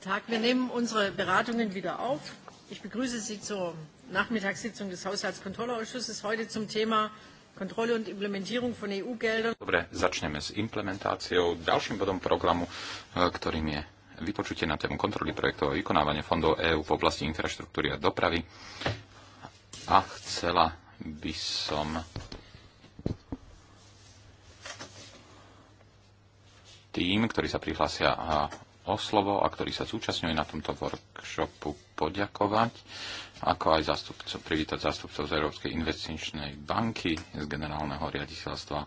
Guten Tag. Wir nehmen unsere Beratungen wieder auf. Ich begrüße Sie zur Nachmittagssitzung des Haushaltskontrollausschusses heute zum Thema Kontrolle und Implementierung von EU-Geldern. Dobre, začneme s implementáciou. Ďalším bodom programu, e, ktorým je vypočutie na tému kontroly projektov a vykonávania fondov EÚ v oblasti infraštruktúry a dopravy. A chcela by som tým, ktorí sa prihlásia o slovo a ktorí sa zúčastňujú na tomto workshopu poďakovať, ako aj zastupco, privítať zástupcov z Európskej investičnej banky, z generálneho riaditeľstva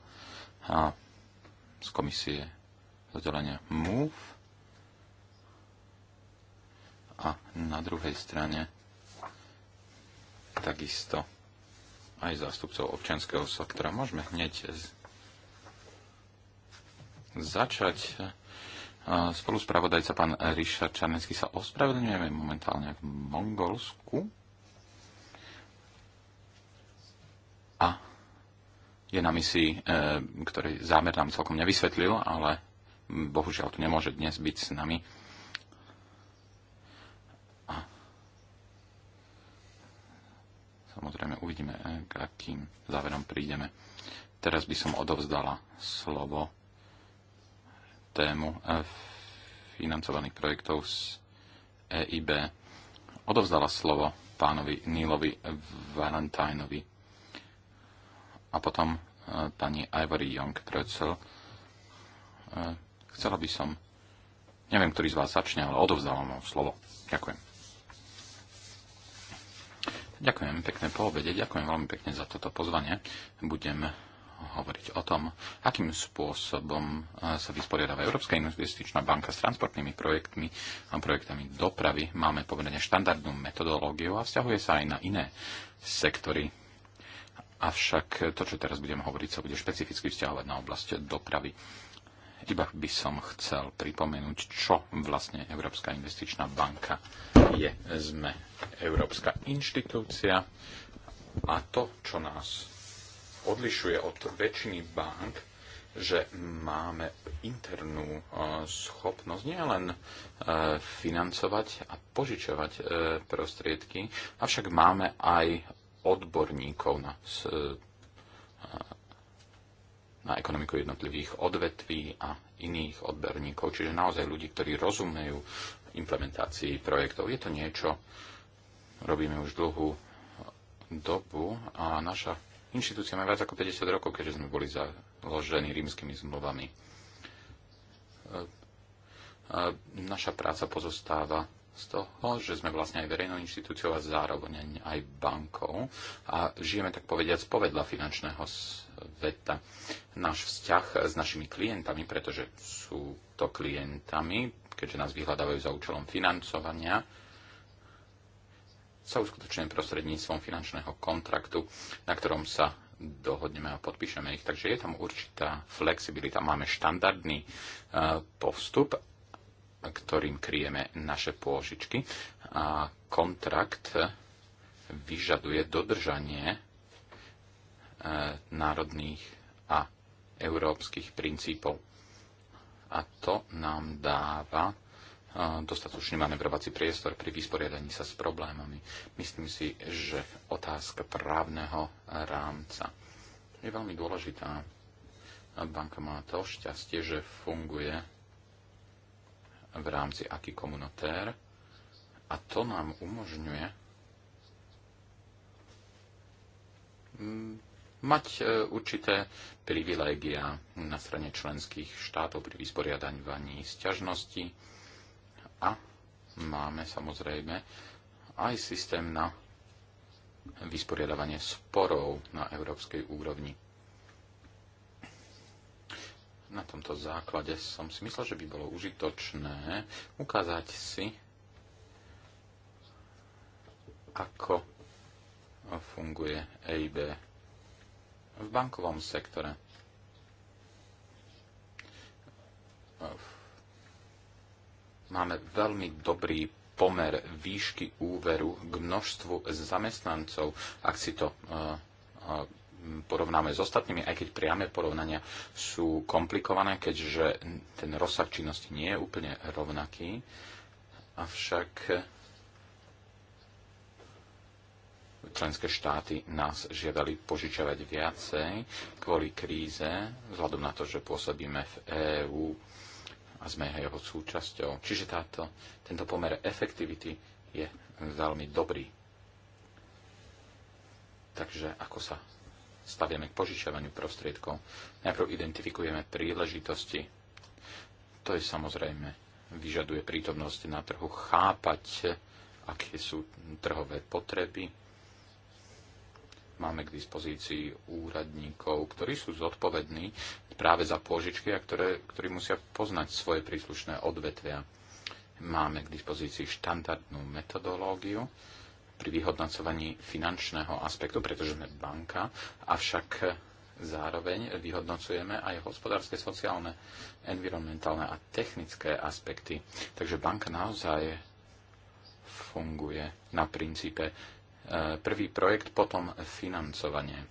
a z komisie oddelenia MOVE. A na druhej strane takisto aj zástupcov občianského sektora. Môžeme hneď začať Spoluspravodajca pán Ríša Čarnecký sa ospravedlňujeme momentálne v Mongolsku. A je na misii, e, ktorý zámer nám celkom nevysvetlil, ale bohužiaľ tu nemôže dnes byť s nami. A samozrejme uvidíme, e, k akým záverom prídeme. Teraz by som odovzdala slovo tému eh, financovaných projektov z EIB. Odovzdala slovo pánovi Nílovi Valentinovi a potom eh, pani Ivory Young Prezel. Eh, chcela by som, neviem, ktorý z vás začne, ale odovzdala vám slovo. Ďakujem. Ďakujem pekne po obede, ďakujem veľmi pekne za toto pozvanie. Budem hovoriť o tom, akým spôsobom e, sa vysporiadáva Európska investičná banka s transportnými projektmi a projektami dopravy. Máme povedané štandardnú metodológiu a vzťahuje sa aj na iné sektory. Avšak to, čo teraz budem hovoriť, sa bude špecificky vzťahovať na oblasť dopravy. Iba by som chcel pripomenúť, čo vlastne Európska investičná banka je. Sme Európska inštitúcia a to, čo nás odlišuje od väčšiny bank, že máme internú e, schopnosť nielen e, financovať a požičovať e, prostriedky, avšak máme aj odborníkov na, na ekonomiku jednotlivých odvetví a iných odborníkov, čiže naozaj ľudí, ktorí rozumejú implementácii projektov. Je to niečo, robíme už dlhú dobu a naša inštitúcia má viac ako 50 rokov, keďže sme boli založení rímskymi zmluvami. E, e, naša práca pozostáva z toho, že sme vlastne aj verejnou inštitúciou a zároveň aj bankou a žijeme tak povediať z povedla finančného sveta. Náš vzťah s našimi klientami, pretože sú to klientami, keďže nás vyhľadávajú za účelom financovania, sa uskutočňuje prostredníctvom finančného kontraktu, na ktorom sa dohodneme a podpíšeme ich. Takže je tam určitá flexibilita. Máme štandardný e, postup, ktorým kryjeme naše pôžičky a kontrakt vyžaduje dodržanie e, národných a európskych princípov. A to nám dáva dostatočný manevrovací priestor pri vysporiadaní sa s problémami. Myslím si, že otázka právneho rámca je veľmi dôležitá. Banka má to šťastie, že funguje v rámci aký komunitér a to nám umožňuje mm, mať e, určité privilégia na strane členských štátov pri vysporiadaní sťažnosti a máme samozrejme aj systém na vysporiadavanie sporov na európskej úrovni. Na tomto základe som si myslel, že by bolo užitočné ukázať si, ako funguje EIB v bankovom sektore. V máme veľmi dobrý pomer výšky úveru k množstvu zamestnancov, ak si to eh, eh, porovnáme s ostatnými, aj keď priame porovnania sú komplikované, keďže ten rozsah činnosti nie je úplne rovnaký. Avšak členské štáty nás žiadali požičovať viacej kvôli kríze, vzhľadom na to, že pôsobíme v EÚ a sme jeho súčasťou. Čiže táto, tento pomer efektivity je veľmi dobrý. Takže ako sa staviame k požičiavaniu prostriedkov? Najprv identifikujeme príležitosti. To je samozrejme, vyžaduje prítomnosť na trhu, chápať, aké sú trhové potreby, Máme k dispozícii úradníkov, ktorí sú zodpovední práve za pôžičky a ktoré, ktorí musia poznať svoje príslušné odvetvia. Máme k dispozícii štandardnú metodológiu pri vyhodnocovaní finančného aspektu, pretože sme banka, avšak zároveň vyhodnocujeme aj hospodárske, sociálne, environmentálne a technické aspekty. Takže banka naozaj funguje na princípe E, prvý projekt, potom financovanie. E,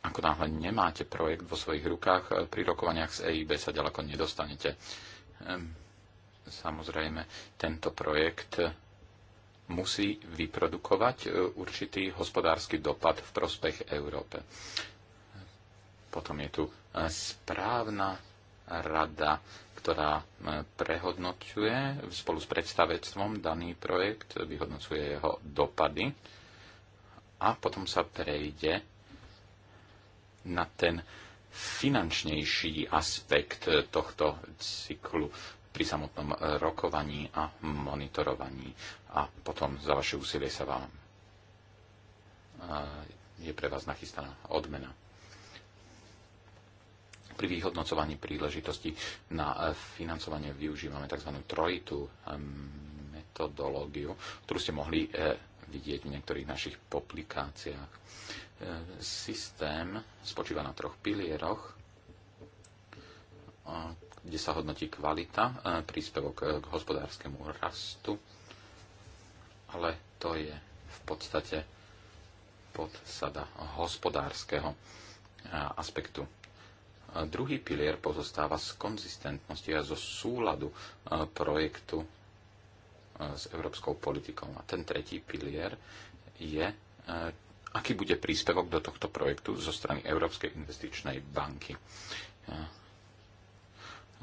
ako náhle nemáte projekt vo svojich rukách, e, pri rokovaniach z EIB sa ďaleko nedostanete. Samozrejme, tento projekt musí vyprodukovať určitý hospodársky dopad v prospech Európe. Potom je tu správna rada ktorá e, prehodnocuje spolu s predstavectvom daný projekt, vyhodnocuje jeho dopady a potom sa prejde na ten finančnejší aspekt e, tohto cyklu pri samotnom rokovaní a monitorovaní. A potom za vaše úsilie sa vám e, je pre vás nachystaná odmena pri vyhodnocovaní príležitosti na e, financovanie využívame tzv. trojitú e, metodológiu, ktorú ste mohli e, vidieť v niektorých našich publikáciách. Systém spočíva na troch pilieroch, kde sa hodnotí kvalita, príspevok k hospodárskému rastu, ale to je v podstate podsada hospodárskeho aspektu a druhý pilier pozostáva z konzistentnosti a zo súladu e, projektu e, s európskou politikou. A ten tretí pilier je, e, aký bude príspevok do tohto projektu zo strany Európskej investičnej banky.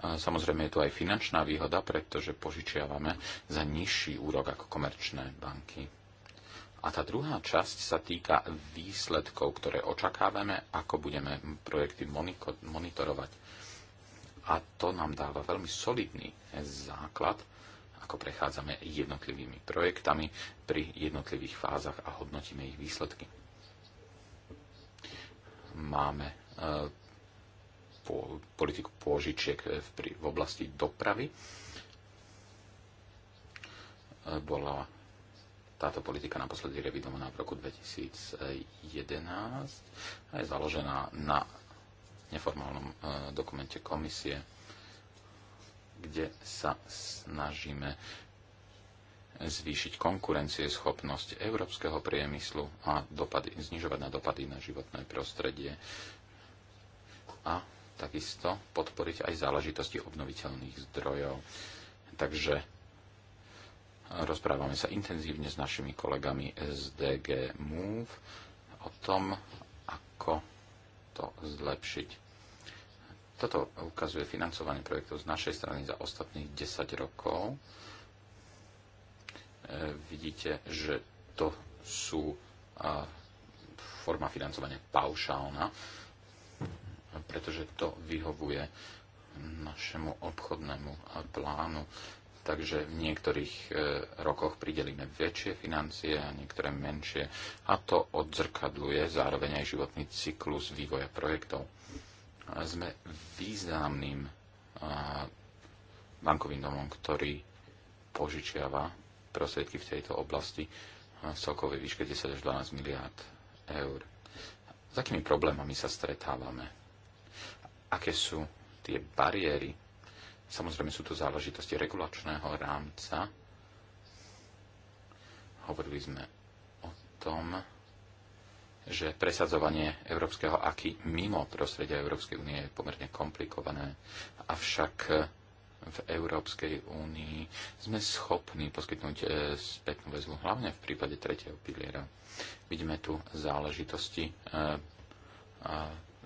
Samozrejme je tu aj finančná výhoda, pretože požičiavame za nižší úrok ako komerčné banky. A tá druhá časť sa týka výsledkov, ktoré očakávame, ako budeme projekty monitorovať. A to nám dáva veľmi solidný základ, ako prechádzame jednotlivými projektami pri jednotlivých fázach a hodnotíme ich výsledky. Máme eh, politiku pôžičiek eh, v oblasti dopravy. Eh, bola táto politika naposledy revidovaná v roku 2011 a je založená na neformálnom e, dokumente komisie, kde sa snažíme zvýšiť konkurencie schopnosť európskeho priemyslu a dopady, znižovať na dopady na životné prostredie a takisto podporiť aj záležitosti obnoviteľných zdrojov. Takže Rozprávame sa intenzívne s našimi kolegami SDG Move o tom, ako to zlepšiť. Toto ukazuje financovanie projektov z našej strany za ostatných 10 rokov. E, vidíte, že to sú forma financovania paušálna, pretože to vyhovuje našemu obchodnému plánu takže v niektorých e, rokoch pridelíme väčšie financie a niektoré menšie a to odzrkadluje zároveň aj životný cyklus vývoja projektov. Sme významným e, bankovým domom, ktorý požičiava prostriedky v tejto oblasti v celkovej výške 10 až 12 miliárd eur. S akými problémami sa stretávame? Aké sú tie bariéry Samozrejme sú to záležitosti regulačného rámca. Hovorili sme o tom, že presadzovanie európskeho aky mimo prostredia Európskej únie je pomerne komplikované, avšak v Európskej únii sme schopní poskytnúť e, spätnú väzbu, hlavne v prípade tretieho piliera. Vidíme tu záležitosti, e,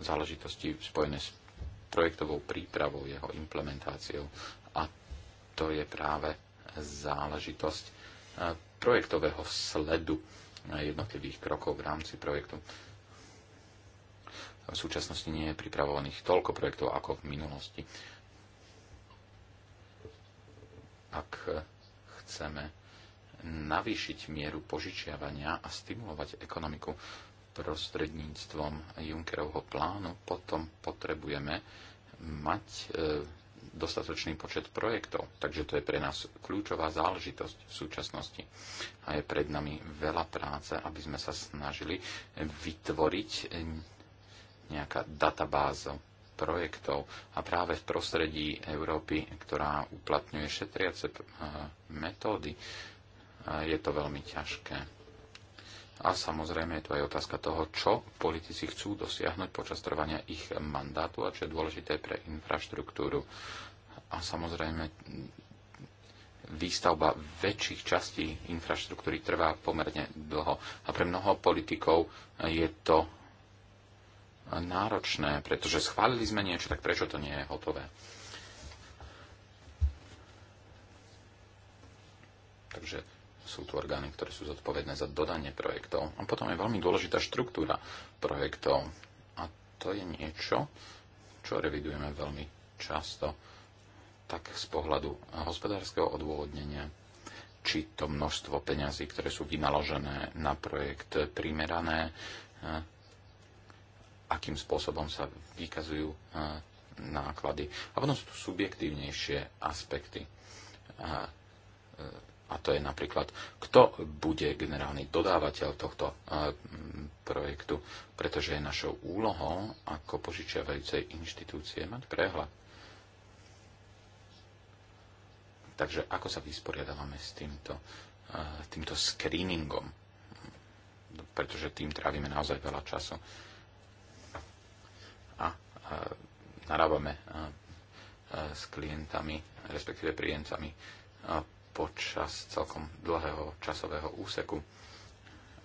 záležitosti spojené s projektovou prípravou, jeho implementáciou. A to je práve záležitosť e, projektového sledu jednotlivých krokov v rámci projektu. V súčasnosti nie je pripravovaných toľko projektov ako v minulosti. Ak chceme navýšiť mieru požičiavania a stimulovať ekonomiku, prostredníctvom Junckerovho plánu, potom potrebujeme mať e, dostatočný počet projektov. Takže to je pre nás kľúčová záležitosť v súčasnosti. A je pred nami veľa práce, aby sme sa snažili vytvoriť nejaká databáza projektov a práve v prostredí Európy, ktorá uplatňuje šetriace e, metódy, e, je to veľmi ťažké a samozrejme je tu aj otázka toho, čo politici chcú dosiahnuť počas trvania ich mandátu a čo je dôležité pre infraštruktúru. A samozrejme výstavba väčších častí infraštruktúry trvá pomerne dlho. A pre mnoho politikov je to náročné, pretože schválili sme niečo, tak prečo to nie je hotové? Takže sú tu orgány, ktoré sú zodpovedné za dodanie projektov. A potom je veľmi dôležitá štruktúra projektov. A to je niečo, čo revidujeme veľmi často, tak z pohľadu hospodárskeho odôvodnenia, či to množstvo peňazí, ktoré sú vynaložené na projekt primerané, eh, akým spôsobom sa vykazujú eh, náklady. A potom sú tu subjektívnejšie aspekty eh, a to je napríklad, kto bude generálny dodávateľ tohto eh, projektu, pretože je našou úlohou ako požičiavajúcej inštitúcie mať prehľad. Takže ako sa vysporiadávame s týmto, eh, týmto screeningom, pretože tým trávime naozaj veľa času. A eh, narábame s klientami, respektíve príjemcami počas celkom dlhého časového úseku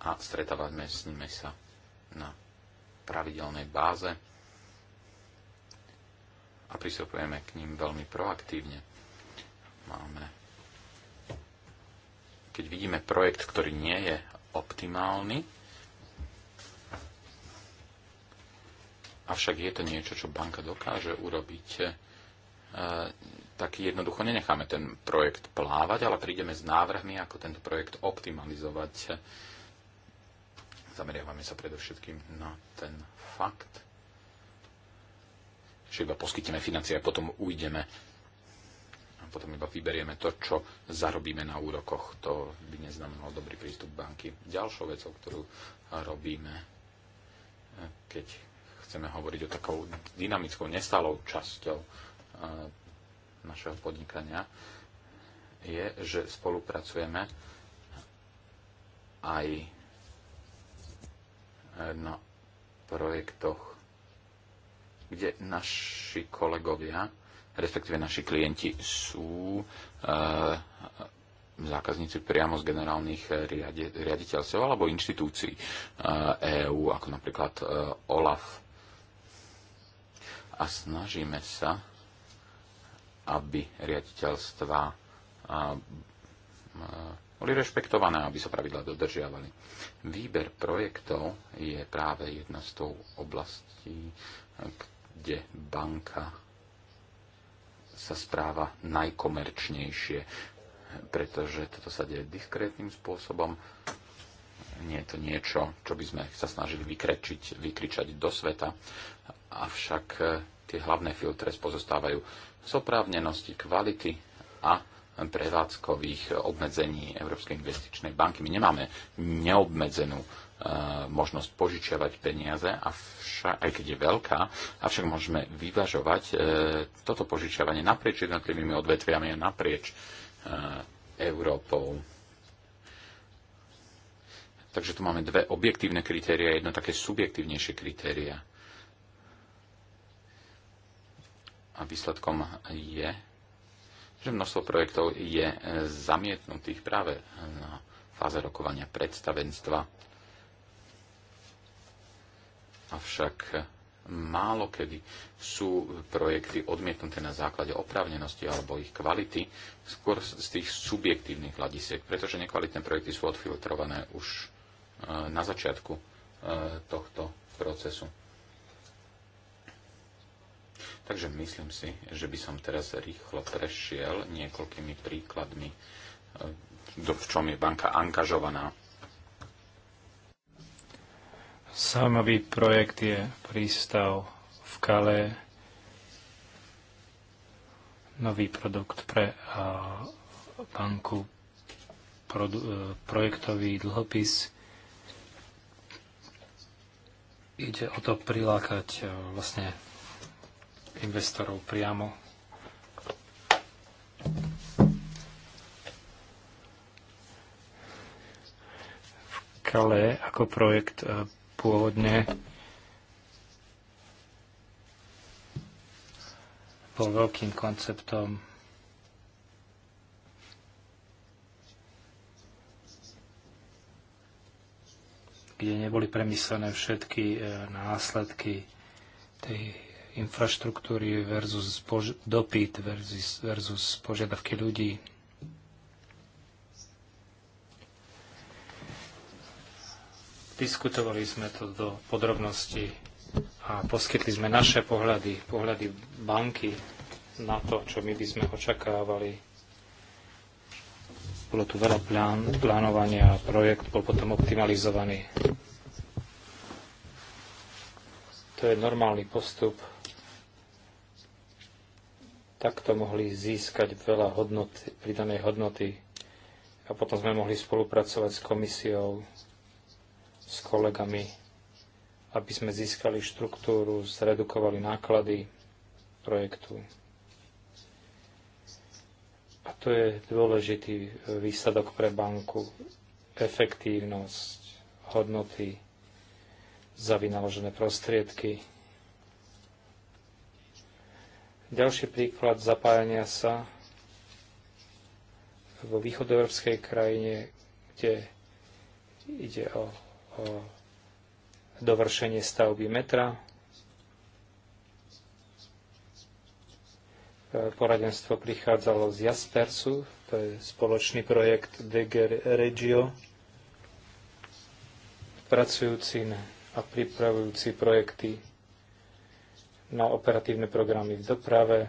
a stretávame s nimi sa na pravidelnej báze a pristupujeme k ním veľmi proaktívne. Máme keď vidíme projekt, ktorý nie je optimálny, avšak je to niečo, čo banka dokáže urobiť, eh, tak jednoducho nenecháme ten projekt plávať, ale prídeme s návrhmi, ako tento projekt optimalizovať. Zameriavame sa predovšetkým na ten fakt, že iba poskytíme financie a potom ujdeme a potom iba vyberieme to, čo zarobíme na úrokoch. To by neznamenalo dobrý prístup banky. Ďalšou vecou, ktorú robíme, keď chceme hovoriť o takou dynamickou, nestálou časťou našeho podnikania je, že spolupracujeme aj na projektoch, kde naši kolegovia, respektíve naši klienti sú e, zákazníci priamo z generálnych eh, riade, riaditeľstiev alebo inštitúcií EÚ, eh, e ako napríklad e, OLAF. A snažíme sa aby riaditeľstva boli rešpektované, aby sa pravidla dodržiavali. Výber projektov je práve jedna z tou oblastí, kde banka sa správa najkomerčnejšie, pretože toto sa deje diskrétnym spôsobom. Nie je to niečo, čo by sme sa snažili vykrečiť, vykričať do sveta, avšak e, tie hlavné filtre pozostávajú zoprávnenosti kvality a prevádzkových obmedzení Európskej investičnej banky. My nemáme neobmedzenú e, možnosť požičiavať peniaze, avšak, aj keď je veľká, avšak môžeme vyvažovať e, toto požičiavanie naprieč jednotlivými odvetviami a naprieč e, Európou. Takže tu máme dve objektívne kritéria jedno také subjektívnejšie kritéria. a výsledkom je, že množstvo projektov je e, zamietnutých práve na fáze rokovania predstavenstva. Avšak málo kedy sú projekty odmietnuté na základe oprávnenosti alebo ich kvality, skôr z tých subjektívnych hľadisiek, pretože nekvalitné projekty sú odfiltrované už e, na začiatku e, tohto procesu. Takže myslím si, že by som teraz rýchlo prešiel niekoľkými príkladmi, eh, v čom je banka angažovaná. Sámový projekt je prístav v Kale, nový produkt pre eh, banku, eh, projektový dlhopis. Ide o to prilákať vlastne investorov priamo. V Kale ako projekt eh, pôvodne bol veľkým konceptom kde neboli premyslené všetky eh, následky tej infraštruktúry versus pož- dopyt versus, versus požiadavky ľudí. Diskutovali sme to do podrobnosti a poskytli sme naše pohľady, pohľady banky na to, čo my by sme očakávali. Bolo tu veľa plán, plánovania a projekt bol potom optimalizovaný. To je normálny postup takto mohli získať veľa hodnoty, pridanej hodnoty. A potom sme mohli spolupracovať s komisiou, s kolegami, aby sme získali štruktúru, zredukovali náklady projektu. A to je dôležitý e, výsledok pre banku. Efektívnosť hodnoty za vynaložené prostriedky. Ďalší príklad zapájania sa vo východoeurópskej krajine, kde ide o, o dovršenie stavby metra, e, poradenstvo prichádzalo z Jaspersu, to je spoločný projekt DG Regio, pracujúci a pripravujúci projekty na operatívne programy v doprave.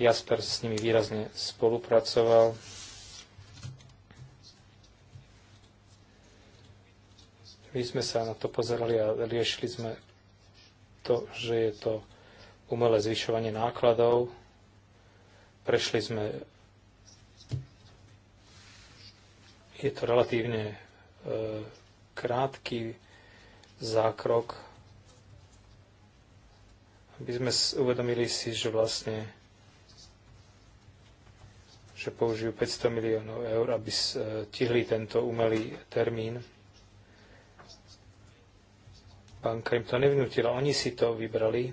Jasper s nimi výrazne spolupracoval. My sme sa na to pozerali a riešili sme to, že je to umelé zvyšovanie nákladov. Prešli sme je to relatívne e, krátky zákrok aby sme uvedomili si, že vlastne že použijú 500 miliónov eur, aby stihli e, tento umelý termín. Banka im to nevnútila, oni si to vybrali.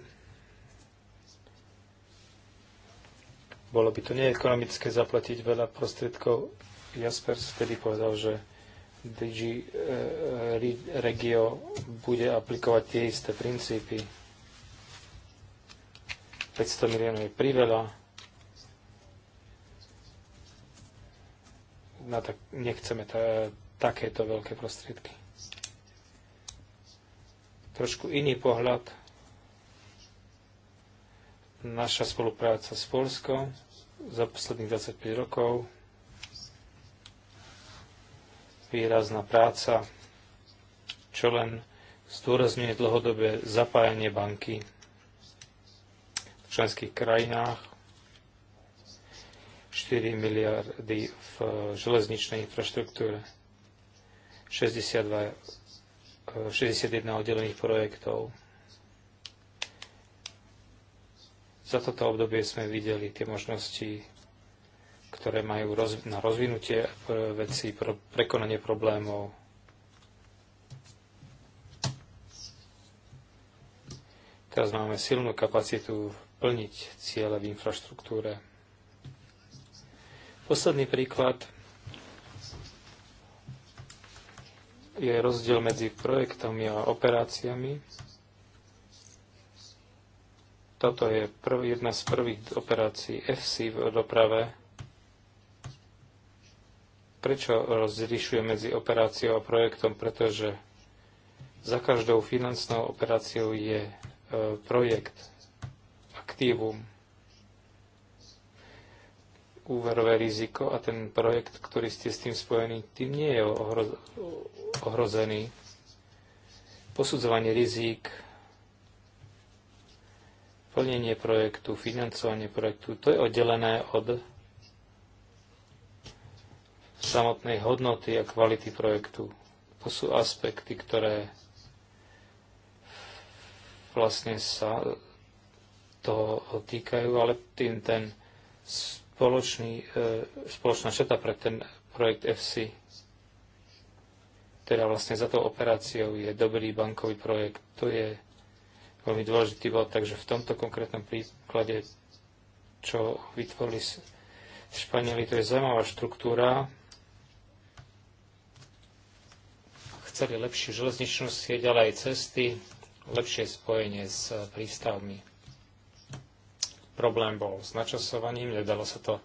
Bolo by to neekonomické zaplatiť veľa prostriedkov. Jaspers vtedy povedal, že DG e, e, Regio bude aplikovať tie isté princípy 500 miliónov je priveľa. Na tak, nechceme ta, takéto veľké prostriedky. Trošku iný pohľad. Naša spolupráca s Polskou za posledných 25 rokov. Výrazná práca, čo len zdôrazňuje dlhodobé zapájanie banky členských krajinách, 4 miliardy v železničnej infraštruktúre, 62, 61 eh, oddelených projektov. Za toto obdobie sme videli tie možnosti, ktoré majú na rozvinutie eh, vecí, pro, prekonanie problémov, Teraz máme silnú kapacitu plniť ciele v infraštruktúre. Posledný príklad je rozdiel medzi projektami a operáciami. Toto je prv, jedna z prvých operácií FC v doprave. Prečo rozlišuje medzi operáciou a projektom? Pretože za každou finančnou operáciou je e, projekt aktívum, úverové riziko a ten projekt, ktorý ste s tým spojený, tým nie je ohrozený. Posudzovanie rizík, plnenie projektu, financovanie projektu, to je oddelené od samotnej hodnoty a kvality projektu. To sú aspekty, ktoré vlastne sa toho týkajú, ale tým ten spoločný, e, spoločná šeta pre ten projekt FC, teda vlastne za tou operáciou je dobrý bankový projekt. To je veľmi dôležitý bod, takže v tomto konkrétnom príklade, čo vytvorili Španieli, to je zaujímavá štruktúra. Chceli lepšiu železničnú sieť, ale aj cesty, lepšie spojenie s prístavmi. Problém bol s načasovaním, nedalo sa to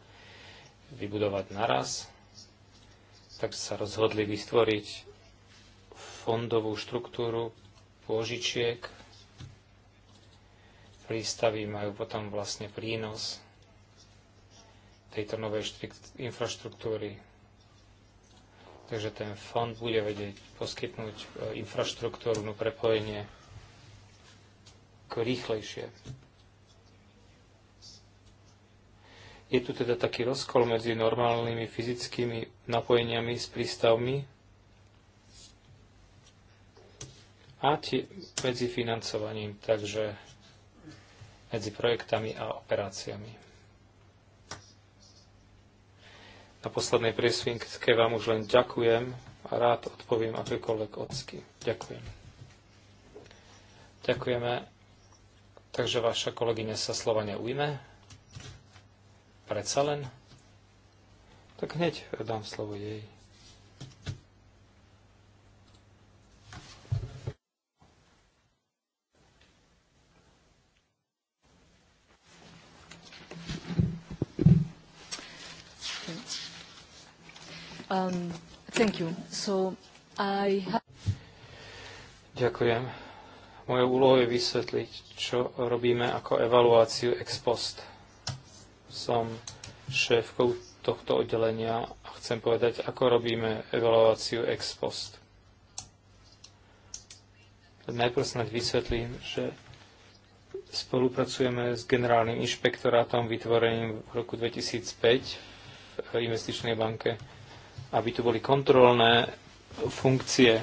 vybudovať naraz, tak sa rozhodli vytvoriť fondovú štruktúru pôžičiek. Prístavy majú potom vlastne prínos tejto novej infraštruktúry. Takže ten fond bude vedieť poskytnúť e, infraštruktúrnu prepojenie rýchlejšie Je tu teda taký rozkol medzi normálnymi fyzickými napojeniami s prístavmi a tie, medzi financovaním, takže medzi projektami a operáciami. Na poslednej priesvinke vám už len ďakujem a rád odpoviem akékoľvek odsky. Ďakujem. Ďakujeme. Takže vaša kolegyňa sa slova neujme predsa len, tak hneď dám slovo jej. Um, thank you. So I Ďakujem. Mojou úlohou je vysvetliť, čo robíme ako evaluáciu ex post som šéfkou tohto oddelenia a chcem povedať, ako robíme evaluáciu ex post. Najprv snad vysvetlím, že spolupracujeme s generálnym inšpektorátom vytvoreným v roku 2005 v investičnej banke, aby tu boli kontrolné funkcie.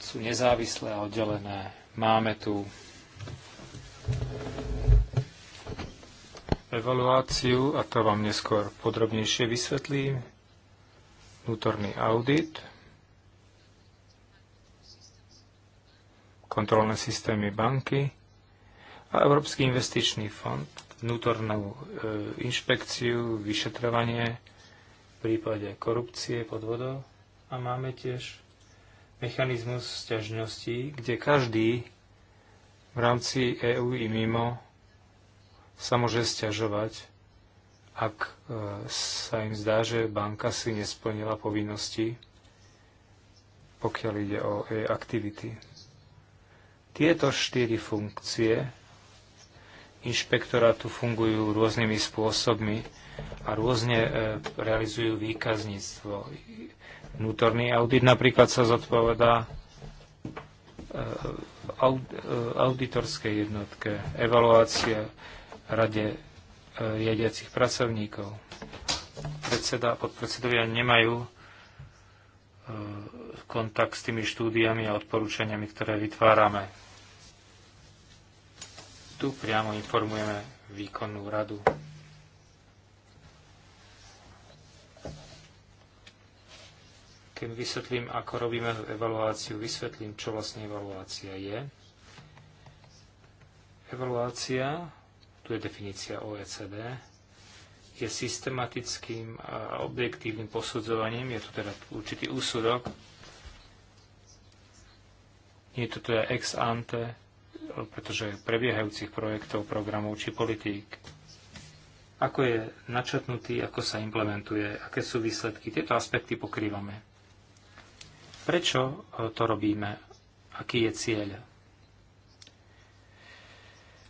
Sú nezávislé a oddelené. Máme tu evaluáciu, a to vám neskôr podrobnejšie vysvetlím, vnútorný audit, kontrolné systémy banky a Európsky investičný fond, vnútornú e, inšpekciu, vyšetrovanie v prípade korupcie, podvodov a máme tiež mechanizmus sťažnosti, kde každý v rámci EÚ i mimo sa môže stiažovať, ak e, sa im zdá, že banka si nesplnila povinnosti, pokiaľ ide o jej aktivity. Tieto štyri funkcie inšpektorátu fungujú rôznymi spôsobmi a rôzne e, realizujú výkazníctvo. Vnútorný audit napríklad sa zodpovedá e, auditorskej jednotke, evaluácia rade riadiacich e, pracovníkov. Predseda, a podpredsedovia nemajú e, kontakt s tými štúdiami a odporúčaniami, ktoré vytvárame. Tu priamo informujeme výkonnú radu. Keď vysvetlím, ako robíme evaluáciu, vysvetlím, čo vlastne evaluácia je. Evaluácia tu je definícia OECD, je systematickým a objektívnym posudzovaním, je to teda určitý úsudok, nie je to teda ex ante, pretože prebiehajúcich projektov, programov či politík. Ako je načetnutý, ako sa implementuje, aké sú výsledky, tieto aspekty pokrývame. Prečo to robíme? Aký je cieľ?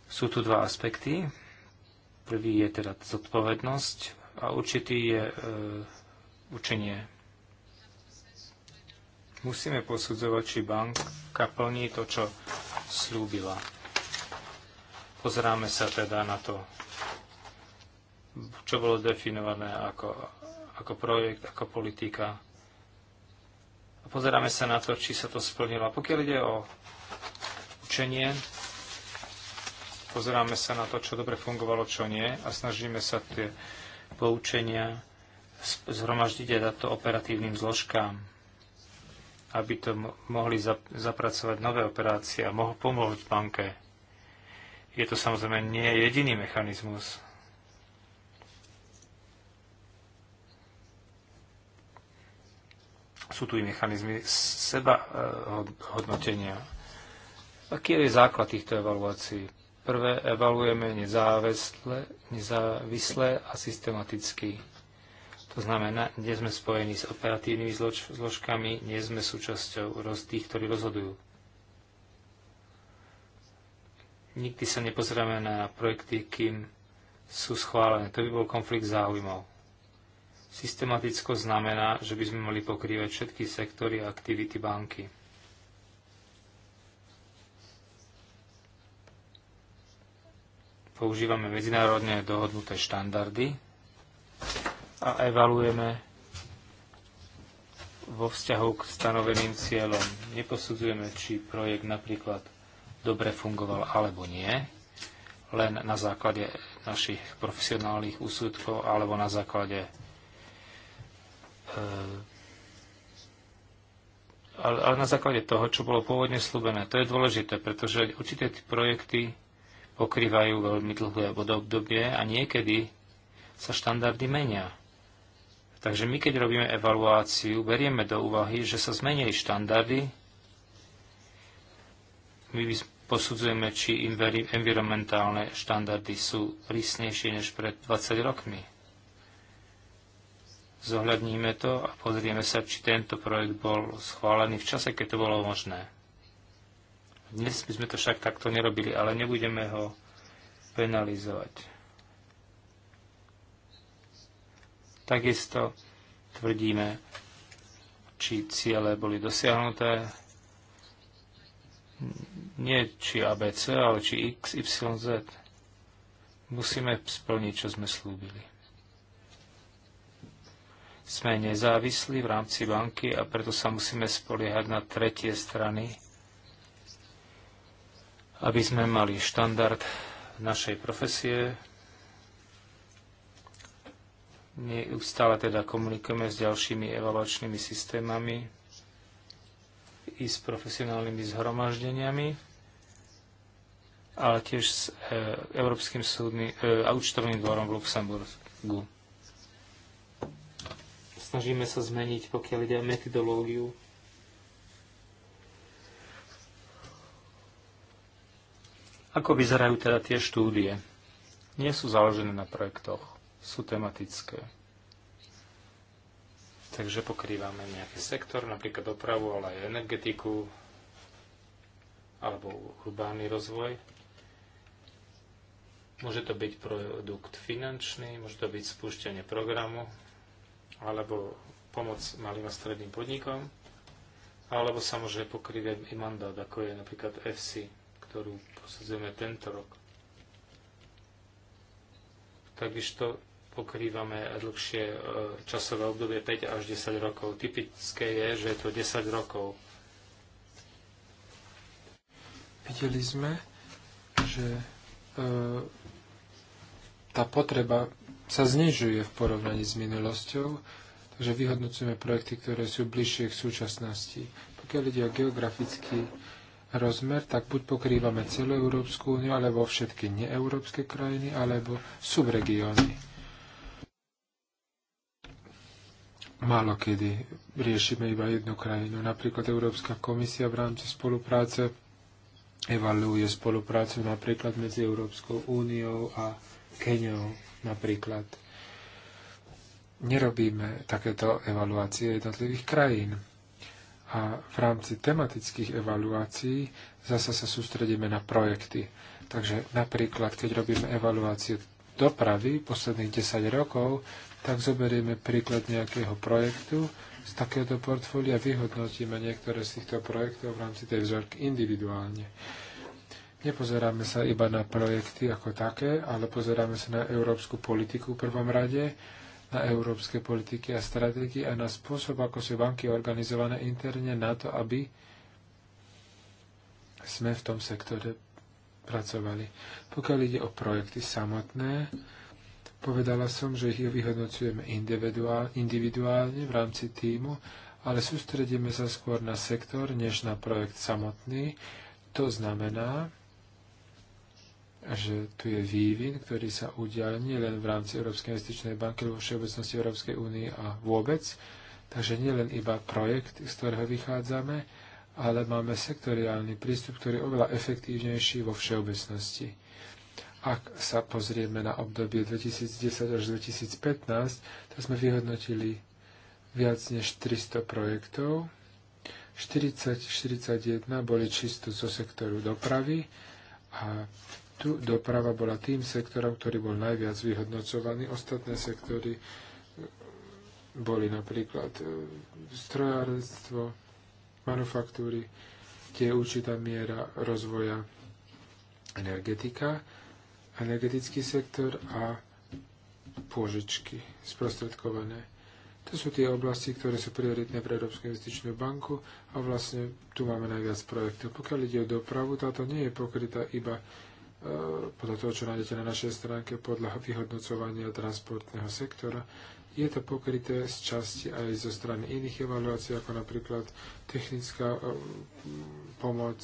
Sú tu dva aspekty. Prvý je teda zodpovednosť a určitý je e, učenie. Musíme posudzovať, či banka plní to, čo slúbila. Pozeráme sa teda na to, čo bolo definované ako, ako projekt, ako politika. A pozeráme sa na to, či sa to splnilo. A pokiaľ ide o učenie, pozeráme sa na to, čo dobre fungovalo, čo nie a snažíme sa tie poučenia zhromaždiť a dať to operatívnym zložkám, aby to mohli zapracovať nové operácie a mohol pomôcť banke. Je to samozrejme nie jediný mechanizmus, sú tu i mechanizmy seba eh, hodnotenia. Aký je základ týchto evaluácií? Prvé evaluujeme nezávisle, nezávisle a systematicky. To znamená, nie sme spojení s operatívnymi zlož, zložkami, nie sme súčasťou roz tých, ktorí rozhodujú. Nikdy sa nepozrieme na projekty, kým sú schválené. To by bol konflikt záujmov. Systematicko znamená, že by sme mali pokrývať všetky sektory a aktivity banky. používame medzinárodne dohodnuté štandardy a evaluujeme vo vzťahu k stanoveným cieľom. Neposudzujeme, či projekt napríklad dobre fungoval alebo nie, len na základe našich profesionálnych úsudkov alebo na základe e, ale na základe toho, čo bolo pôvodne slúbené. To je dôležité, pretože určité projekty pokrývajú veľmi dlhé obdobie a niekedy sa štandardy menia. Takže my, keď robíme evaluáciu, berieme do úvahy, že sa zmenili štandardy. My posudzujeme, či environmentálne štandardy sú prísnejšie než pred 20 rokmi. Zohľadníme to a pozrieme sa, či tento projekt bol schválený v čase, keď to bolo možné. Dnes by sme to však takto nerobili, ale nebudeme ho penalizovať. Takisto tvrdíme, či ciele boli dosiahnuté, nie či ABC, ale či X, Y, Z. Musíme splniť, čo sme slúbili. Sme nezávislí v rámci banky a preto sa musíme spoliehať na tretie strany, aby sme mali štandard našej profesie. Neustále teda komunikujeme s ďalšími evaluačnými systémami i s profesionálnymi zhromaždeniami, ale tiež s e, Európskym súdnym e, a účtovným dvorom v Luxemburgu. Snažíme sa zmeniť, pokiaľ ide o metodológiu Ako vyzerajú teda tie štúdie? Nie sú založené na projektoch, sú tematické. Takže pokrývame nejaký sektor, napríklad dopravu, ale aj energetiku, alebo urbánny rozvoj. Môže to byť produkt finančný, môže to byť spúšťanie programu, alebo pomoc malým a stredným podnikom, alebo sa môže pokrývať i mandát, ako je napríklad FC ktorú posadzujeme tento rok. Takisto pokrývame dlhšie e, časové obdobie 5 až 10 rokov. Typické je, že je to 10 rokov. Videli sme, že e, tá potreba sa znižuje v porovnaní s minulosťou, takže vyhodnocujeme projekty, ktoré sú bližšie k súčasnosti. Pokiaľ ide o geografický rozmer, tak buď pokrývame celú Európsku úniu, alebo všetky neeurópske krajiny, alebo subregióny. Málo kedy riešime iba jednu krajinu. Napríklad Európska komisia v rámci spolupráce evaluuje spoluprácu napríklad medzi Európskou úniou a Keniou napríklad nerobíme takéto evaluácie jednotlivých krajín. A v rámci tematických evaluácií zasa sa sústredíme na projekty. Takže napríklad, keď robíme evaluáciu dopravy posledných 10 rokov, tak zoberieme príklad nejakého projektu z takéhoto portfólia, vyhodnotíme niektoré z týchto projektov v rámci tej vzorky individuálne. Nepozeráme sa iba na projekty ako také, ale pozeráme sa na európsku politiku v prvom rade na európske politiky a stratégie a na spôsob, ako sú banky organizované interne na to, aby sme v tom sektore pracovali. Pokiaľ ide o projekty samotné, povedala som, že ich vyhodnocujeme individuálne v rámci týmu, ale sústredíme sa skôr na sektor, než na projekt samotný. To znamená, že tu je vývin, ktorý sa udial nielen v rámci Európskej investičnej banky, alebo všeobecnosti Európskej únie a vôbec. Takže nielen iba projekt, z ktorého vychádzame, ale máme sektoriálny prístup, ktorý je oveľa efektívnejší vo všeobecnosti. Ak sa pozrieme na obdobie 2010 až 2015, tak sme vyhodnotili viac než 300 projektov. 40-41 boli čisto zo sektoru dopravy a tu doprava bola tým sektorom, ktorý bol najviac vyhodnocovaný. Ostatné sektory boli napríklad e, strojárstvo, manufaktúry, tie určitá miera rozvoja energetika, energetický sektor a pôžičky sprostredkované. To sú tie oblasti, ktoré sú prioritné pre Európsku investičnú banku a vlastne tu máme najviac projektov. Pokiaľ ide o dopravu, táto nie je pokrytá iba Eh, podľa toho, čo nájdete na našej stránke, podľa vyhodnocovania transportného sektora, je to pokryté z časti aj zo strany iných evaluácií, ako napríklad technická eh, pomoc,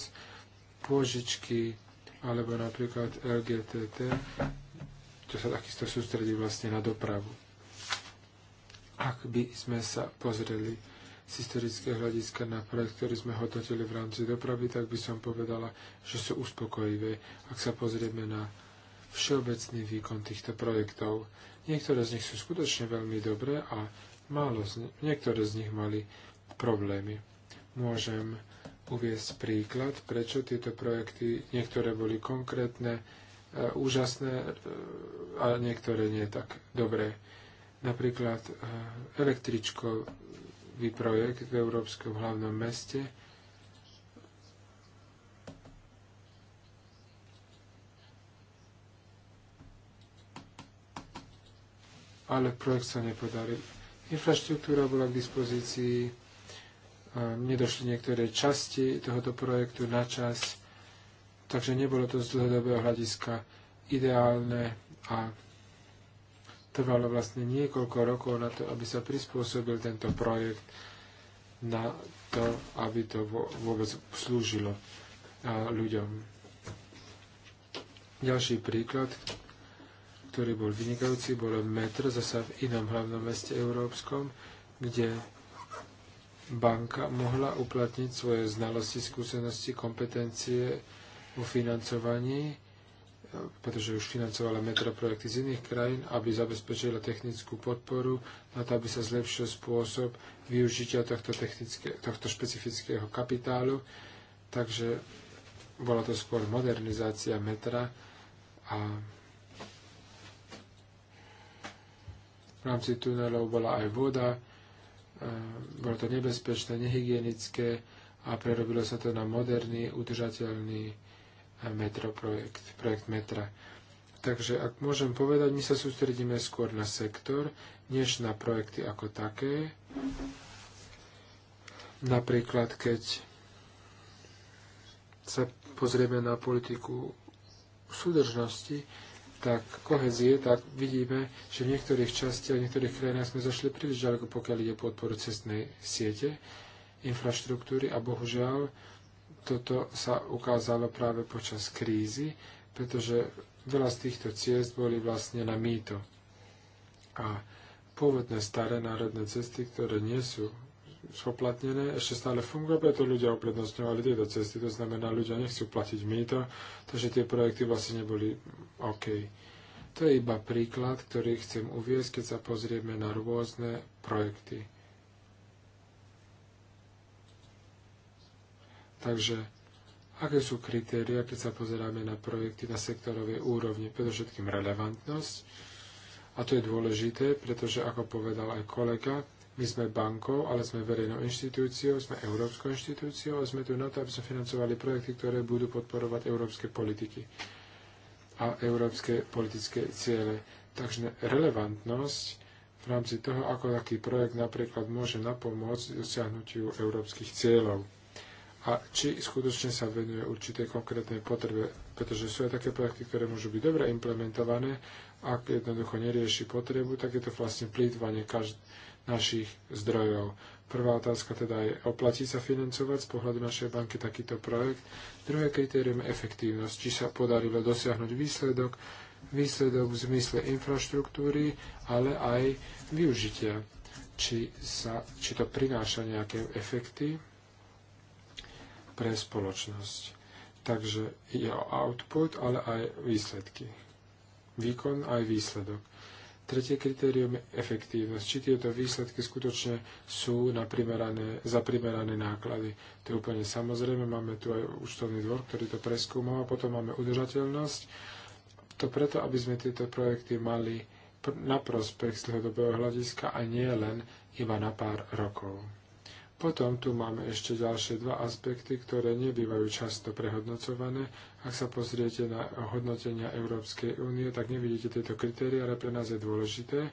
pôžičky, alebo napríklad LGTT, to sa takisto sústredí vlastne na dopravu. Ak by sme sa pozreli z historického hľadiska na projekt, ktorý sme hodnotili v rámci dopravy, tak by som povedala, že sú uspokojivé, ak sa pozrieme na všeobecný výkon týchto projektov. Niektoré z nich sú skutočne veľmi dobré a málo z nich, niektoré z nich mali problémy. Môžem uviesť príklad, prečo tieto projekty, niektoré boli konkrétne, e, úžasné e, a niektoré nie tak dobré. Napríklad e, električko nový projekt v Európskom hlavnom meste. Ale projekt sa nepodaril. Infraštruktúra bola k dispozícii, nedošli niektoré časti tohoto projektu na čas, takže nebolo to z dlhodobého hľadiska ideálne a Trvalo vlastne niekoľko rokov na to, aby sa prispôsobil tento projekt na to, aby to vôbec slúžilo ľuďom. Ďalší príklad, ktorý bol vynikajúci, bolo metr zase v inom hlavnom meste európskom, kde banka mohla uplatniť svoje znalosti, skúsenosti, kompetencie o financovaní pretože už financovala metroprojekty z iných krajín, aby zabezpečila technickú podporu na to, aby sa zlepšil spôsob využitia tohto, tohto špecifického kapitálu. Takže bola to skôr modernizácia metra a v rámci tunelov bola aj voda, e, bolo to nebezpečné, nehygienické a prerobilo sa to na moderný, udržateľný metro projekt projekt metra. Takže ak môžem povedať, my sa sústredíme skôr na sektor, než na projekty ako také. Napríklad, keď sa pozrieme na politiku súdržnosti, tak kohezie, tak vidíme, že v niektorých častiach, v niektorých krajinách sme zašli príliš ďaleko, pokiaľ ide podporu cestnej siete, infraštruktúry a bohužiaľ toto sa ukázalo práve počas krízy, pretože veľa z týchto ciest boli vlastne na mýto. A pôvodné staré národné cesty, ktoré nie sú spoplatnené, ešte stále fungujú, preto ľudia uprednostňovali tieto cesty, to znamená, ľudia nechcú platiť mýto, takže tie projekty vlastne neboli OK. To je iba príklad, ktorý chcem uviezť, keď sa pozrieme na rôzne projekty. Takže aké sú kritéria, keď sa pozeráme na projekty na sektorovej úrovni? Predovšetkým relevantnosť. A to je dôležité, pretože, ako povedal aj kolega, my sme bankou, ale sme verejnou inštitúciou, sme európskou inštitúciou a sme tu na to, aby sme financovali projekty, ktoré budú podporovať európske politiky a európske politické ciele. Takže relevantnosť v rámci toho, ako taký projekt napríklad môže napomôcť dosiahnutiu európskych cieľov a či skutočne sa venuje určitej konkrétnej potrebe, pretože sú aj také projekty, ktoré môžu byť dobre implementované, ak jednoducho nerieši potrebu, tak je to vlastne plýtvanie každ- našich zdrojov. Prvá otázka teda je, oplatí sa financovať z pohľadu našej banky takýto projekt? Druhé kritérium je efektívnosť, či sa podarilo dosiahnuť výsledok, výsledok v zmysle infraštruktúry, ale aj využitia, či, sa, či to prináša nejaké efekty pre spoločnosť. Takže je o output, ale aj výsledky. Výkon aj výsledok. Tretie kritérium je efektívnosť. Či tieto výsledky skutočne sú na primerané, za primerané náklady. To je úplne samozrejme. Máme tu aj účtovný dvor, ktorý to preskúmal. A potom máme udržateľnosť. To preto, aby sme tieto projekty mali na prospech z dlhodobého hľadiska a nie len iba na pár rokov. Potom tu máme ešte ďalšie dva aspekty, ktoré nebývajú často prehodnocované. Ak sa pozriete na hodnotenia Európskej únie, tak nevidíte tieto kritéria, ale pre nás je dôležité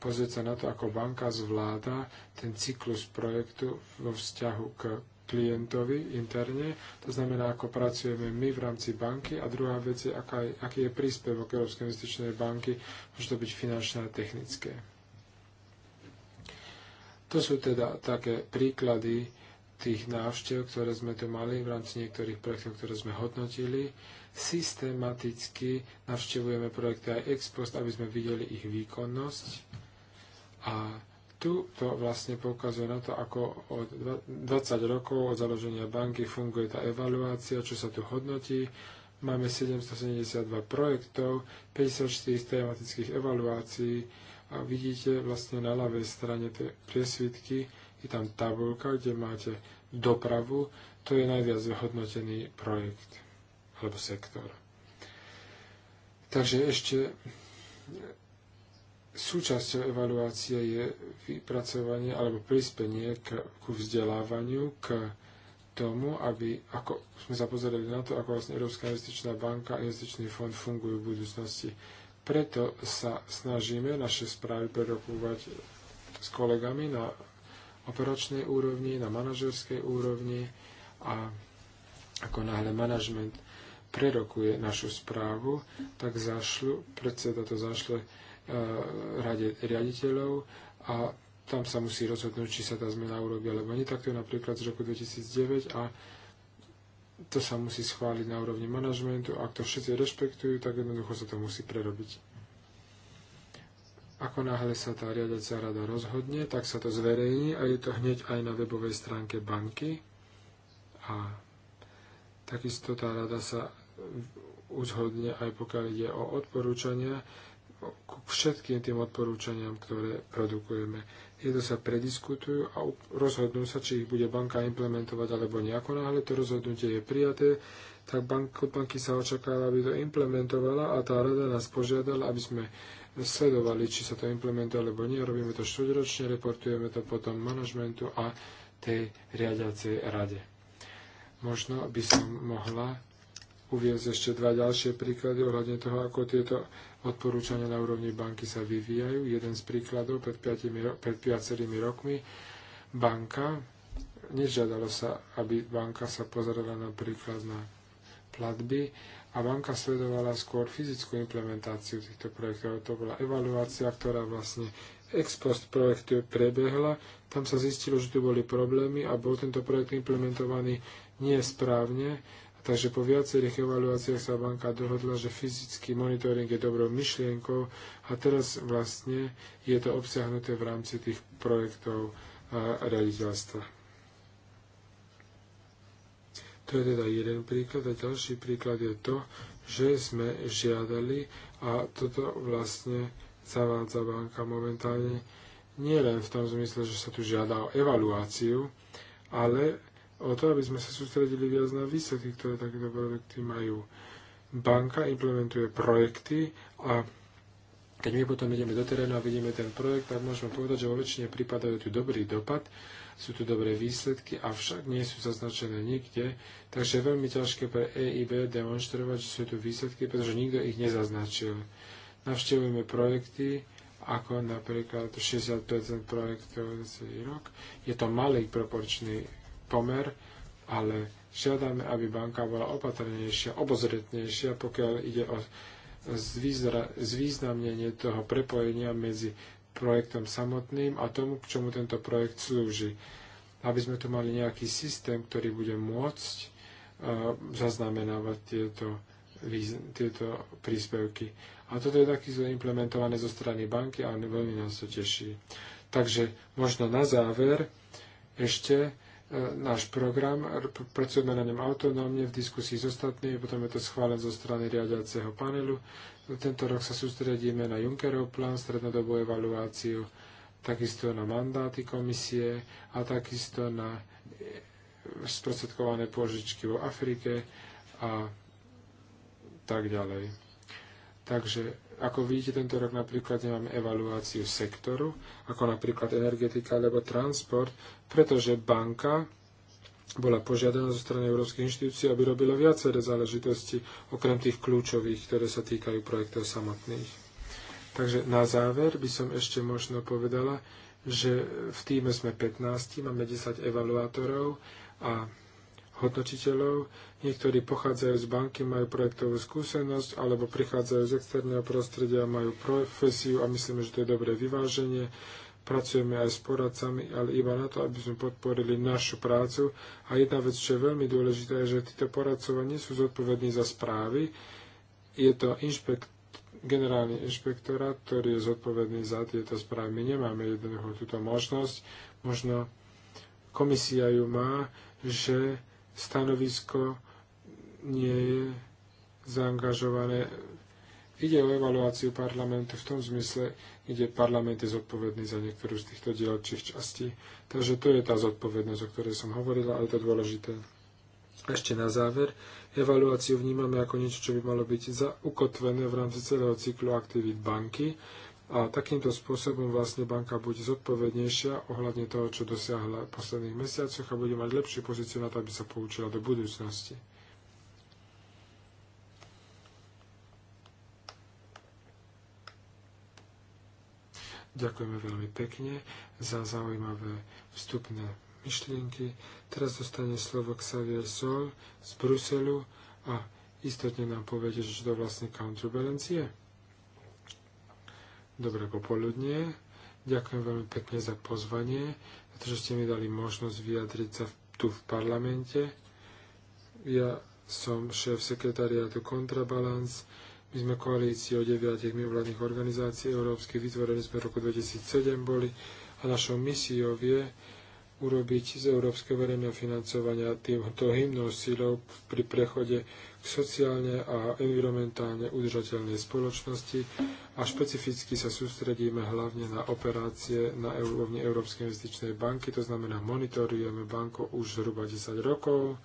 pozrieť sa na to, ako banka zvláda ten cyklus projektu vo vzťahu k klientovi interne, to znamená, ako pracujeme my v rámci banky a druhá vec je, aká, aký je príspevok Európskej investičnej banky, môže to byť finančné a technické. To sú teda také príklady tých návštev, ktoré sme tu mali v rámci niektorých projektov, ktoré sme hodnotili. Systematicky navštevujeme projekty aj ex post, aby sme videli ich výkonnosť. A tu to vlastne poukazuje na to, ako od 20 rokov od založenia banky funguje tá evaluácia, čo sa tu hodnotí. Máme 772 projektov, 54 tematických evaluácií, a vidíte vlastne na ľavej strane tie priesvitky, je tam tabulka, kde máte dopravu, to je najviac vyhodnotený projekt alebo sektor. Takže ešte súčasťou evaluácie je vypracovanie alebo prispenie k, ku vzdelávaniu, k tomu, aby, ako sme sa pozerali na to, ako vlastne Európska investičná banka a investičný fond fungujú v budúcnosti. Preto sa snažíme naše správy prerokovať s kolegami na operačnej úrovni, na manažerskej úrovni a ako náhle manažment prerokuje našu správu, tak zašlu, predseda to zašle e, rade riaditeľov a tam sa musí rozhodnúť, či sa tá zmena urobí alebo nie. Takto napríklad z roku 2009 a to sa musí schváliť na úrovni manažmentu. Ak to všetci rešpektujú, tak jednoducho sa to musí prerobiť. Ako náhle sa tá riadiaca rada rozhodne, tak sa to zverejní a je to hneď aj na webovej stránke banky. A takisto tá rada sa uzhodne aj pokiaľ ide o odporúčania, k všetkým tým odporúčaniam, ktoré produkujeme jedno sa prediskutujú a rozhodnú sa, či ich bude banka implementovať alebo nie. Ako náhle to rozhodnutie je prijaté, tak bank, od banky sa očakáva, aby to implementovala a tá rada nás požiadala, aby sme sledovali, či sa to implementuje alebo nie. Robíme to štvrťročne, reportujeme to potom manažmentu a tej riadiacej rade. Možno by som mohla uviezť ešte dva ďalšie príklady ohľadne toho, ako tieto odporúčania na úrovni banky sa vyvíjajú. Jeden z príkladov pred, piatimi, pred piacerými rokmi banka, nežiadalo sa, aby banka sa pozerala napríklad na platby a banka sledovala skôr fyzickú implementáciu týchto projektov. To bola evaluácia, ktorá vlastne ex post projektu prebehla. Tam sa zistilo, že tu boli problémy a bol tento projekt implementovaný nie správne Takže po viacerých evaluáciách sa banka dohodla, že fyzický monitoring je dobrou myšlienkou a teraz vlastne je to obsiahnuté v rámci tých projektov a riaditeľstva. To je teda jeden príklad a ďalší príklad je to, že sme žiadali a toto vlastne zavádza banka momentálne nielen v tom zmysle, že sa tu žiada o evaluáciu, ale o to, aby sme sa sústredili viac na výsledky, ktoré takéto projekty majú. Banka implementuje projekty a keď my potom ideme do terénu a vidíme ten projekt, tak môžeme povedať, že vo väčšine prípadajú tu dobrý dopad, sú tu dobré výsledky, avšak nie sú zaznačené nikde, takže je veľmi ťažké pre EIB demonstrovať, že sú tu výsledky, pretože nikto ich nezaznačil. Navštevujeme projekty, ako napríklad 60% projektov za celý rok. Je to malý proporčný pomer, ale žiadame, aby banka bola opatrnejšia, obozretnejšia, pokiaľ ide o zvýznamnenie toho prepojenia medzi projektom samotným a tomu, k čomu tento projekt slúži. Aby sme tu mali nejaký systém, ktorý bude môcť uh, zaznamenávať tieto, tieto príspevky. A toto je takisto implementované zo strany banky a veľmi nás to teší. Takže možno na záver ešte E, náš program, e, pracujeme na ňom autonómne v diskusii s ostatnými, potom je to schválen zo strany riadiaceho panelu. Tento rok sa sústredíme na Junckerov plán, strednodobú evaluáciu, takisto na mandáty komisie a takisto na e, sprostredkované pôžičky vo Afrike a tak ďalej. Takže ako vidíte, tento rok napríklad nemáme evaluáciu sektoru, ako napríklad energetika alebo transport, pretože banka bola požiadaná zo strany Európskej inštitúcie, aby robila viaceré záležitosti, okrem tých kľúčových, ktoré sa týkajú projektov samotných. Takže na záver by som ešte možno povedala, že v týme sme 15, máme 10 evaluátorov a hodnotiteľov. Niektorí pochádzajú z banky, majú projektovú skúsenosť, alebo prichádzajú z externého prostredia, majú profesiu a myslíme, že to je dobré vyváženie. Pracujeme aj s poradcami, ale iba na to, aby sme podporili našu prácu. A jedna vec, čo je veľmi dôležitá, je, že títo poradcovia nie sú zodpovední za správy. Je to inšpekt, generálny inšpektorát, ktorý je zodpovedný za tieto správy. My nemáme jednoducho túto možnosť. Možno komisia ju má, že stanovisko nie je zaangažované. Ide o evaluáciu parlamentu v tom zmysle, kde parlament je zodpovedný za niektorú z týchto dielčích častí. Takže to je tá zodpovednosť, o ktorej som hovorila, ale je to dôležité. Ešte na záver, evaluáciu vnímame ako niečo, čo by malo byť ukotvené v rámci celého cyklu aktivít banky. A takýmto spôsobom vlastne banka bude zodpovednejšia ohľadne toho, čo dosiahla v posledných mesiacoch a bude mať lepšiu pozíciu na to, aby sa poučila do budúcnosti. Ďakujeme veľmi pekne za zaujímavé vstupné myšlienky. Teraz dostane slovo Xavier Sol z Bruselu a istotne nám povede, že to vlastne counterbalance je. Dobré popoludne. Ďakujem veľmi pekne za pozvanie, pretože ste mi dali možnosť vyjadriť sa tu v parlamente. Ja som šéf sekretariátu Contrabalance. My sme o deviatich mimovládnych organizácií európskych, vytvorení sme v roku 2007 boli a našou misiou je urobiť z európskeho verejného financovania týmto hymnou síľou pri prechode k sociálne a environmentálne udržateľnej spoločnosti a špecificky sa sústredíme hlavne na operácie na úrovni Európskej investičnej banky, to znamená monitorujeme banku už zhruba 10 rokov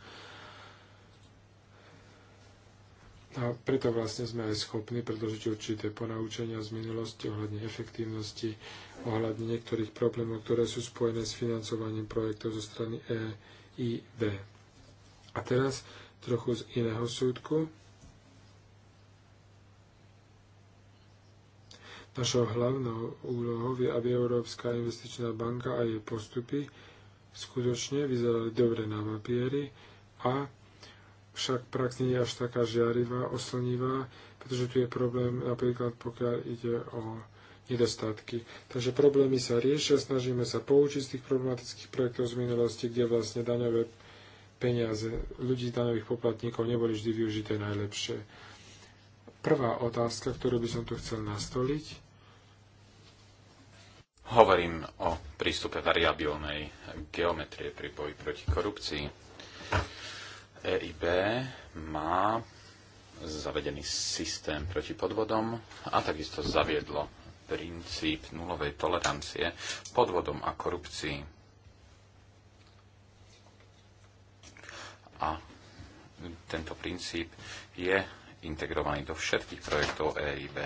a preto vlastne sme aj schopní predložiť určité ponaučenia z minulosti ohľadne efektívnosti ohľadne niektorých problémov, ktoré sú spojené s financovaním projektov zo strany EIB. A teraz trochu z iného súdku. Našou hlavnou úlohou je, aby Európska investičná banka a jej postupy skutočne vyzerali dobre na papieri a však prax nie je až taká žiarivá, oslnivá, pretože tu je problém napríklad pokiaľ ide o nedostatky. Takže problémy sa riešia, snažíme sa poučiť z tých problematických projektov z minulosti, kde vlastne daňové peniaze ľudí, daňových poplatníkov neboli vždy využité najlepšie. Prvá otázka, ktorú by som tu chcel nastoliť. Hovorím o prístupe variabilnej geometrie pri boji proti korupcii. EIB má zavedený systém proti podvodom a takisto zaviedlo princíp nulovej tolerancie podvodom a korupcii. A tento princíp je integrovaný do všetkých projektov EIB.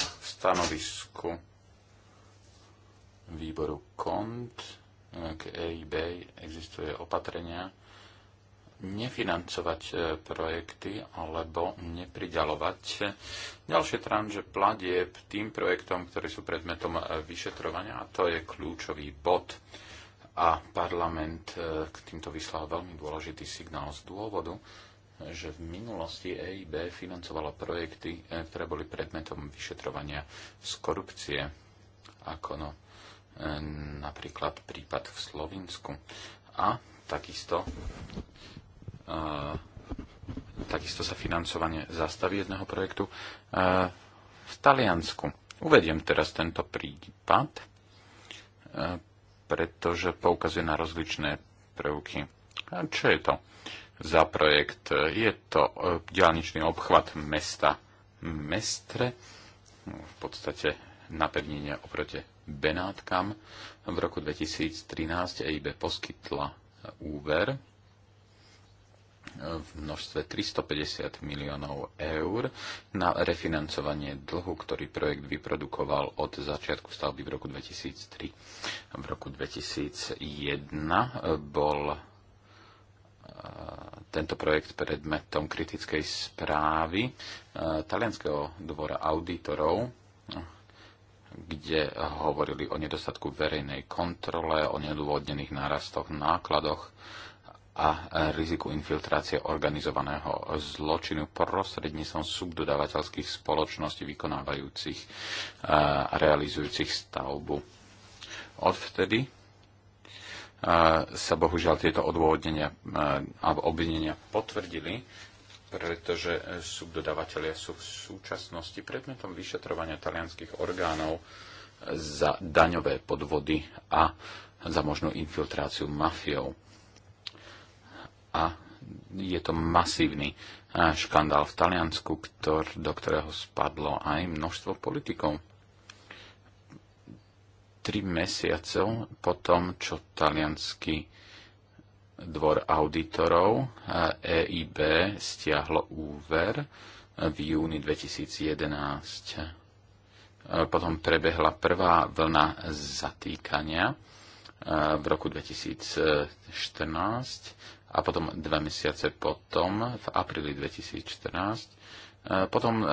V stanovisku výboru KONT eh, k EIB existuje opatrenia, nefinancovať e, projekty alebo nepridalovať e, ďalšie tranže platieb tým projektom, ktorí sú predmetom e, vyšetrovania a to je kľúčový bod. A parlament k týmto vyslal veľmi dôležitý signál z dôvodu, že v minulosti EIB financovala projekty, ktoré boli predmetom vyšetrovania z korupcie, ako no, napríklad prípad v Slovensku. A takisto takisto sa financovanie zastaví jedného projektu v Taliansku. Uvediem teraz tento prípad, e, pretože poukazuje na rozličné prvky. A čo je to za projekt? Je to e, diálničný obchvat mesta Mestre, v podstate napevnenie oproti Benátkam. V roku 2013 EIB poskytla úver v množstve 350 miliónov eur na refinancovanie dlhu, ktorý projekt vyprodukoval od začiatku stavby v roku 2003. V roku 2001 bol e, tento projekt predmetom kritickej správy e, Talianského dvora auditorov, kde hovorili o nedostatku verejnej kontrole, o nedôvodnených nárastoch nákladoch a e, riziku infiltrácie organizovaného zločinu prostredníctvom subdodávateľských spoločností vykonávajúcich e, a realizujúcich stavbu. Odvtedy e, sa bohužiaľ tieto odôvodnenia alebo obvinenia potvrdili, pretože subdodávateľia sú v súčasnosti predmetom vyšetrovania talianských orgánov za daňové podvody a za možnú infiltráciu mafiou a je to masívny eh, škandál v Taliansku, ktor, do ktorého spadlo aj množstvo politikov. Tri mesiacov po tom, čo talianský dvor auditorov EIB eh, e stiahlo úver eh, v júni 2011. Potom prebehla prvá vlna zatýkania v roku 2014 a potom dva mesiace potom, v apríli 2014, e, potom e,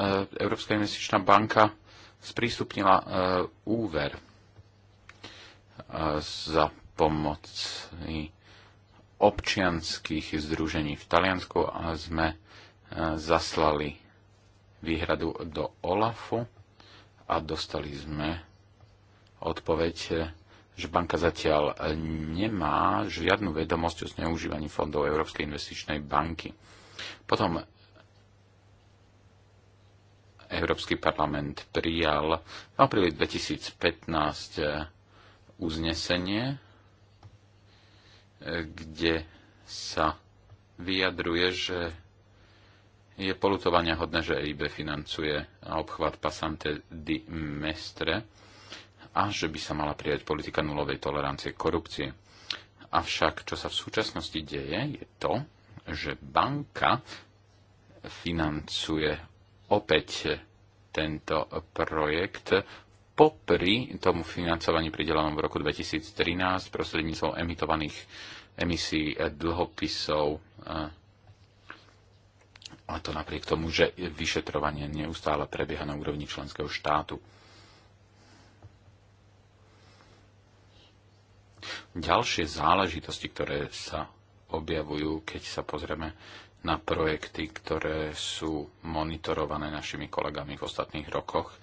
Európska investičná banka sprístupnila e, úver za pomoci občianských združení v Taliansku a sme zaslali výhradu do OLAFu a dostali sme odpoveď že banka zatiaľ e, nemá žiadnu vedomosť o zneužívaní fondov Európskej investičnej banky. Potom Európsky parlament prijal v apríli 2015 e, uznesenie, e, kde sa vyjadruje, že je polutovania hodné, že EIB financuje obchvat Pasante di Mestre a že by sa mala prijať politika nulovej tolerancie korupcie. Avšak, čo sa v súčasnosti deje, je to, že banka financuje opäť tento projekt popri tomu financovaní pridelenom v roku 2013 prostredníctvom emitovaných emisí dlhopisov a to napriek tomu, že vyšetrovanie neustále prebieha na úrovni členského štátu. ďalšie záležitosti, ktoré sa objavujú, keď sa pozrieme na projekty, ktoré sú monitorované našimi kolegami v ostatných rokoch.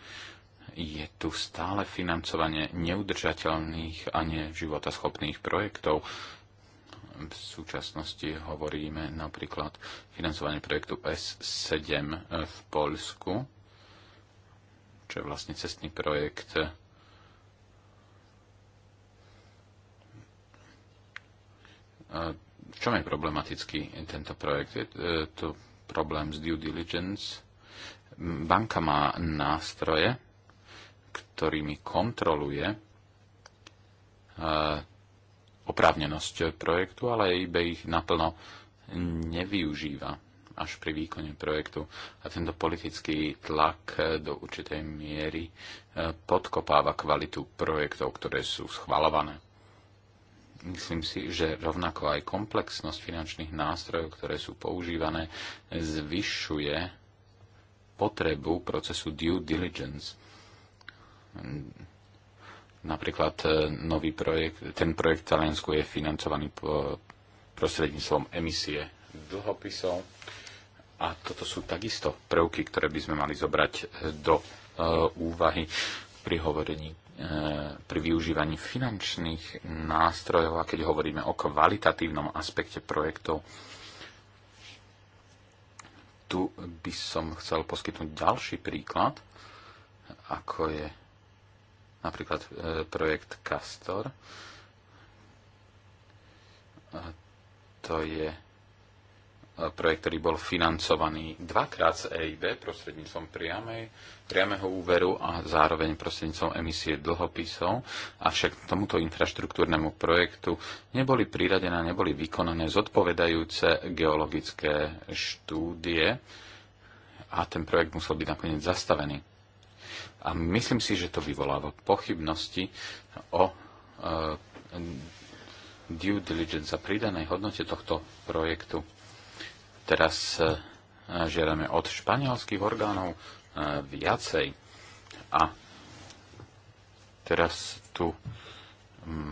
Je tu stále financovanie neudržateľných a neživotaschopných projektov. V súčasnosti hovoríme napríklad financovanie projektu S7 v Poľsku, čo je vlastne cestný projekt v čom je problematický tento projekt? Je e, to problém s due diligence. Banka má nástroje, ktorými kontroluje e, oprávnenosť projektu, ale iba ich naplno nevyužíva až pri výkone projektu. A tento politický tlak do určitej miery e, podkopáva kvalitu projektov, ktoré sú schvalované. Myslím si, že rovnako aj komplexnosť finančných nástrojov, ktoré sú používané, zvyšuje potrebu procesu due diligence. Napríklad e, nový projekt, ten projekt v Taliansku je financovaný prostredníctvom emisie dlhopisov a toto sú takisto prvky, ktoré by sme mali zobrať e, do e, úvahy pri hovorení Eh, pri využívaní finančných nástrojov a keď hovoríme o kvalitatívnom aspekte projektov, tu by som chcel poskytnúť ďalší príklad, ako je napríklad eh, projekt Castor. To je eh, projekt, ktorý bol financovaný dvakrát z EIB prostredníctvom priamej priameho úveru a zároveň prostrednícom emisie dlhopisov, avšak tomuto infraštruktúrnemu projektu neboli priradené, neboli vykonané zodpovedajúce geologické štúdie a ten projekt musel byť nakoniec zastavený. A myslím si, že to vyvoláva pochybnosti o e, due diligence a pridanej hodnote tohto projektu. Teraz e, e žiadame od španielských orgánov viacej. A teraz tu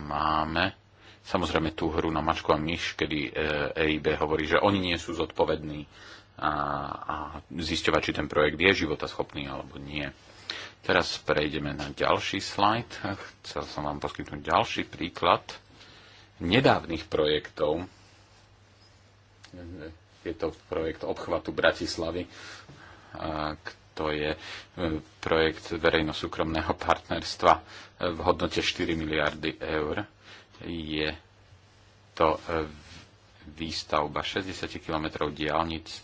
máme samozrejme tú hru na mačku a myš, kedy EIB hovorí, že oni nie sú zodpovední a, a zisťovať, či ten projekt je životaschopný alebo nie. Teraz prejdeme na ďalší slajd. Chcel som vám poskytnúť ďalší príklad nedávnych projektov. Je to projekt obchvatu Bratislavy, to je e, projekt verejno-súkromného partnerstva v hodnote 4 miliardy eur. Je to e, výstavba 60 kilometrov diálnic e,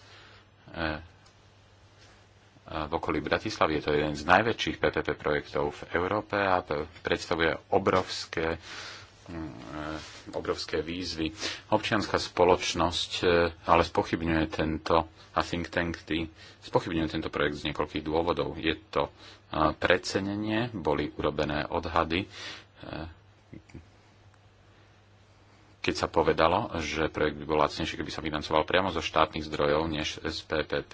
v okolí Bratislavy. Je to jeden z najväčších PPP projektov v Európe a predstavuje obrovské Mm, e, obrovské výzvy. Občianská spoločnosť e, ale spochybňuje tento, a think tank tý, spochybňuje tento projekt z niekoľkých dôvodov. Je to e, precenenie, boli urobené odhady, keď sa povedalo, že projekt by bol lacnejší, keby sa financoval priamo zo štátnych zdrojov než z PPP.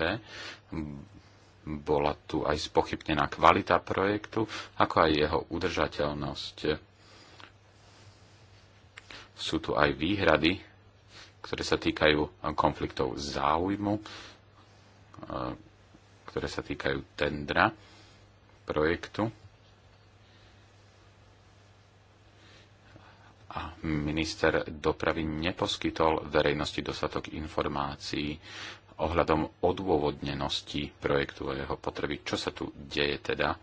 Bola tu aj spochybnená kvalita projektu, ako aj jeho udržateľnosť sú tu aj výhrady, ktoré sa týkajú konfliktov záujmu, e, ktoré sa týkajú tendra projektu. A minister dopravy neposkytol verejnosti dostatok informácií ohľadom odôvodnenosti projektu a jeho potreby. Čo sa tu deje teda?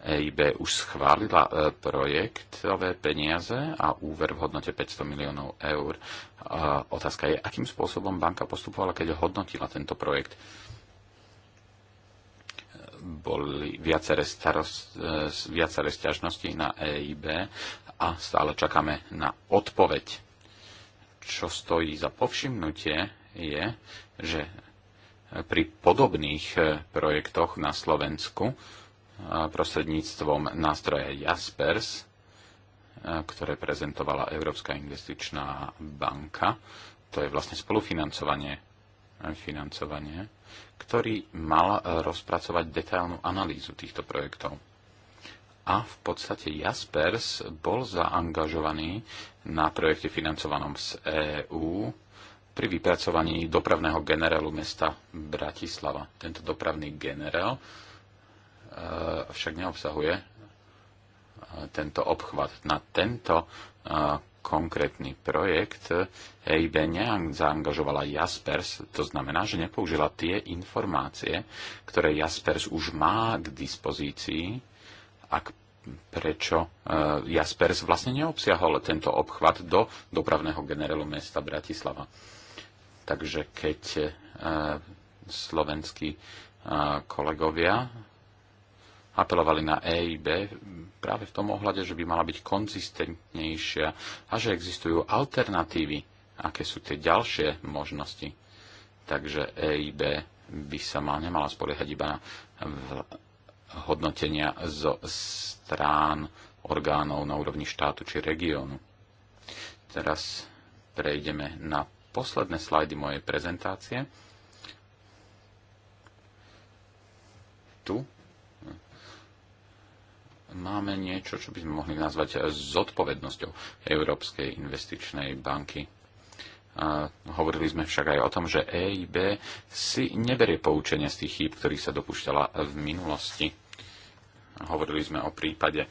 EIB už schválila e, projektové peniaze a úver v hodnote 500 miliónov eur. E, otázka je, akým spôsobom banka postupovala, keď hodnotila tento projekt. Boli viaceré, starost, e, viaceré stiažnosti na EIB a stále čakáme na odpoveď. Čo stojí za povšimnutie je, že pri podobných e, projektoch na Slovensku e, prostredníctvom nástroja Jaspers, e, ktoré prezentovala Európska investičná banka. To je vlastne spolufinancovanie, financovanie, ktorý mal rozpracovať detailnú analýzu týchto projektov. A v podstate Jaspers bol zaangažovaný na projekte financovanom z EÚ pri vypracovaní dopravného generálu mesta Bratislava. Tento dopravný generál eh, však neobsahuje eh, tento obchvat. Na tento eh, konkrétny projekt EIB zaangažovala Jaspers, to znamená, že nepoužila tie informácie, ktoré Jaspers už má k dispozícii a prečo Jaspers vlastne neobsiahol tento obchvat do dopravného generálu mesta Bratislava. Takže keď e, slovenskí e, kolegovia apelovali na EIB práve v tom ohľade, že by mala byť konzistentnejšia a že existujú alternatívy, aké sú tie ďalšie možnosti. Takže EIB by sa mal, nemala spoliehať iba na hodnotenia zo strán orgánov na úrovni štátu či regiónu. Teraz prejdeme na posledné slajdy mojej prezentácie. Tu máme niečo, čo by sme mohli nazvať zodpovednosťou Európskej investičnej banky. A hovorili sme však aj o tom, že EIB si neberie poučenie z tých chýb, ktorých sa dopúšťala v minulosti. Hovorili sme o prípade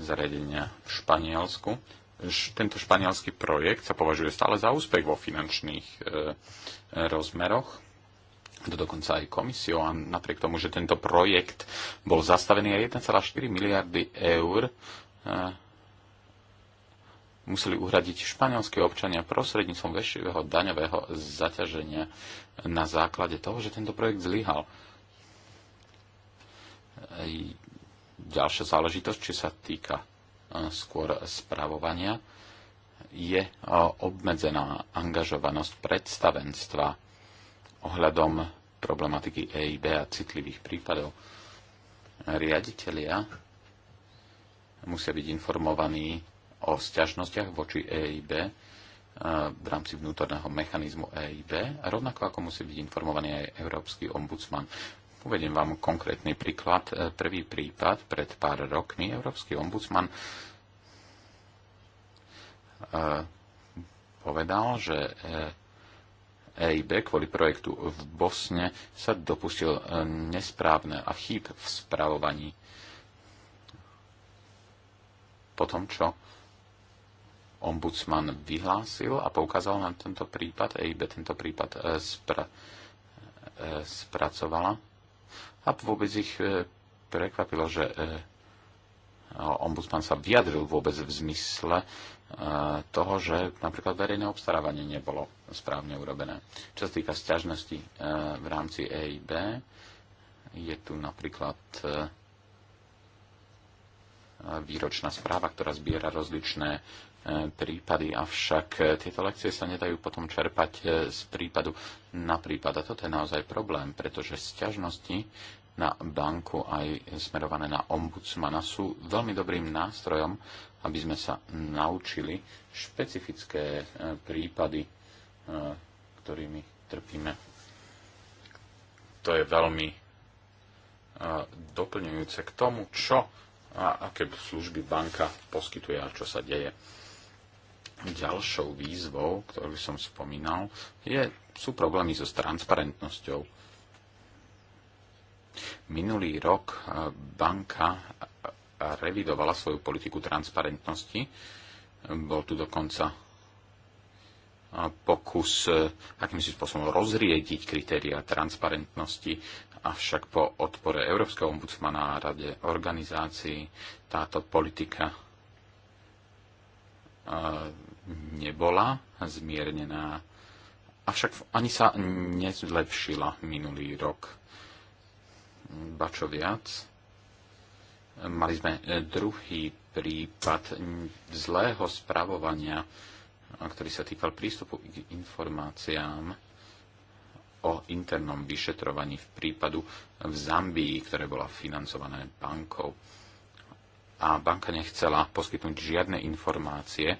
zariadenia v Španielsku, tento španielský projekt sa považuje stále za úspech vo finančných e, e, rozmeroch. To dokonca aj komisiou a napriek tomu, že tento projekt bol zastavený aj 1,4 miliardy eur, e, museli uhradiť španielské občania prostredníctvom väčšieho daňového zaťaženia na základe toho, že tento projekt zlyhal. ďalšia záležitosť, či sa týka skôr spravovania, je obmedzená angažovanosť predstavenstva ohľadom problematiky EIB a citlivých prípadov. Riaditeľia musia byť informovaní o sťažnostiach voči EIB v rámci vnútorného mechanizmu EIB, rovnako ako musí byť informovaný aj Európsky ombudsman. Uvediem vám konkrétny príklad. E, Prvý prípad pred pár rokmi Európsky ombudsman e, povedal, že EIB e kvôli projektu v Bosne sa dopustil nesprávne a chýb v spravovaní. Po tom, čo ombudsman vyhlásil a poukázal na tento prípad, EIB tento prípad spra- spracovala a vôbec ich e, prekvapilo, že e, ombudsman sa vyjadril vôbec v zmysle e, toho, že napríklad verejné obstarávanie nebolo správne urobené. Čo sa týka sťažnosti v rámci EIB, je tu napríklad výročná správa, ktorá zbiera rozličné prípady, avšak tieto lekcie sa nedajú potom čerpať z prípadu na prípad. A toto je naozaj problém, pretože sťažnosti na banku aj smerované na ombudsmana sú veľmi dobrým nástrojom, aby sme sa naučili špecifické e, prípady, e, ktorými trpíme. To je veľmi e, doplňujúce k tomu, čo a aké služby banka poskytuje a čo sa deje. Ďalšou výzvou, ktorú som spomínal, je, sú problémy so transparentnosťou Minulý rok eh, banka eh, revidovala svoju politiku transparentnosti. Bol tu dokonca eh, pokus akýmsi spôsobom rozriediť kritéria transparentnosti, avšak po odpore Európskeho ombudsmana a rade organizácií táto politika nebola zmiernená, avšak ani sa nezlepšila minulý rok ba čo viac, mali sme e, druhý prípad zlého spravovania, e, ktorý sa týkal prístupu k informáciám o internom vyšetrovaní v prípadu v Zambii, ktoré bola financované bankou. A banka nechcela poskytnúť žiadne informácie e,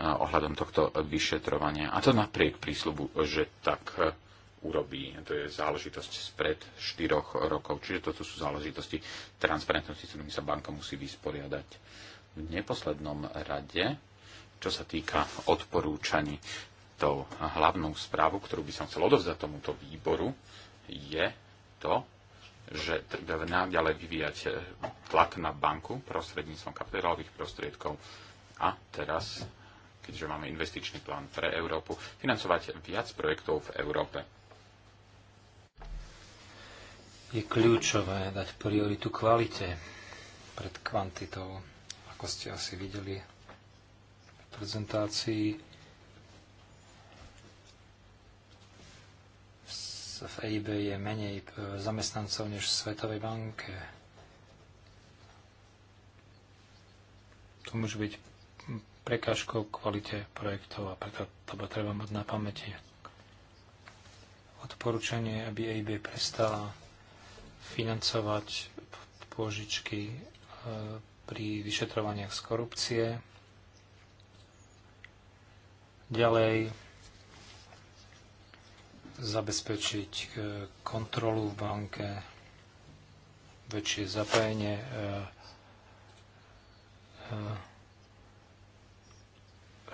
ohľadom tohto vyšetrovania. A to napriek prísľubu, že tak urobí. To je záležitosť spred 4 rokov. Čiže toto sú záležitosti transparentnosti, s ktorými sa banka musí vysporiadať. V neposlednom rade, čo sa týka odporúčaní, tou hlavnou správu, ktorú by som chcel odovzdať tomuto výboru, je to, že treba naďalej vyvíjať eh, tlak na banku prostredníctvom kapitálových prostriedkov a teraz, keďže máme investičný plán pre Európu, financovať viac projektov v Európe je kľúčové dať prioritu kvalite pred kvantitou, ako ste asi videli v prezentácii. V EIB je menej zamestnancov než v Svetovej banke. To môže byť prekážkou kvalite projektov a preto to treba mať na pamäti. Odporúčanie, aby EIB prestala financovať pôžičky e, pri vyšetrovaniach z korupcie. Ďalej zabezpečiť e, kontrolu v banke, väčšie zapojenie e,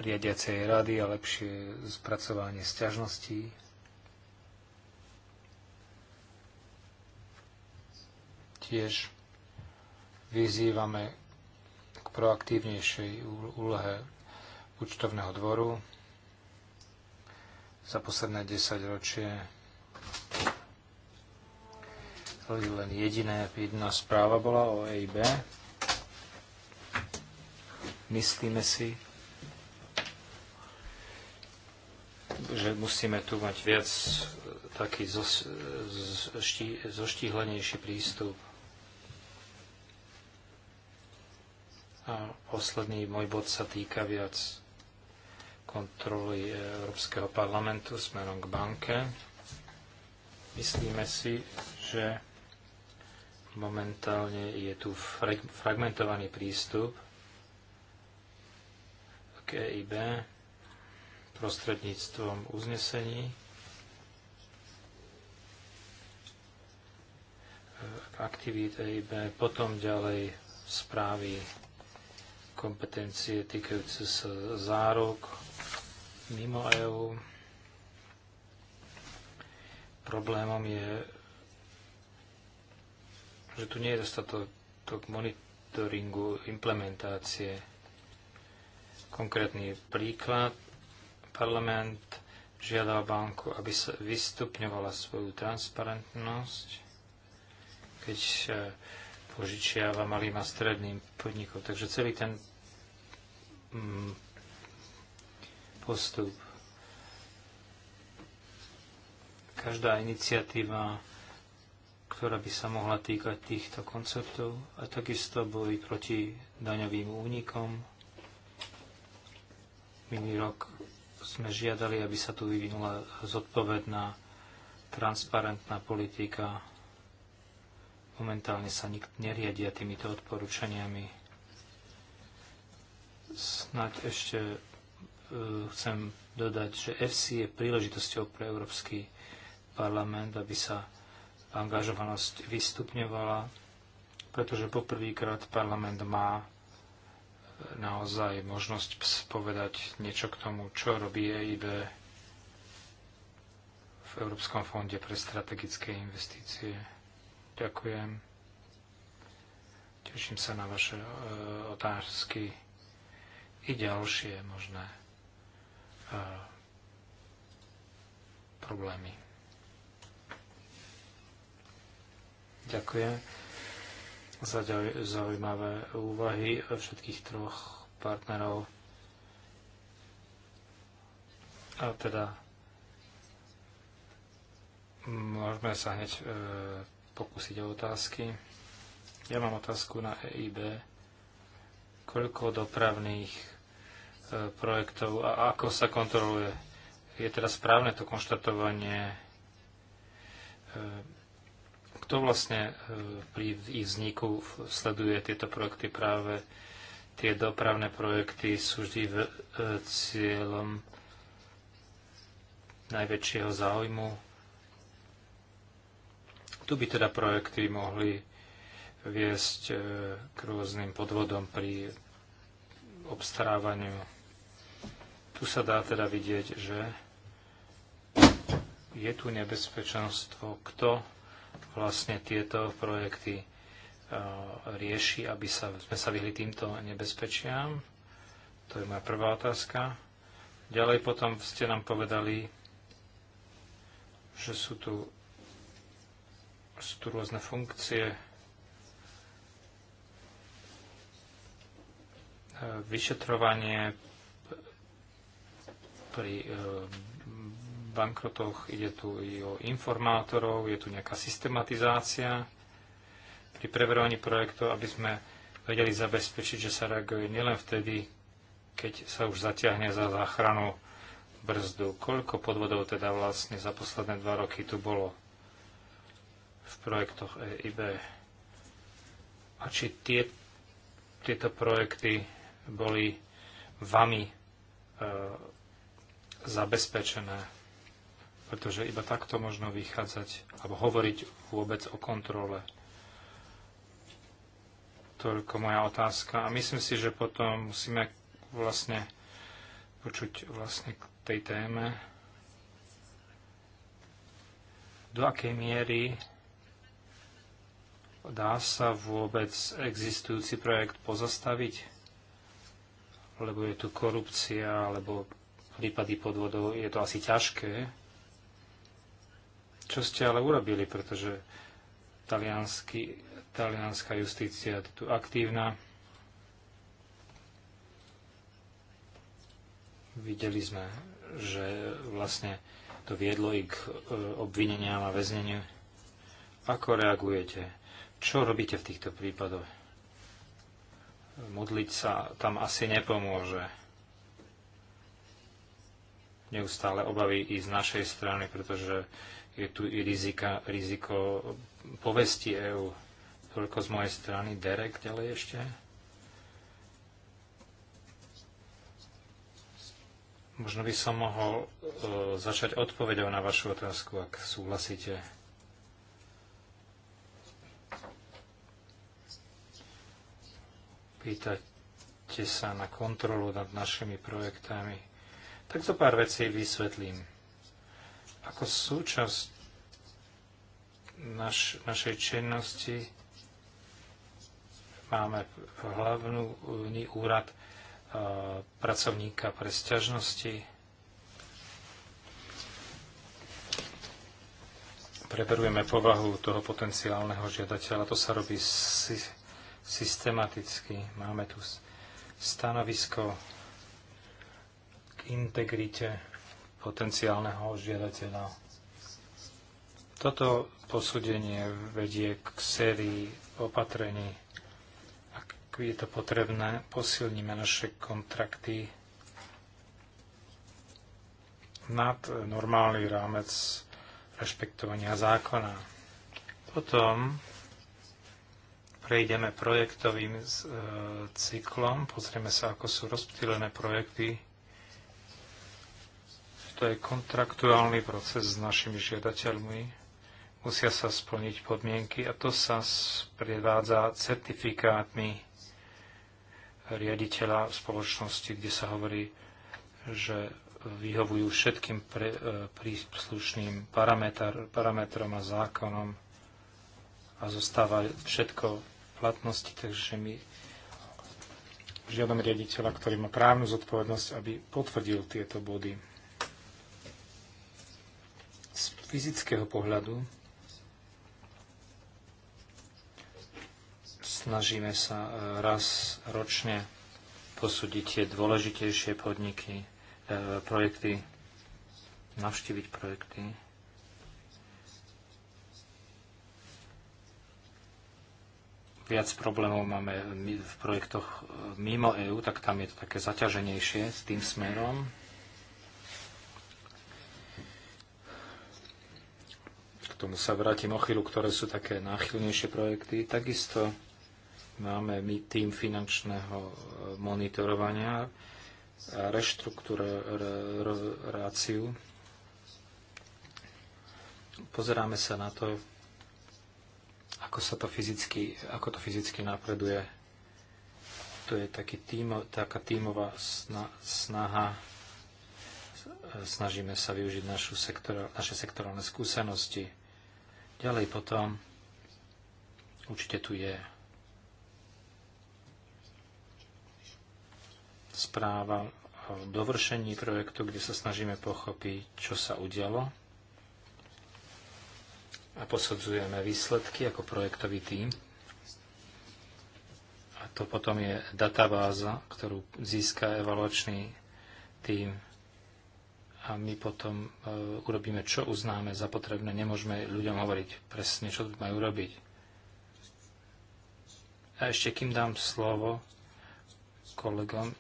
riadiacej rady a lepšie spracovanie sťažností. Tiež vyzývame k proaktívnejšej úlohe účtovného dvoru za posledné 10 ročie len jediné, jedna správa bola o EIB. Myslíme si, že musíme tu mať viac e, taký zoštíhlenejší prístup posledný môj bod sa týka viac kontroly Európskeho parlamentu smerom k banke. Myslíme si, že momentálne je tu fragmentovaný prístup k EIB prostredníctvom uznesení aktivít EIB, potom ďalej správy kompetencie týkajúce sa zárok mimo EÚ. Problémom je, že tu nie je dostatok monitoringu implementácie. Konkrétny príklad. Parlament žiadal banku, aby sa vystupňovala svoju transparentnosť, keď požičiava malým a stredným podnikom. Takže celý ten mm, postup, každá iniciatíva, ktorá by sa mohla týkať týchto konceptov a takisto boj proti daňovým únikom. Minulý rok sme žiadali, aby sa tu vyvinula zodpovedná, transparentná politika Momentálne sa nikto neriadia týmito odporúčaniami. Snaď ešte e, chcem dodať, že FC je príležitosťou pre Európsky parlament, aby sa angažovanosť vystupňovala, pretože poprvýkrát parlament má e, naozaj možnosť povedať niečo k tomu, čo robí EIB v Európskom fonde pre strategické investície. Ďakujem. Teším sa na vaše e, otázky i ďalšie možné e, problémy. Ďakujem za zaujímavé úvahy všetkých troch partnerov. A teda môžeme sa hneď e, pokúsiť o otázky. Ja mám otázku na EIB. Koľko dopravných e, projektov a ako sa kontroluje? Je teda správne to konštatovanie, e, kto vlastne e, pri ich vzniku sleduje tieto projekty práve tie dopravné projekty sú vždy v, e, cieľom najväčšieho záujmu tu by teda projekty mohli viesť e, k rôznym podvodom pri obstarávaniu. Tu sa dá teda vidieť, že je tu nebezpečenstvo, kto vlastne tieto projekty e, rieši, aby sa, sme sa vyhli týmto nebezpečiam. To je moja prvá otázka. Ďalej potom ste nám povedali, že sú tu sú tu rôzne funkcie. Vyšetrovanie pri eh, bankrotoch ide tu i o informátorov, je tu nejaká systematizácia pri preverovaní projektov, aby sme vedeli zabezpečiť, že sa reaguje nielen vtedy, keď sa už zatiahne za záchranu brzdu. Koľko podvodov teda vlastne za posledné dva roky tu bolo? v projektoch EIB. A či tie, tieto projekty boli vami e, zabezpečené. Pretože iba takto možno vychádzať alebo hovoriť vôbec o kontrole. Toľko moja otázka. A myslím si, že potom musíme vlastne počuť vlastne k tej téme, do akej miery Dá sa vôbec existujúci projekt pozastaviť? Lebo je tu korupcia, alebo prípady podvodov, je to asi ťažké. Čo ste ale urobili, pretože taliansky, talianská justícia je tu aktívna. Videli sme, že vlastne to viedlo i k e, obvineniam a väzneniu. Ako reagujete? Čo robíte v týchto prípadoch? Modliť sa tam asi nepomôže. Neustále obavy i z našej strany, pretože je tu i rizika, riziko povesti EÚ. Toľko z mojej strany. Derek, ďalej ešte. Možno by som mohol e, začať odpovedou na vašu otázku, ak súhlasíte. Pýtate sa na kontrolu nad našimi projektami. Tak to pár vecí vysvetlím. Ako súčasť naš, našej činnosti máme hlavný úrad e, pracovníka pre sťažnosti. Preverujeme povahu toho potenciálneho žiadateľa. To sa robí systematicky. Máme tu stanovisko k integrite potenciálneho žiadateľa. Toto posúdenie vedie k sérii opatrení. Ak je to potrebné, posilníme naše kontrakty nad normálny rámec rešpektovania zákona. Potom prejdeme projektovým e, cyklom, pozrieme sa, ako sú rozptýlené projekty. To je kontraktuálny proces s našimi žiadateľmi. Musia sa splniť podmienky a to sa sprevádza certifikátmi riaditeľa spoločnosti, kde sa hovorí, že vyhovujú všetkým pre, e, príslušným parametrom a zákonom a zostáva všetko platnosti, takže my žiadame riaditeľa, ktorý má právnu zodpovednosť, aby potvrdil tieto body. Z fyzického pohľadu snažíme sa e, raz ročne posúdiť tie dôležitejšie podniky, e, projekty, navštíviť projekty. viac problémov máme v projektoch e, mimo EÚ, tak tam je to také zaťaženejšie s tým smerom. K tomu sa vrátim o chvíľu, ktoré sú také náchylnejšie projekty. Takisto máme my tým finančného e, monitorovania a reštrukturáciu. Pozeráme sa na to, ako sa to fyzicky, ako to fyzicky napreduje. To je taký tímo, taká tímová sna, snaha. Snažíme sa využiť našu sektor, naše sektorálne skúsenosti. Ďalej potom určite tu je správa o dovršení projektu, kde sa snažíme pochopiť, čo sa udialo a posudzujeme výsledky ako projektový tím. A to potom je databáza, ktorú získa evaluačný tím a my potom e, urobíme, čo uznáme za potrebné. Nemôžeme ľuďom hovoriť presne, čo majú robiť. A ešte kým dám slovo kolegom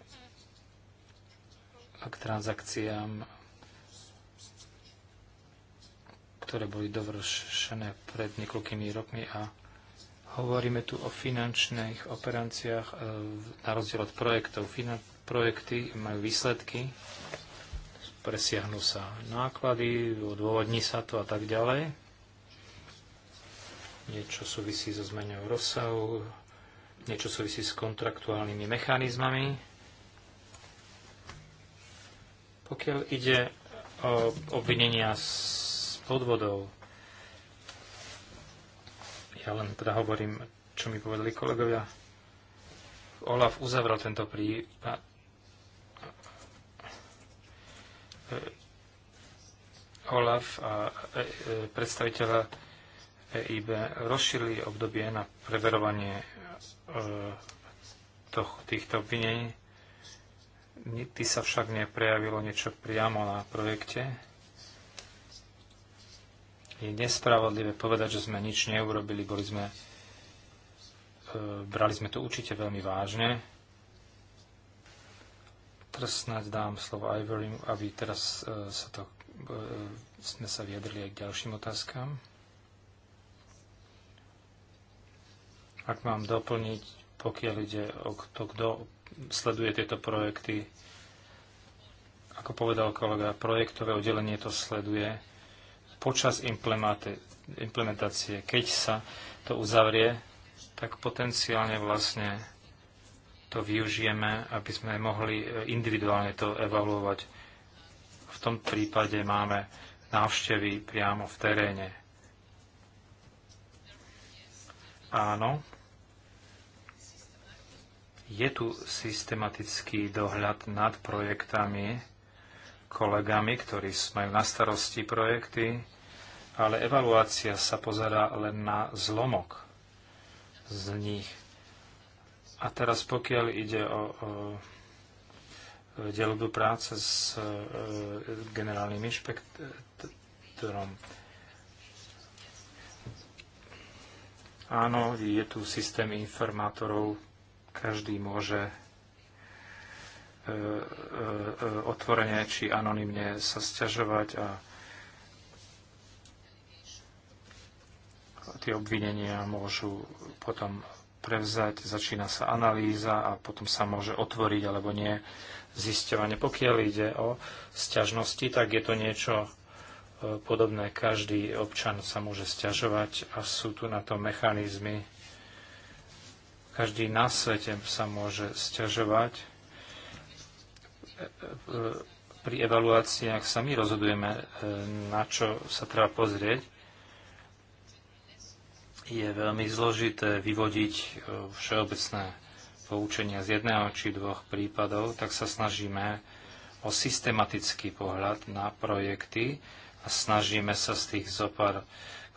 k transakciám ktoré boli dovršené pred niekoľkými rokmi a hovoríme tu o finančných operáciách e, na rozdiel od projektov. Finan- projekty majú výsledky, presiahnu sa náklady, odôvodní sa to a tak ďalej. Niečo súvisí so zmenou rozsahu, niečo súvisí s kontraktuálnymi mechanizmami. Pokiaľ ide o obvinenia z podvodov. Ja len teda hovorím, čo mi povedali kolegovia. Olaf uzavrel tento prípad. E, e, Olaf a e, predstaviteľa EIB rozšírili obdobie na preverovanie týchto obvinení. Ty sa však neprejavilo niečo priamo na projekte je nespravodlivé povedať, že sme nič neurobili, boli sme, e, brali sme to určite veľmi vážne. Teraz snáď dám slovo Ivory, aby teraz e, sa to, e, sme sa vyjadrili aj k ďalším otázkam. Ak mám doplniť, pokiaľ ide o to, kto sleduje tieto projekty, ako povedal kolega, projektové oddelenie to sleduje počas implementácie, keď sa to uzavrie, tak potenciálne vlastne to využijeme, aby sme mohli e, individuálne to evaluovať. V tom prípade máme návštevy priamo v teréne. Áno, je tu systematický dohľad nad projektami, kolegami, ktorí majú na starosti projekty, ale evaluácia sa pozerá len na zlomok z nich. A teraz pokiaľ ide o, o dielobu práce s e, generálnym inšpektorom, áno, je tu systém informátorov, každý môže E, e, e, otvorene či anonymne sa sťažovať a tie obvinenia môžu potom prevzať, začína sa analýza a potom sa môže otvoriť alebo nie zisťovanie. Pokiaľ ide o sťažnosti, tak je to niečo podobné. Každý občan sa môže sťažovať a sú tu na to mechanizmy. Každý na svete sa môže sťažovať pri evaluáciách sa my rozhodujeme, e, na čo sa treba pozrieť. Je veľmi zložité vyvodiť e, všeobecné poučenia z jedného či dvoch prípadov, tak sa snažíme o systematický pohľad na projekty a snažíme sa z tých zopár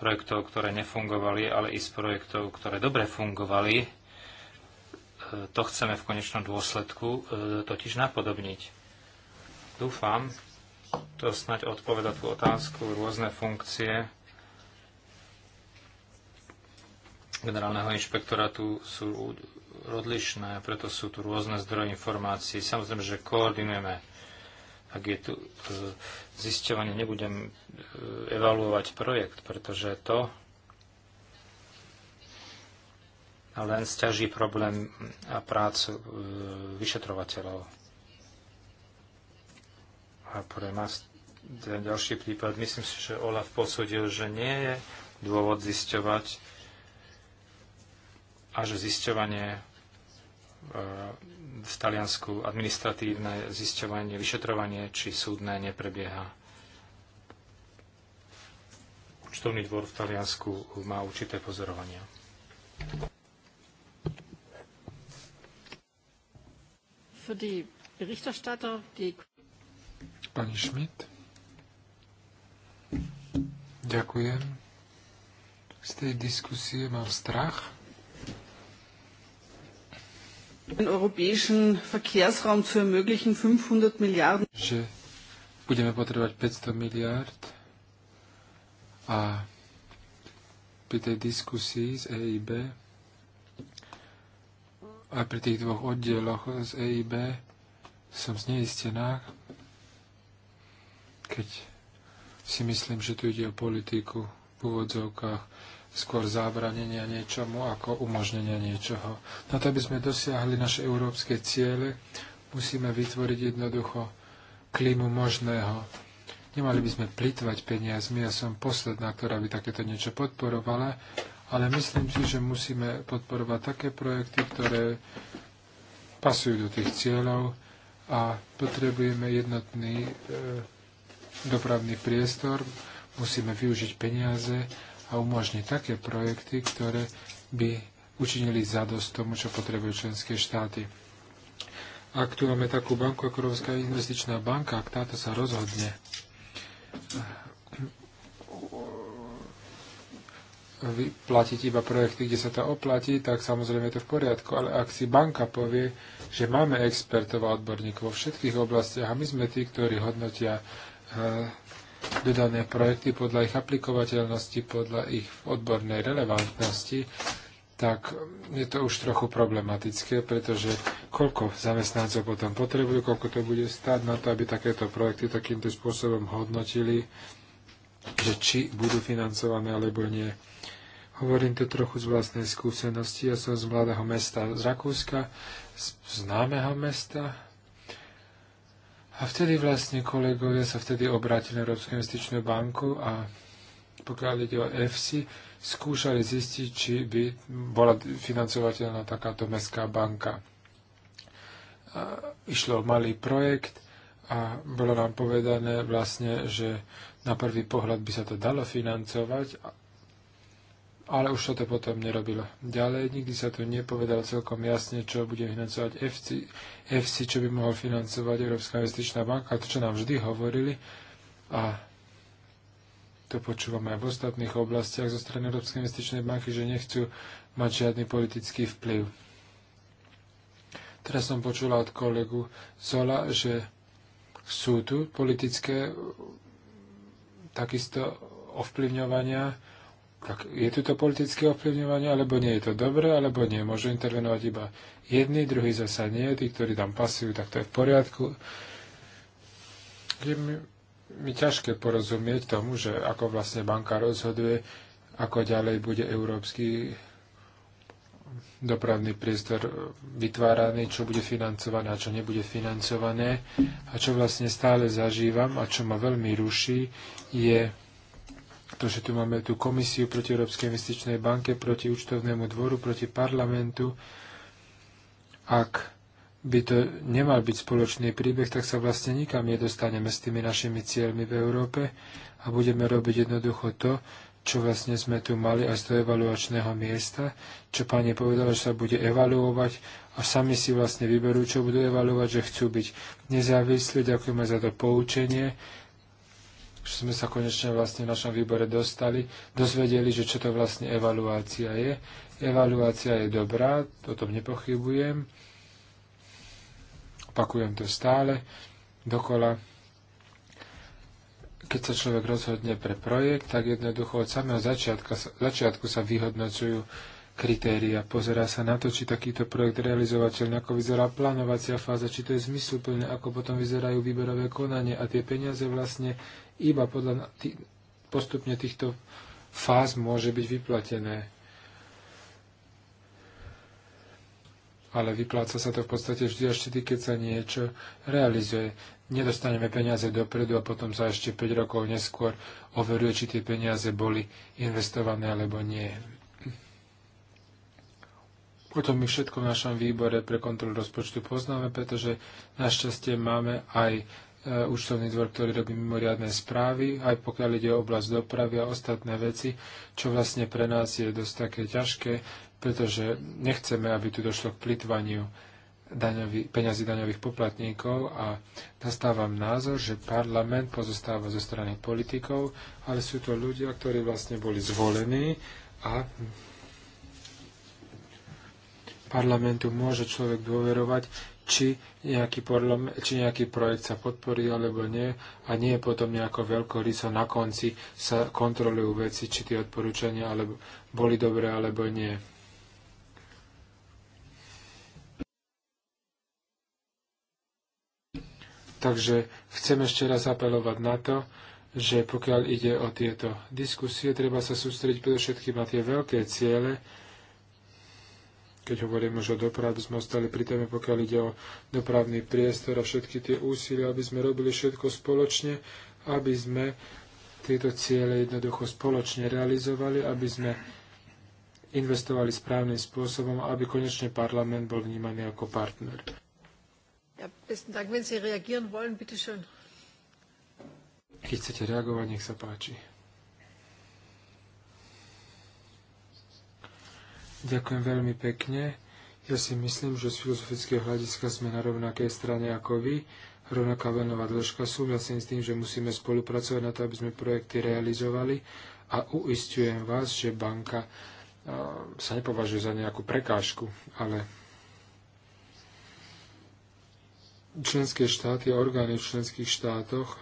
projektov, ktoré nefungovali, ale i z projektov, ktoré dobre fungovali, to chceme v konečnom dôsledku e, totiž napodobniť. Dúfam, to snať odpoveda tú otázku, rôzne funkcie generálneho inšpektorátu sú odlišné, preto sú tu rôzne zdroje informácií. Samozrejme, že koordinujeme ak je tu e, zisťovanie, nebudem e, evaluovať projekt, pretože to len stiaží problém a prácu e, vyšetrovateľov. A pre nás ten ďalší prípad, myslím si, že Olaf posúdil, že nie je dôvod zisťovať a že zisťovanie e, v Taliansku administratívne zisťovanie, vyšetrovanie či súdne neprebieha. Účtovný dvor v Taliansku má určité pozorovania. für die Berichterstatter, die... Pani Schmidt. Ďakujem. Z tej diskusie mám strach. Den europäischen Verkehrsraum zu ermöglichen 500 Milliarden. Že budeme potrebovať 500 miliard a pri tej diskusii z EIB aj pri tých dvoch oddieloch z EIB som zneistená, keď si myslím, že tu ide o politiku v úvodzovkách skôr zábranenia niečomu ako umožnenia niečoho. Na to, aby sme dosiahli naše európske ciele, musíme vytvoriť jednoducho klímu možného. Nemali by sme plitvať peniazmi, ja som posledná, ktorá by takéto niečo podporovala, ale myslím si, že musíme podporovať také projekty, ktoré pasujú do tých cieľov a potrebujeme jednotný e, dopravný priestor, musíme využiť peniaze a umožniť také projekty, ktoré by učinili zadosť tomu, čo potrebujú členské štáty. Ak tu máme takú banku ako Rovská investičná banka, ak táto sa rozhodne vyplatiť iba projekty, kde sa to oplatí, tak samozrejme je to v poriadku. Ale ak si banka povie, že máme expertov a odborníkov vo všetkých oblastiach a my sme tí, ktorí hodnotia eh, dodané projekty podľa ich aplikovateľnosti, podľa ich odbornej relevantnosti, tak je to už trochu problematické, pretože koľko zamestnancov potom potrebujú, koľko to bude stáť na to, aby takéto projekty takýmto spôsobom hodnotili, že či budú financované alebo nie. Hovorím to trochu z vlastnej skúsenosti. Ja som z mladého mesta z Rakúska, z známeho mesta. A vtedy vlastne kolegovia sa vtedy obrátili na Európsku investičnú banku a pokiaľ ide o EFSI, skúšali zistiť, či by bola financovateľná takáto mestská banka. A išlo o malý projekt a bolo nám povedané vlastne, že na prvý pohľad by sa to dalo financovať, ale už sa to potom nerobilo. Ďalej nikdy sa to nepovedalo celkom jasne, čo bude financovať FC, FC čo by mohol financovať Európska investičná banka, to, čo nám vždy hovorili. A to počúvame aj v ostatných oblastiach zo strany Európskej investičnej banky, že nechcú mať žiadny politický vplyv. Teraz som počula od kolegu Zola, že sú tu politické takisto ovplyvňovania, tak je tu to politické ovplyvňovanie, alebo nie je to dobré, alebo nie. Môžu intervenovať iba jedni, druhý zasa nie, tí, ktorí tam pasujú, tak to je v poriadku. Je mi, mi ťažké porozumieť tomu, že ako vlastne banka rozhoduje, ako ďalej bude európsky dopravný priestor e, vytváraný, čo bude financované a čo nebude financované. A čo vlastne stále zažívam a čo ma veľmi ruší, je to, že tu máme tú komisiu proti Európskej investičnej banke, proti účtovnému dvoru, proti parlamentu. Ak by to nemal byť spoločný príbeh, tak sa vlastne nikam nedostaneme s tými našimi cieľmi v Európe a budeme robiť jednoducho to, čo vlastne sme tu mali aj z toho evaluačného miesta, čo pani povedala, že sa bude evaluovať a sami si vlastne vyberú, čo budú evaluovať, že chcú byť nezávislí. Ďakujeme za to poučenie, že sme sa konečne vlastne v našom výbore dostali, dozvedeli, že čo to vlastne evaluácia je. Evaluácia je dobrá, o tom nepochybujem. Opakujem to stále dokola keď sa človek rozhodne pre projekt, tak jednoducho od samého začiatka, začiatku sa vyhodnocujú kritéria. Pozerá sa na to, či takýto projekt realizovateľný, ako vyzerá plánovacia fáza, či to je zmysluplné, ako potom vyzerajú výberové konanie a tie peniaze vlastne iba podľa tý, postupne týchto fáz môže byť vyplatené. ale vypláca sa to v podstate vždy až vtedy, keď sa niečo realizuje. Nedostaneme peniaze dopredu a potom sa ešte 5 rokov neskôr overuje, či tie peniaze boli investované alebo nie. Potom my všetko v našom výbore pre kontrolu rozpočtu poznáme, pretože našťastie máme aj e, účtovný dvor, ktorý robí mimoriadne správy, aj pokiaľ ide o oblasť dopravy a ostatné veci, čo vlastne pre nás je dosť také ťažké, pretože nechceme, aby tu došlo k plitvaniu daňový, peňazí daňových poplatníkov a nastávam názor, že parlament pozostáva zo strany politikov, ale sú to ľudia, ktorí vlastne boli zvolení a parlamentu môže človek dôverovať, či nejaký, porlom, či nejaký projekt sa podporí alebo nie a nie je potom nejako veľkoryso na konci sa kontrolujú veci, či tie odporúčania alebo boli dobré alebo nie. Takže chcem ešte raz apelovať na to, že pokiaľ ide o tieto diskusie, treba sa sústrediť predovšetkým na tie veľké ciele. Keď hovorím už o doprave, sme ostali pri téme, pokiaľ ide o dopravný priestor a všetky tie úsilia, aby sme robili všetko spoločne, aby sme tieto ciele jednoducho spoločne realizovali, aby sme investovali správnym spôsobom, aby konečne parlament bol vnímaný ako partner. Ja, besten Dank, wenn Sie reagieren wollen, bitte schön. Keď chcete reagovať, nech sa páči. Ďakujem veľmi pekne. Ja si myslím, že z filozofického hľadiska sme na rovnakej strane ako vy. Rovnaká venová dĺžka. Súhlasím s tým, že musíme spolupracovať na to, aby sme projekty realizovali a uistujem vás, že banka sa nepovažuje za nejakú prekážku, ale členské štáty a orgány v členských štátoch,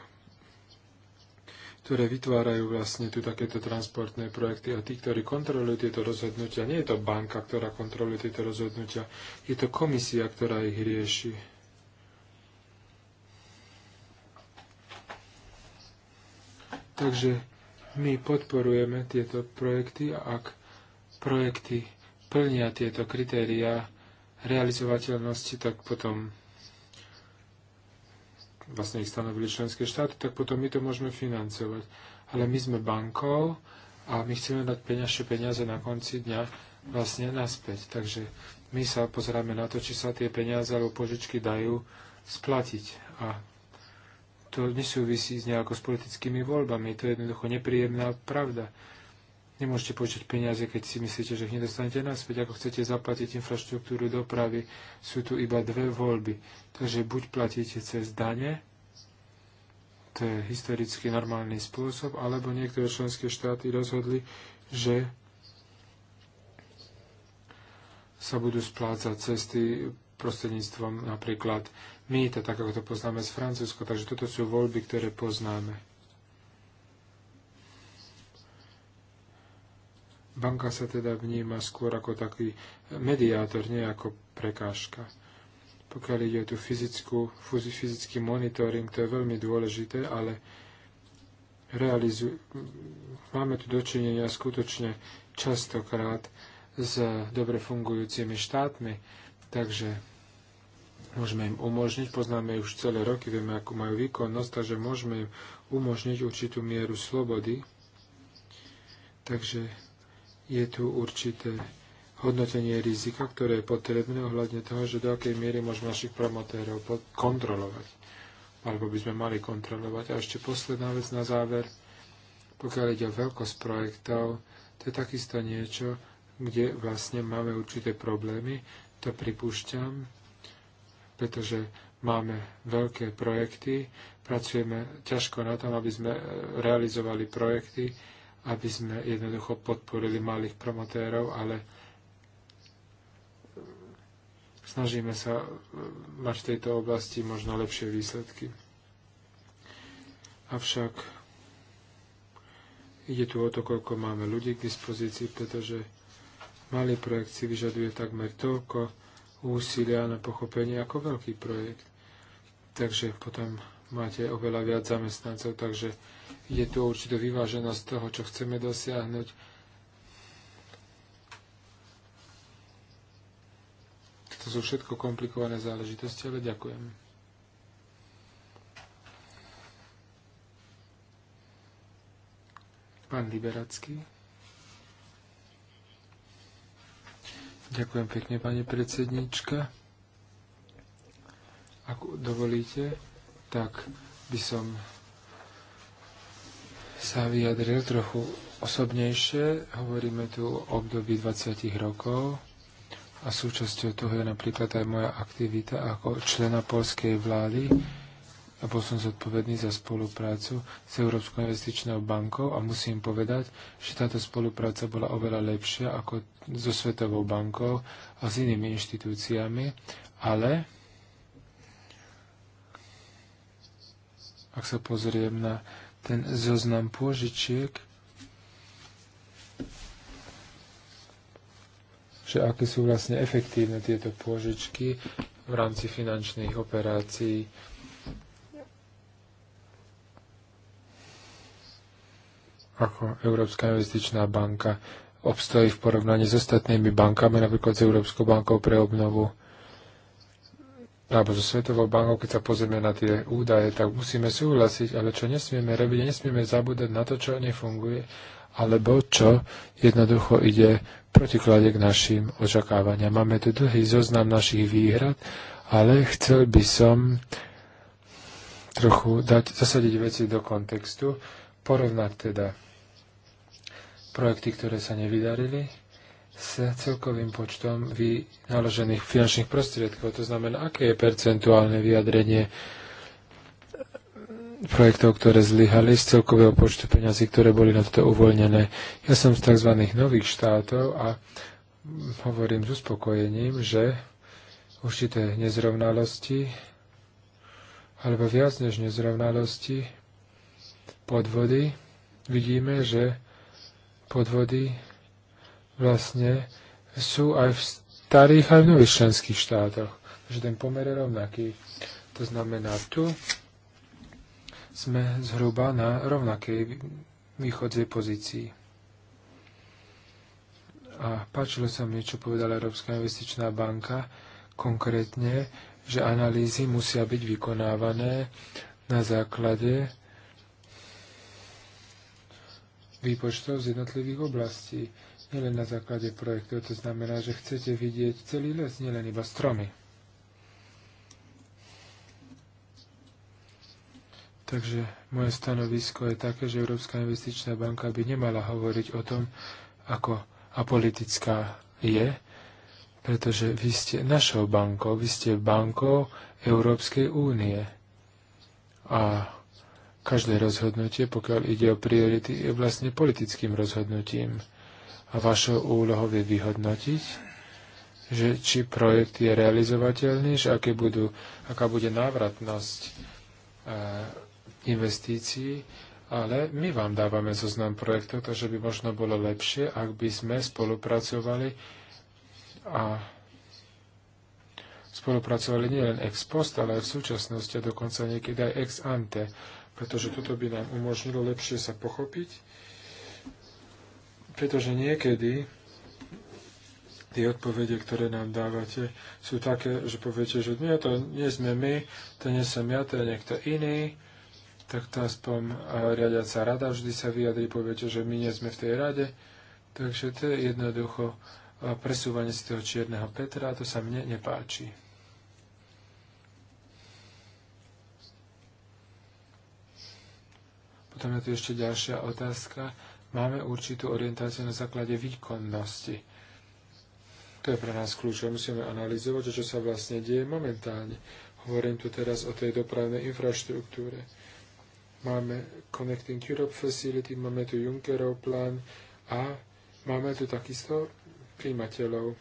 ktoré vytvárajú vlastne tu takéto transportné projekty a tí, ktorí kontrolujú tieto rozhodnutia, nie je to banka, ktorá kontroluje tieto rozhodnutia, je to komisia, ktorá ich rieši. Takže my podporujeme tieto projekty a ak projekty plnia tieto kritériá realizovateľnosti, tak potom vlastne ich stanovili členské štáty, tak potom my to môžeme financovať. Ale my sme bankou a my chceme dať peňažšie peniaze na konci dňa vlastne naspäť. Takže my sa pozeráme na to, či sa tie peniaze alebo požičky dajú splatiť. A to nesúvisí s nejako s politickými voľbami. To je jednoducho nepríjemná pravda. Nemôžete počuť peniaze, keď si myslíte, že ich nedostanete naspäť. Ako chcete zaplatiť infraštruktúru dopravy, sú tu iba dve voľby. Takže buď platíte cez dane, to je historicky normálny spôsob, alebo niektoré členské štáty rozhodli, že sa budú splácať cesty prostredníctvom napríklad my, tak ako to poznáme z Francúzska. Takže toto sú voľby, ktoré poznáme. Banka sa teda vníma skôr ako taký mediátor, nie ako prekážka. Pokiaľ ide o tú fyzickú, fyzický monitoring, to je veľmi dôležité, ale realizu- máme tu dočinenia skutočne častokrát s dobre fungujúcimi štátmi, takže môžeme im umožniť, poznáme už celé roky, vieme, akú majú výkonnosť, takže môžeme im umožniť určitú mieru slobody. Takže je tu určité hodnotenie rizika, ktoré je potrebné ohľadne toho, že do akej miery môžeme našich promotérov kontrolovať. Alebo by sme mali kontrolovať. A ešte posledná vec na záver. Pokiaľ ide o veľkosť projektov, to je takisto niečo, kde vlastne máme určité problémy. To pripúšťam, pretože máme veľké projekty, pracujeme ťažko na tom, aby sme e, realizovali projekty, aby sme jednoducho podporili malých promotérov, ale snažíme sa e, mať v tejto oblasti možno lepšie výsledky. Avšak ide tu o to, koľko máme ľudí k dispozícii, pretože malý projekt si vyžaduje takmer toľko úsilia na pochopenie ako veľký projekt. Takže potom máte oveľa viac zamestnancov, takže je tu určitá vyváženosť toho, čo chceme dosiahnuť. To sú všetko komplikované záležitosti, ale ďakujem. Pán Liberacký. Ďakujem pekne, pani predsednička. Ak dovolíte, tak by som sa vyjadril trochu osobnejšie. Hovoríme tu o období 20 rokov a súčasťou toho je napríklad aj moja aktivita ako člena polskej vlády a bol som zodpovedný za spoluprácu s Európskou investičnou bankou a musím povedať, že táto spolupráca bola oveľa lepšia ako so Svetovou bankou a s inými inštitúciami, ale ak sa pozriem na ten zoznam pôžičiek, že aké sú vlastne efektívne tieto pôžičky v rámci finančných operácií. ako Európska investičná banka obstojí v porovnaní s ostatnými bankami, napríklad s Európskou bankou pre obnovu alebo so Svetovou bankou, keď sa pozrieme na tie údaje, tak musíme súhlasiť, ale čo nesmieme robiť, nesmieme zabúdať na to, čo nefunguje, alebo čo jednoducho ide protiklade k našim očakávaniam. Máme tu dlhý zoznam našich výhrad, ale chcel by som trochu dať, zasadiť veci do kontextu, porovnať teda projekty, ktoré sa nevydarili, s celkovým počtom vynaložených finančných prostriedkov. To znamená, aké je percentuálne vyjadrenie projektov, ktoré zlyhali z celkového počtu peňazí, ktoré boli na toto uvoľnené. Ja som z tzv. nových štátov a hovorím s uspokojením, že určité nezrovnalosti alebo viac než nezrovnalosti podvody vidíme, že podvody vlastne sú aj v starých, aj v nových členských štátoch. Takže ten pomer je rovnaký. To znamená, tu sme zhruba na rovnakej východzej pozícii. A páčilo sa mi, čo povedala Európska investičná banka, konkrétne, že analýzy musia byť vykonávané na základe výpočtov z jednotlivých oblastí nielen na základe projektov. To znamená, že chcete vidieť celý les, nielen iba stromy. Takže moje stanovisko je také, že Európska investičná banka by nemala hovoriť o tom, ako apolitická je, pretože vy ste našou bankou, vy ste bankou Európskej únie. A každé rozhodnutie, pokiaľ ide o priority, je vlastne politickým rozhodnutím a vašou úlohou je vyhodnotiť, že či projekt je realizovateľný, že aké budú, aká bude návratnosť e, investícií, ale my vám dávame zoznam projektov, takže by možno bolo lepšie, ak by sme spolupracovali a spolupracovali nielen ex post, ale aj v súčasnosti a dokonca niekedy aj ex ante, pretože toto by nám umožnilo lepšie sa pochopiť pretože niekedy tie odpovede, ktoré nám dávate, sú také, že poviete, že nie, to nie sme my, to nie som ja, to je niekto iný, tak to aspoň riadiaca rada vždy sa vyjadri, poviete, že my nie sme v tej rade. Takže to je jednoducho presúvanie z toho čierneho Petra a to sa mne nepáči. Potom je tu ešte ďalšia otázka máme určitú orientáciu na základe výkonnosti. To je pre nás kľúčové. Musíme analyzovať, čo sa vlastne deje momentálne. Hovorím tu teraz o tej dopravnej infraštruktúre. Máme Connecting Europe Facility, máme tu Junckerov plán a máme tu takisto príjmateľov.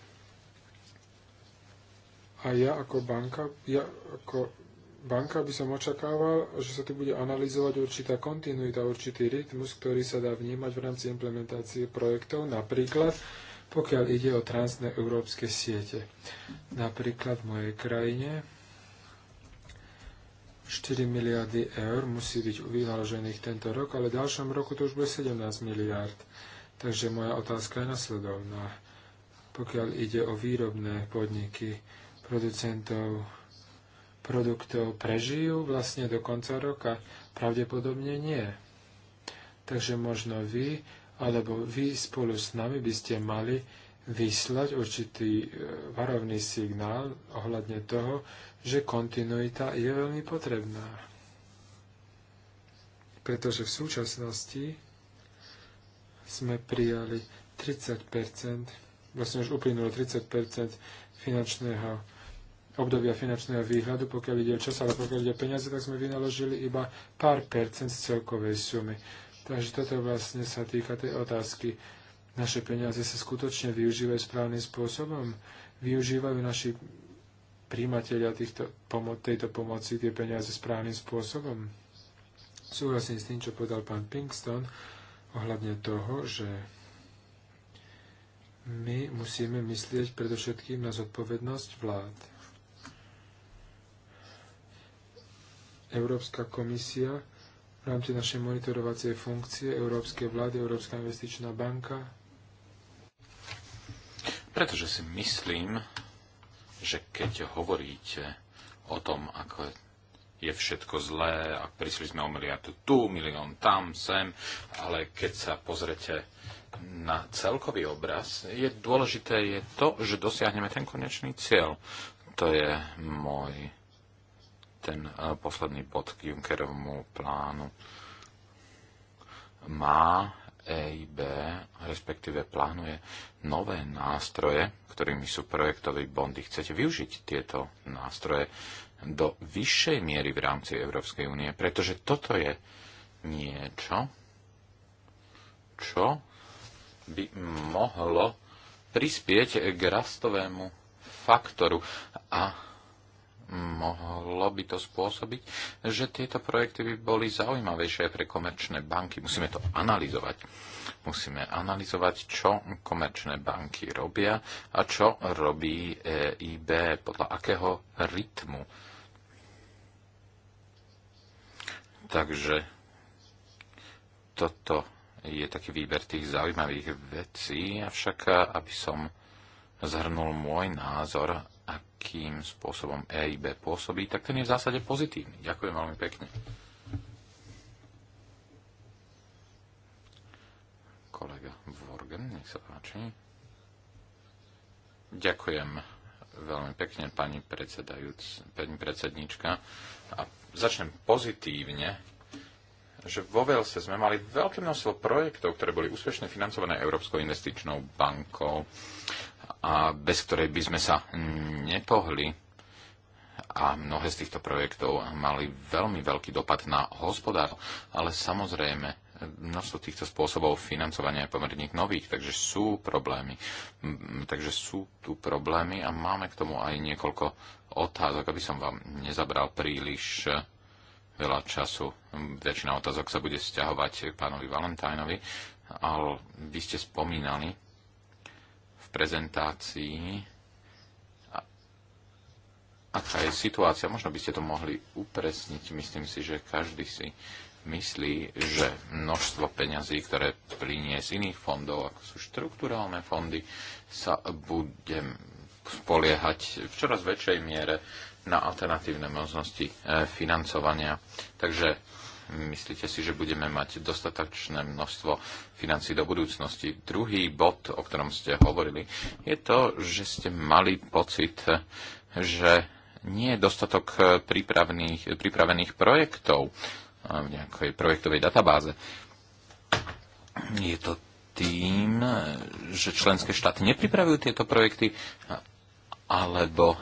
A ja ako banka, ja ako banka by som očakával, že sa tu bude analyzovať určitá kontinuita, určitý rytmus, ktorý sa dá vnímať v rámci implementácie projektov, napríklad pokiaľ ide o transné európske siete. Napríklad v mojej krajine 4 miliardy eur musí byť vynaložených tento rok, ale v ďalšom roku to už bude 17 miliard. Takže moja otázka je nasledovná. Pokiaľ ide o výrobné podniky producentov produktov prežijú vlastne do konca roka? Pravdepodobne nie. Takže možno vy, alebo vy spolu s nami by ste mali vyslať určitý e, varovný signál ohľadne toho, že kontinuita je veľmi potrebná. Pretože v súčasnosti sme prijali 30 vlastne už uplynulo 30 finančného obdobia finančného výhľadu, pokiaľ ide o čas, ale pokiaľ ide o peniaze, tak sme vynaložili iba pár percent z celkovej sumy. Takže toto vlastne sa týka tej otázky. Naše peniaze sa skutočne využívajú správnym spôsobom? Využívajú naši príjmatelia týchto pomo- tejto pomoci tie peniaze správnym spôsobom? Súhlasím s tým, čo povedal pán Pinkston ohľadne toho, že my musíme myslieť predovšetkým na zodpovednosť vlád. Európska komisia v rámci našej monitorovacej funkcie Európskej vlády, Európska investičná banka? Pretože si myslím, že keď hovoríte o tom, ako je všetko zlé a prišli sme o miliardu tu, milión tam, sem, ale keď sa pozrete na celkový obraz, je dôležité je to, že dosiahneme ten konečný cieľ. To je môj ten posledný bod k Junckerovmu plánu. Má EIB, respektíve plánuje nové nástroje, ktorými sú projektové bondy. Chcete využiť tieto nástroje do vyššej miery v rámci Európskej únie, pretože toto je niečo, čo by mohlo prispieť k rastovému faktoru a mohlo by to spôsobiť, že tieto projekty by boli zaujímavejšie pre komerčné banky. Musíme to analyzovať. Musíme analyzovať, čo komerčné banky robia a čo robí EIB, podľa akého rytmu. Takže toto je taký výber tých zaujímavých vecí, avšak aby som zhrnul môj názor akým spôsobom EIB pôsobí, tak ten je v zásade pozitívny. Ďakujem veľmi pekne. Kolega Vorgen, nech sa páči. Ďakujem veľmi pekne, pani, pani predsednička. A začnem pozitívne, že vo Velse sme mali veľké množstvo projektov, ktoré boli úspešne financované Európskou investičnou bankou a bez ktorej by sme sa nepohli. A mnohé z týchto projektov mali veľmi veľký dopad na hospodár, ale samozrejme množstvo týchto spôsobov financovania je pomerne nových, takže sú problémy. Takže sú tu problémy a máme k tomu aj niekoľko otázok, aby som vám nezabral príliš eh, veľa času. Väčšina otázok sa bude sťahovať pánovi Valentajnovi, ale vy ste spomínali v prezentácii, aká je situácia. Možno by ste to mohli upresniť. Myslím si, že každý si myslí, že množstvo peňazí, ktoré plinie z iných fondov, ako sú štrukturálne fondy, sa bude spoliehať v čoraz väčšej miere na alternatívne možnosti eh, financovania. Takže Myslíte si, že budeme mať dostatočné množstvo financí do budúcnosti? Druhý bod, o ktorom ste hovorili, je to, že ste mali pocit, že nie je dostatok pripravených, pripravených projektov v nejakej projektovej databáze. Je to tým, že členské štáty nepripravujú tieto projekty, alebo e,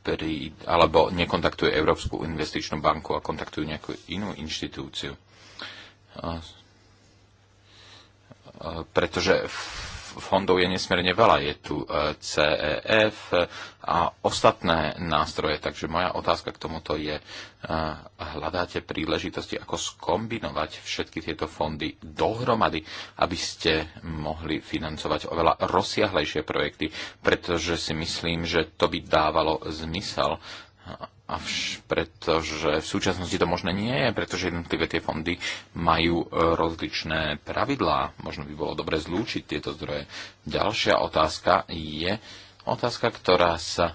pri, alebo nekontaktujú Európsku investičnú banku a kontaktujú nejakú inú inštitúciu. Pretože fondov je nesmierne veľa. Je tu e, CEF a ostatné nástroje. Takže moja otázka k tomuto je, e, hľadáte príležitosti, ako skombinovať všetky tieto fondy dohromady, aby ste mohli financovať oveľa rozsiahlejšie projekty, pretože si myslím, že to by dávalo zmysel Avš, pretože v súčasnosti to možné nie je, pretože jednotlivé tie fondy majú e, rozličné pravidlá. Možno by bolo dobre zlúčiť tieto zdroje. Ďalšia otázka je otázka, ktorá sa e,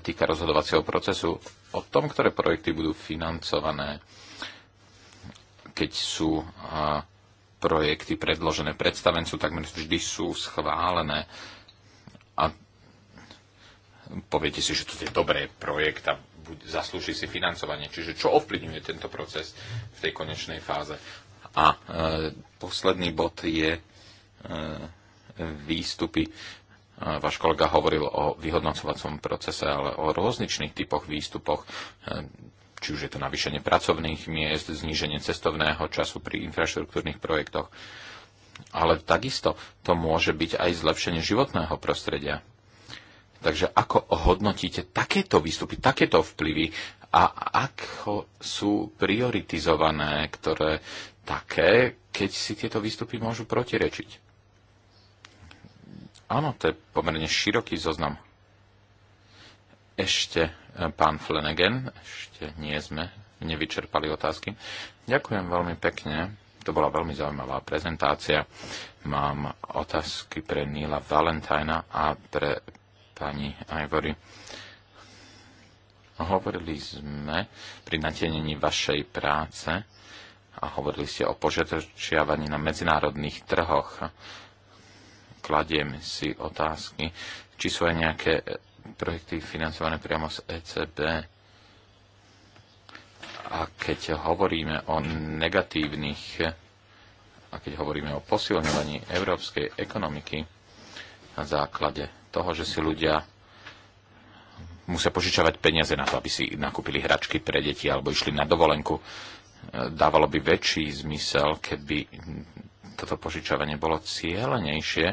týka rozhodovacieho procesu o tom, ktoré projekty budú financované, keď sú e, projekty predložené predstavencu, takmer vždy sú schválené. A poviete si, že to je dobré projekt a zaslúži si financovanie. Čiže čo ovplyvňuje tento proces v tej konečnej fáze? A e, posledný bod je e, výstupy. E, váš kolega hovoril o vyhodnocovacom procese, ale o rôznych typoch výstupoch. E, či už je to navýšenie pracovných miest, zníženie cestovného času pri infraštruktúrnych projektoch. Ale takisto to môže byť aj zlepšenie životného prostredia. Takže ako hodnotíte takéto výstupy, takéto vplyvy a ako sú prioritizované, ktoré také, keď si tieto výstupy môžu protirečiť? Áno, to je pomerne široký zoznam. Ešte e, pán Flanagan, ešte nie sme nevyčerpali otázky. Ďakujem veľmi pekne. To bola veľmi zaujímavá prezentácia. Mám otázky pre Nila Valentina a pre pani Ivory. Hovorili sme pri natienení vašej práce a hovorili ste o požiadačiavaní na medzinárodných trhoch. Kladiem si otázky, či sú aj nejaké projekty financované priamo z ECB. A keď hovoríme o negatívnych a keď hovoríme o posilňovaní európskej ekonomiky na základe toho, že si ľudia musia požičovať peniaze na to, aby si nakúpili hračky pre deti alebo išli na dovolenku. E, dávalo by väčší zmysel, keby toto požičovanie bolo cieľenejšie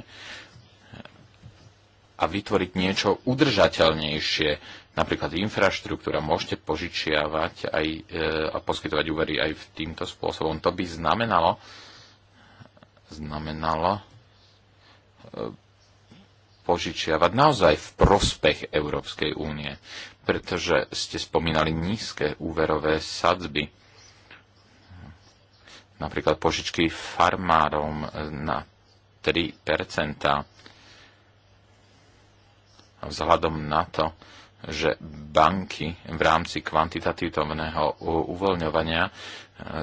a vytvoriť niečo udržateľnejšie, napríklad infraštruktúra. Môžete požičiavať aj, e, a poskytovať úvery aj v týmto spôsobom. To by znamenalo, znamenalo e, požičiavať naozaj v prospech Európskej únie, pretože ste spomínali nízke úverové sadzby, napríklad požičky farmárom na 3 vzhľadom na to, že banky v rámci kvantitatívneho uvoľňovania e,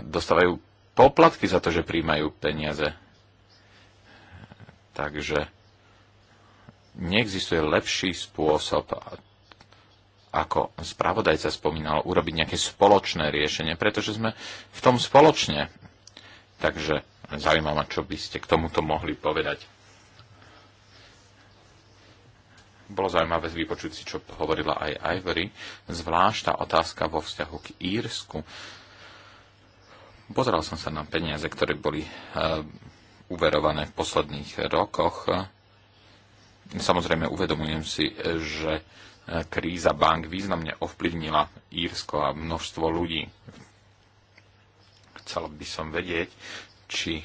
dostávajú poplatky za to, že príjmajú peniaze. Takže neexistuje lepší spôsob, ako spravodajca spomínal, urobiť nejaké spoločné riešenie, pretože sme v tom spoločne. Takže zaujímavá, čo by ste k tomuto mohli povedať. Bolo zaujímavé vypočuť si, čo hovorila aj Ivory, zvlášť tá otázka vo vzťahu k Írsku. Pozeral som sa na peniaze, ktoré boli e, uverované v posledných rokoch Samozrejme uvedomujem si, že e, kríza bank významne ovplyvnila Írsko a množstvo ľudí. Chcel by som vedieť, či,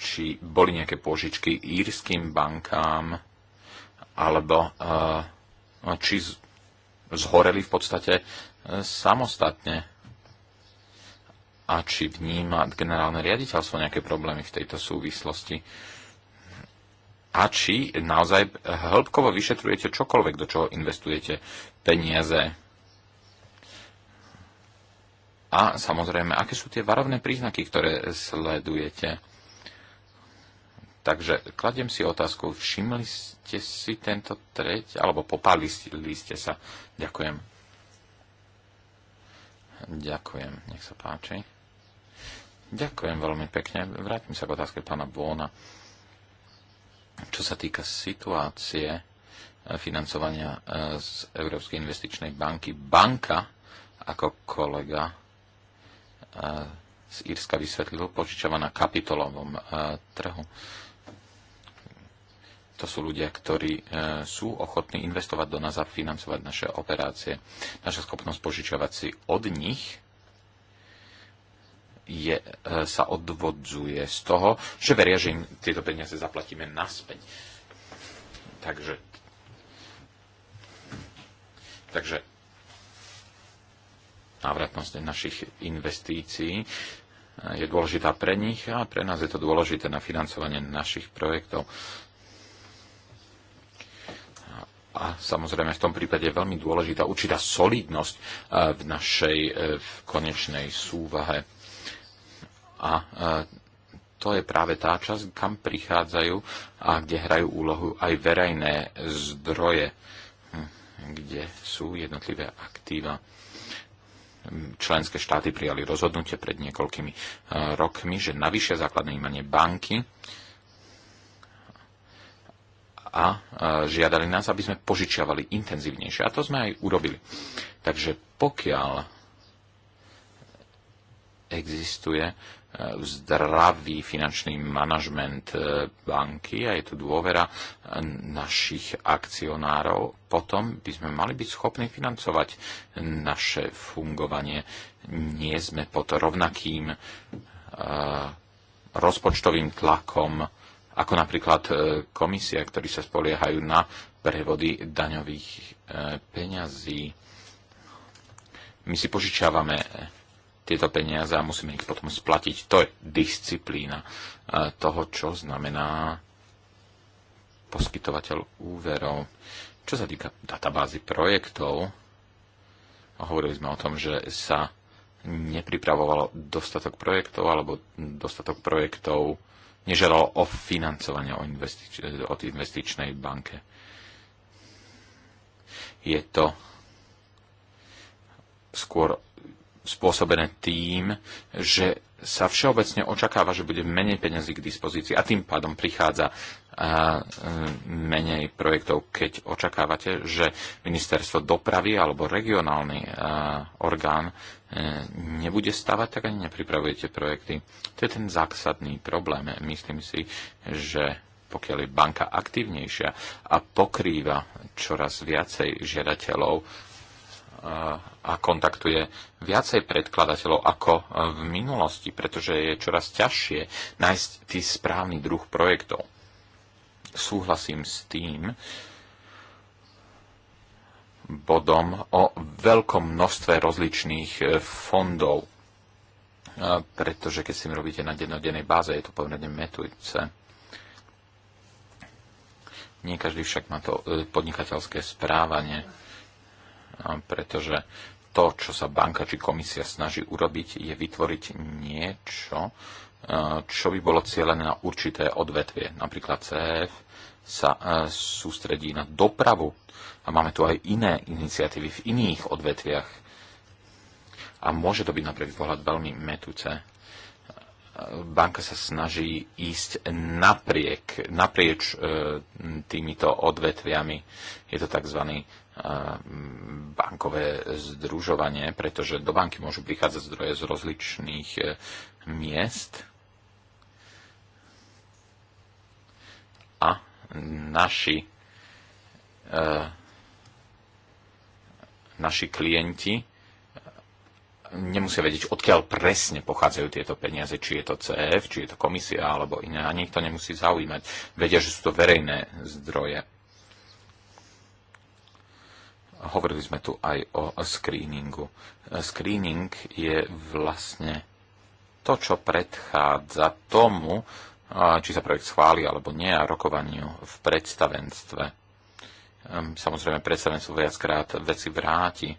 či boli nejaké požičky írským bankám, alebo e, či zhoreli v podstate e, samostatne a či vníma generálne riaditeľstvo nejaké problémy v tejto súvislosti a či naozaj hĺbkovo vyšetrujete čokoľvek, do čoho investujete peniaze. A samozrejme, aké sú tie varovné príznaky, ktoré sledujete. Takže kladiem si otázku, všimli ste si tento treť, alebo popálili ste sa. Ďakujem. Ďakujem, nech sa páči. Ďakujem veľmi pekne. Vrátim sa k otázke pána Bóna. Čo sa týka situácie e, financovania e, z Európskej investičnej banky, banka ako kolega e, z Írska vysvetlil, požičava na kapitolovom trhu. To sú ľudia, ktorí sú ochotní investovať do nás a financovať naše operácie. Naša schopnosť požičiavať si od nich je, e, sa odvodzuje z toho, že veria, že im tieto peniaze zaplatíme naspäť. Takže, takže návratnosť našich investícií e, je dôležitá pre nich a pre nás je to dôležité na financovanie našich projektov. A samozrejme v tom prípade je veľmi dôležitá určitá solidnosť e, v našej v konečnej súvahe. A e, to je práve tá časť, kam prichádzajú a kde hrajú úlohu aj verejné zdroje, hm, kde sú jednotlivé aktíva. Hm, členské štáty prijali rozhodnutie pred niekoľkými e, rokmi, že navyšia základné imanie banky a e, žiadali nás, aby sme požičiavali intenzívnejšie. A to sme aj urobili. Takže pokiaľ existuje zdravý finančný manažment e, banky a je tu dôvera e, našich akcionárov, potom by sme mali byť schopní financovať naše fungovanie. Nie sme pod rovnakým e, rozpočtovým tlakom ako napríklad komisia, ktorí sa spoliehajú na prevody daňových peňazí. My si požičiavame tieto peniaze a musíme ich potom splatiť. To je disciplína e, toho, čo znamená poskytovateľ úverov. Čo sa týka databázy projektov, hovorili sme o tom, že sa nepripravovalo dostatok projektov alebo dostatok projektov nežadalo o financovanie o investič- e, od investičnej banke. Je to skôr spôsobené tým, že sa všeobecne očakáva, že bude menej peňazí k dispozícii a tým pádom prichádza a e, menej projektov, keď očakávate, že ministerstvo dopravy alebo regionálny e, orgán e, nebude stavať, tak ani nepripravujete projekty. To je ten zásadný problém. Myslím si, že pokiaľ je banka aktívnejšia a pokrýva čoraz viacej žiadateľov, a kontaktuje viacej predkladateľov ako e, v minulosti, pretože je čoraz ťažšie nájsť tý správny druh projektov. Súhlasím s tým bodom o veľkom množstve rozličných e, fondov, e, pretože keď si robíte na dennodennej báze, je to pomerne metujúce. Nie každý však má to podnikateľské správanie pretože to, čo sa banka či komisia snaží urobiť, je vytvoriť niečo, e, čo by bolo cieľené na určité odvetvie. Napríklad CF sa e, sústredí na dopravu a máme tu aj iné iniciatívy v iných odvetviach. A môže to byť na prvý pohľad veľmi metúce. E, banka sa snaží ísť napriek, naprieč týmito odvetviami. Je to tzv Mm, bankové združovanie, pretože do banky môžu prichádzať zdroje z rozličných e, miest. A naši, e, naši klienti nemusia vedieť, odkiaľ presne pochádzajú tieto peniaze, či je to CF, či je to komisia alebo iné. A nikto nemusí zaujímať. Vedia, že sú to verejné zdroje Hovorili sme tu aj o screeningu. Screening je vlastne to, čo predchádza tomu, či sa projekt schváli alebo nie, a rokovaniu v predstavenstve. Ehm, samozrejme, predstavenstvo viackrát veci vráti.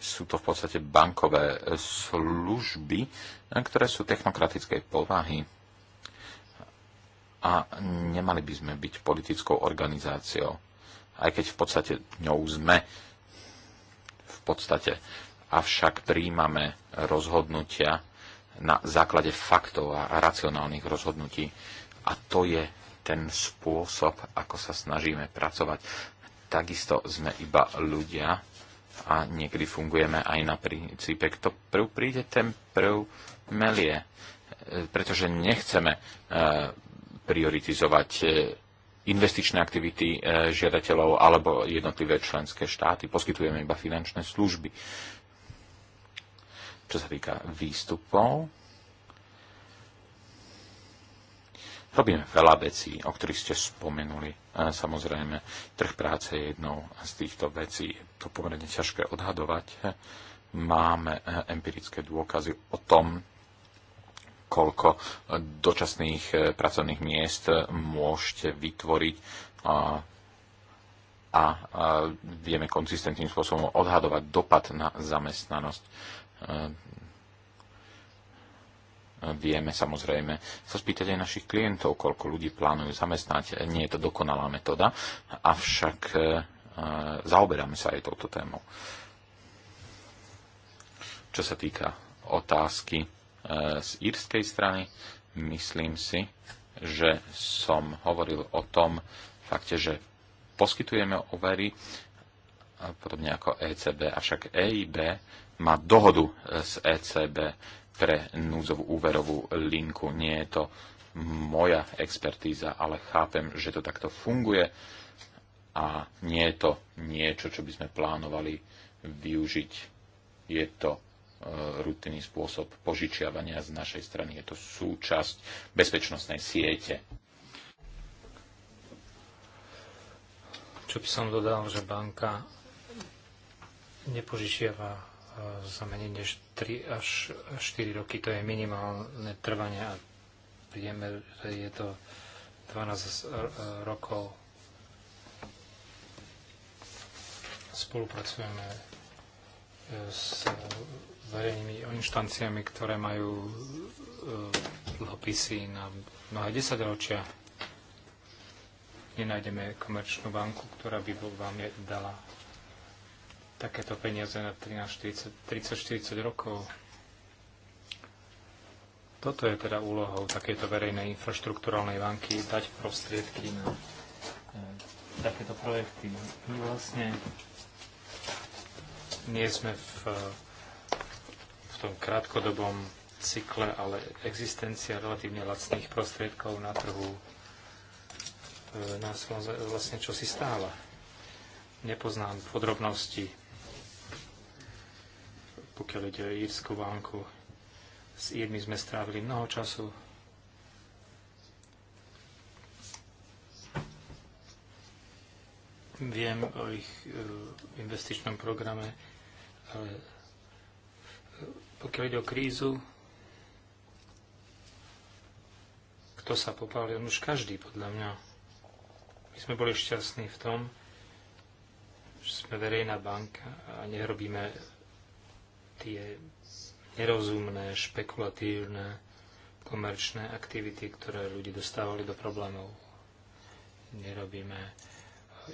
Sú to v podstate bankové služby, ktoré sú technokratickej povahy. A nemali by sme byť politickou organizáciou aj keď v podstate ňou sme v podstate. Avšak príjmame rozhodnutia na základe faktov a racionálnych rozhodnutí. A to je ten spôsob, ako sa snažíme pracovať. Takisto sme iba ľudia a niekedy fungujeme aj na princípe, kto prv príde, ten prv melie. E, pretože nechceme e, prioritizovať e, investičné aktivity e, žiadateľov alebo jednotlivé členské štáty. Poskytujeme iba finančné služby. Čo sa týka výstupov, robíme veľa vecí, o ktorých ste spomenuli. E, samozrejme, trh práce je jednou z týchto vecí. Je to pomerne ťažké odhadovať. Máme e, empirické dôkazy o tom, koľko dočasných eh, pracovných miest môžete vytvoriť a, a vieme konzistentným spôsobom odhadovať dopad na zamestnanosť. Eh, eh, vieme samozrejme sa spýtať aj našich klientov, koľko ľudí plánujú zamestnať. Nie je to dokonalá metóda, avšak zaoberáme sa aj touto témou. Čo sa týka otázky z írskej strany. Myslím si, že som hovoril o tom fakte, že poskytujeme overy, podobne ako ECB, avšak EIB má dohodu s ECB pre núzovú úverovú linku. Nie je to moja expertíza, ale chápem, že to takto funguje a nie je to niečo, čo by sme plánovali využiť. Je to E, rutinný spôsob požičiavania z našej strany. Je to súčasť bezpečnostnej siete. Čo by som dodal, že banka nepožičiava e, za menej než 3 až 4 roky. To je minimálne trvanie a že je to 12 e, rokov. Spolupracujeme s verejnými inštanciami, ktoré majú e, dlhopisy na mnohé desaťročia. Nenájdeme komerčnú banku, ktorá by vám dala takéto peniaze na 30-40 rokov. Toto je teda úlohou takejto verejnej infraštruktúralnej banky dať prostriedky na e, takéto projekty. My vlastne nie sme v e, tom krátkodobom cykle, ale existencia relatívne lacných prostriedkov na trhu e, nás vlastne čo si stála. Nepoznám podrobnosti, pokiaľ ide o Írsku banku. S Írmi sme strávili mnoho času, viem o ich e, investičnom programe, ale pokiaľ ide o krízu, kto sa popálil? Už každý, podľa mňa. My sme boli šťastní v tom, že sme verejná banka a nerobíme tie nerozumné, špekulatívne, komerčné aktivity, ktoré ľudí dostávali do problémov. Nerobíme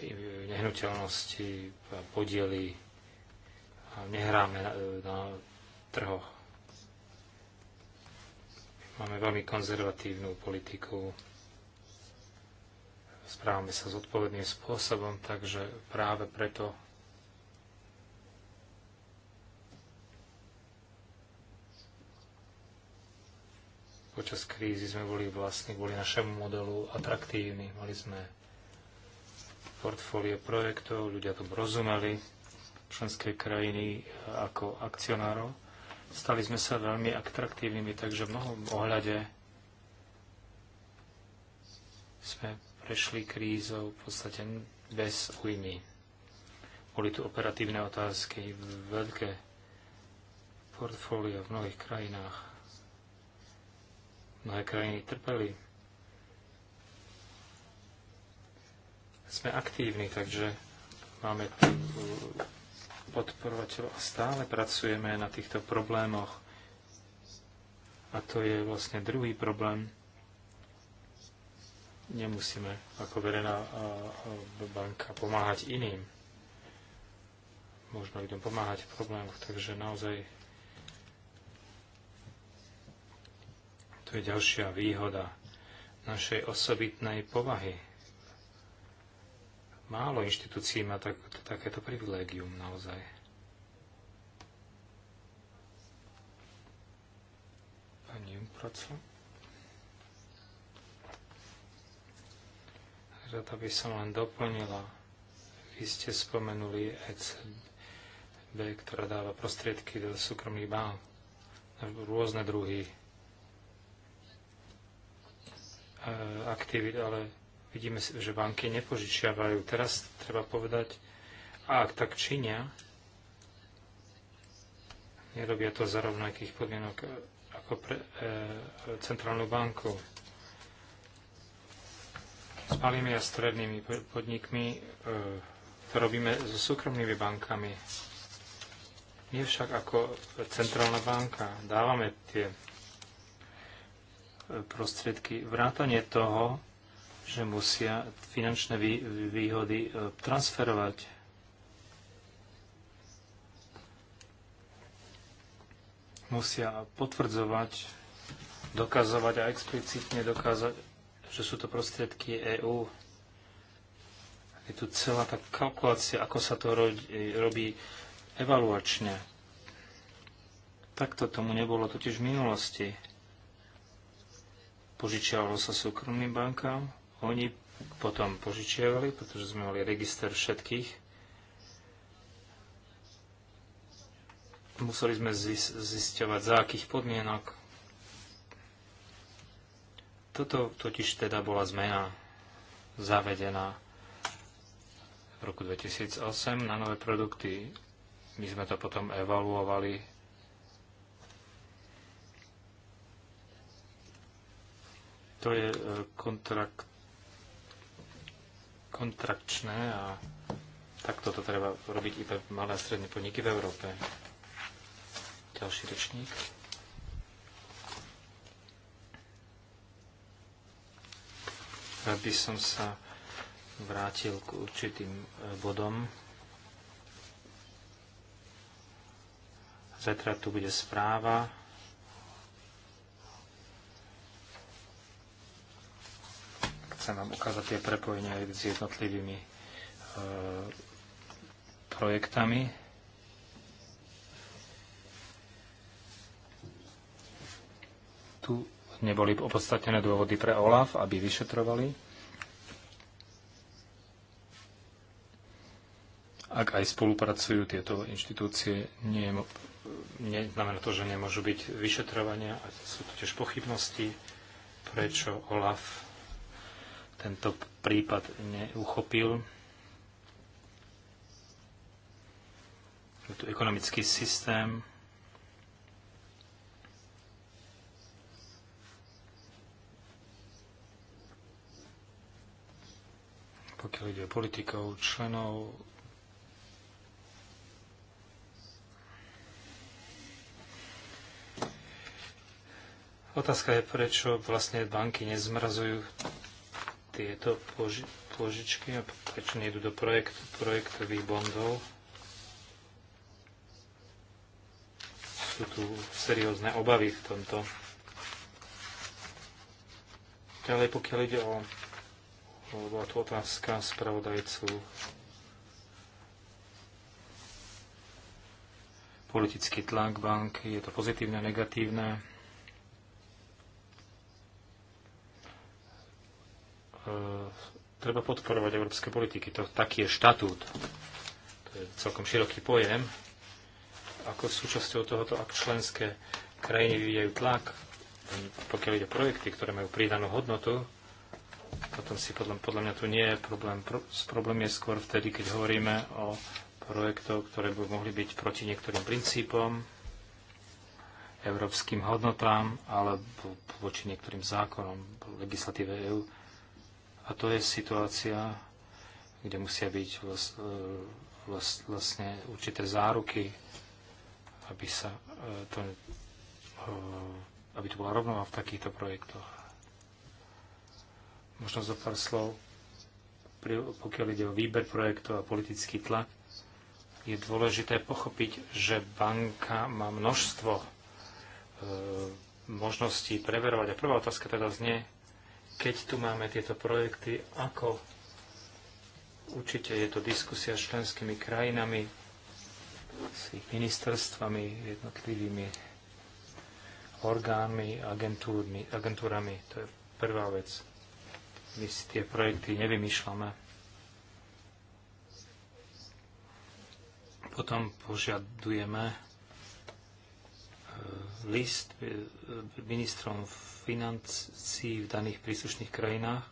eh, nehnuteľnosti, podiely, nehráme na, na trhoch. Máme veľmi konzervatívnu politiku. Správame sa zodpovedným spôsobom, takže práve preto počas krízy sme boli vlastní, boli našemu modelu atraktívni. Mali sme portfólio projektov, ľudia to rozumeli, členské krajiny ako akcionárov Stali sme sa veľmi atraktívnymi, takže v mnohom ohľade sme prešli krízou v podstate bez ujmy. Boli tu operatívne otázky, veľké portfólia v mnohých krajinách. Mnohé krajiny trpeli. Sme aktívni, takže máme tu podporovateľov a stále pracujeme na týchto problémoch. A to je vlastne druhý problém. Nemusíme ako verejná banka pomáhať iným. Možno idem pomáhať v problémoch, takže naozaj to je ďalšia výhoda našej osobitnej povahy. Málo inštitúcií má tak, takéto privilégium naozaj. Pani Umpracla. Rada by som len doplnila. Vy ste spomenuli ECB, ktorá dáva prostriedky do súkromných bank na rôzne druhy e, aktivít, ale Vidíme, že banky nepožičiavajú. Teraz treba povedať, a ak tak činia, nerobia to za rovnakých podmienok ako pre e, centrálnu banku. S malými a strednými podnikmi e, to robíme so súkromnými bankami. Nie však ako centrálna banka. Dávame tie e, prostriedky. Vrátanie toho, že musia finančné výhody e, transferovať musia potvrdzovať, dokazovať a explicitne dokázať, že sú to prostriedky EÚ. Je tu celá tá kalkulácia, ako sa to robí evaluačne. Takto tomu nebolo totiž v minulosti. Požičiavalo sa súkromným bankám, oni potom požičiavali, pretože sme mali register všetkých. Museli sme zisťovať, za akých podmienok. Toto totiž teda bola zmena zavedená v roku 2008 na nové produkty. My sme to potom evaluovali to je e, kontrakt kontrakčné a takto to treba robiť iba malé a stredné podniky v Európe. Ďalší rečník. Rád by som sa vrátil k určitým e, bodom. Zajtra tu bude správa chcem vám ukázať tie prepojenia aj s jednotlivými e, projektami. Tu neboli opodstatnené dôvody pre OLAF, aby vyšetrovali. Ak aj spolupracujú tieto inštitúcie, nie je neznamená to, že nemôžu byť vyšetrovania a sú tu tiež pochybnosti, prečo OLAF tento prípad neuchopil. Je tu ekonomický systém. Pokiaľ ide o politikov, členov Otázka je, prečo vlastne banky nezmrazujú tieto poži- požičky a prečo nejdu do projektu, projektových bondov. Sú tu seriózne obavy v tomto. Ďalej, pokiaľ ide o, o bola tu otázka spravodajcu politický tlak banky, je to pozitívne, negatívne E, treba podporovať európske politiky. To, taký je štatút. To je celkom široký pojem. Ako súčasťou tohoto, ak členské krajiny vyvíjajú tlak, pokiaľ ide projekty, ktoré majú pridanú hodnotu, potom si podľa, podľa mňa tu nie je problém. Pro, problém je skôr vtedy, keď hovoríme o projektoch, ktoré by mohli byť proti niektorým princípom, európskym hodnotám alebo voči niektorým zákonom, legislatíve EÚ. EU a to je situácia, kde musia byť vlast, e, vlast, vlastne určité záruky, aby sa e, to, e, aby to bola rovnováha v takýchto projektoch. Možno zo pár slov, pokiaľ ide o výber projektov a politický tlak, je dôležité pochopiť, že banka má množstvo možností preverovať. A prvá otázka teda znie, keď tu máme tieto projekty, ako určite je to diskusia s členskými krajinami, s ich ministerstvami, jednotlivými orgánmi, agentúrmi, agentúrami. To je prvá vec. My si tie projekty nevymýšľame. Potom požadujeme e, list eh, ministrom financí v daných príslušných krajinách,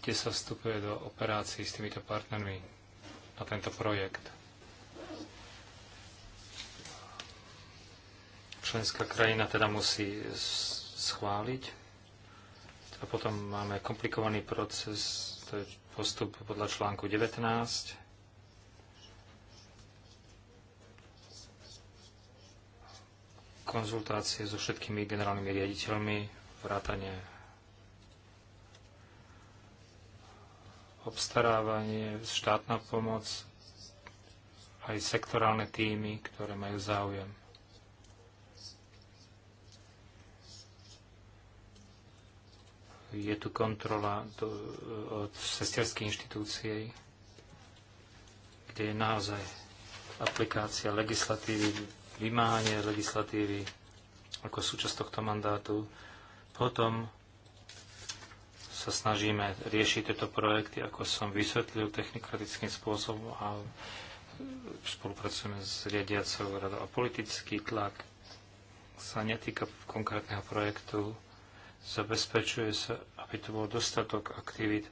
kde sa vstupuje do operácií s týmito partnermi na tento projekt. Členská krajina teda musí schváliť a potom máme komplikovaný proces, to je postup podľa článku 19 konzultácie so všetkými generálnymi riaditeľmi, vrátanie obstarávanie, štátna pomoc, aj sektorálne týmy, ktoré majú záujem. Je tu kontrola do, od sesterských inštitúcií, kde je naozaj aplikácia legislatívy vymáhanie legislatívy ako súčasť tohto mandátu. Potom sa snažíme riešiť tieto projekty, ako som vysvetlil, technokratickým spôsobom a spolupracujeme s riadiacou radou. A politický tlak sa netýka konkrétneho projektu, zabezpečuje sa, aby to bol dostatok aktivít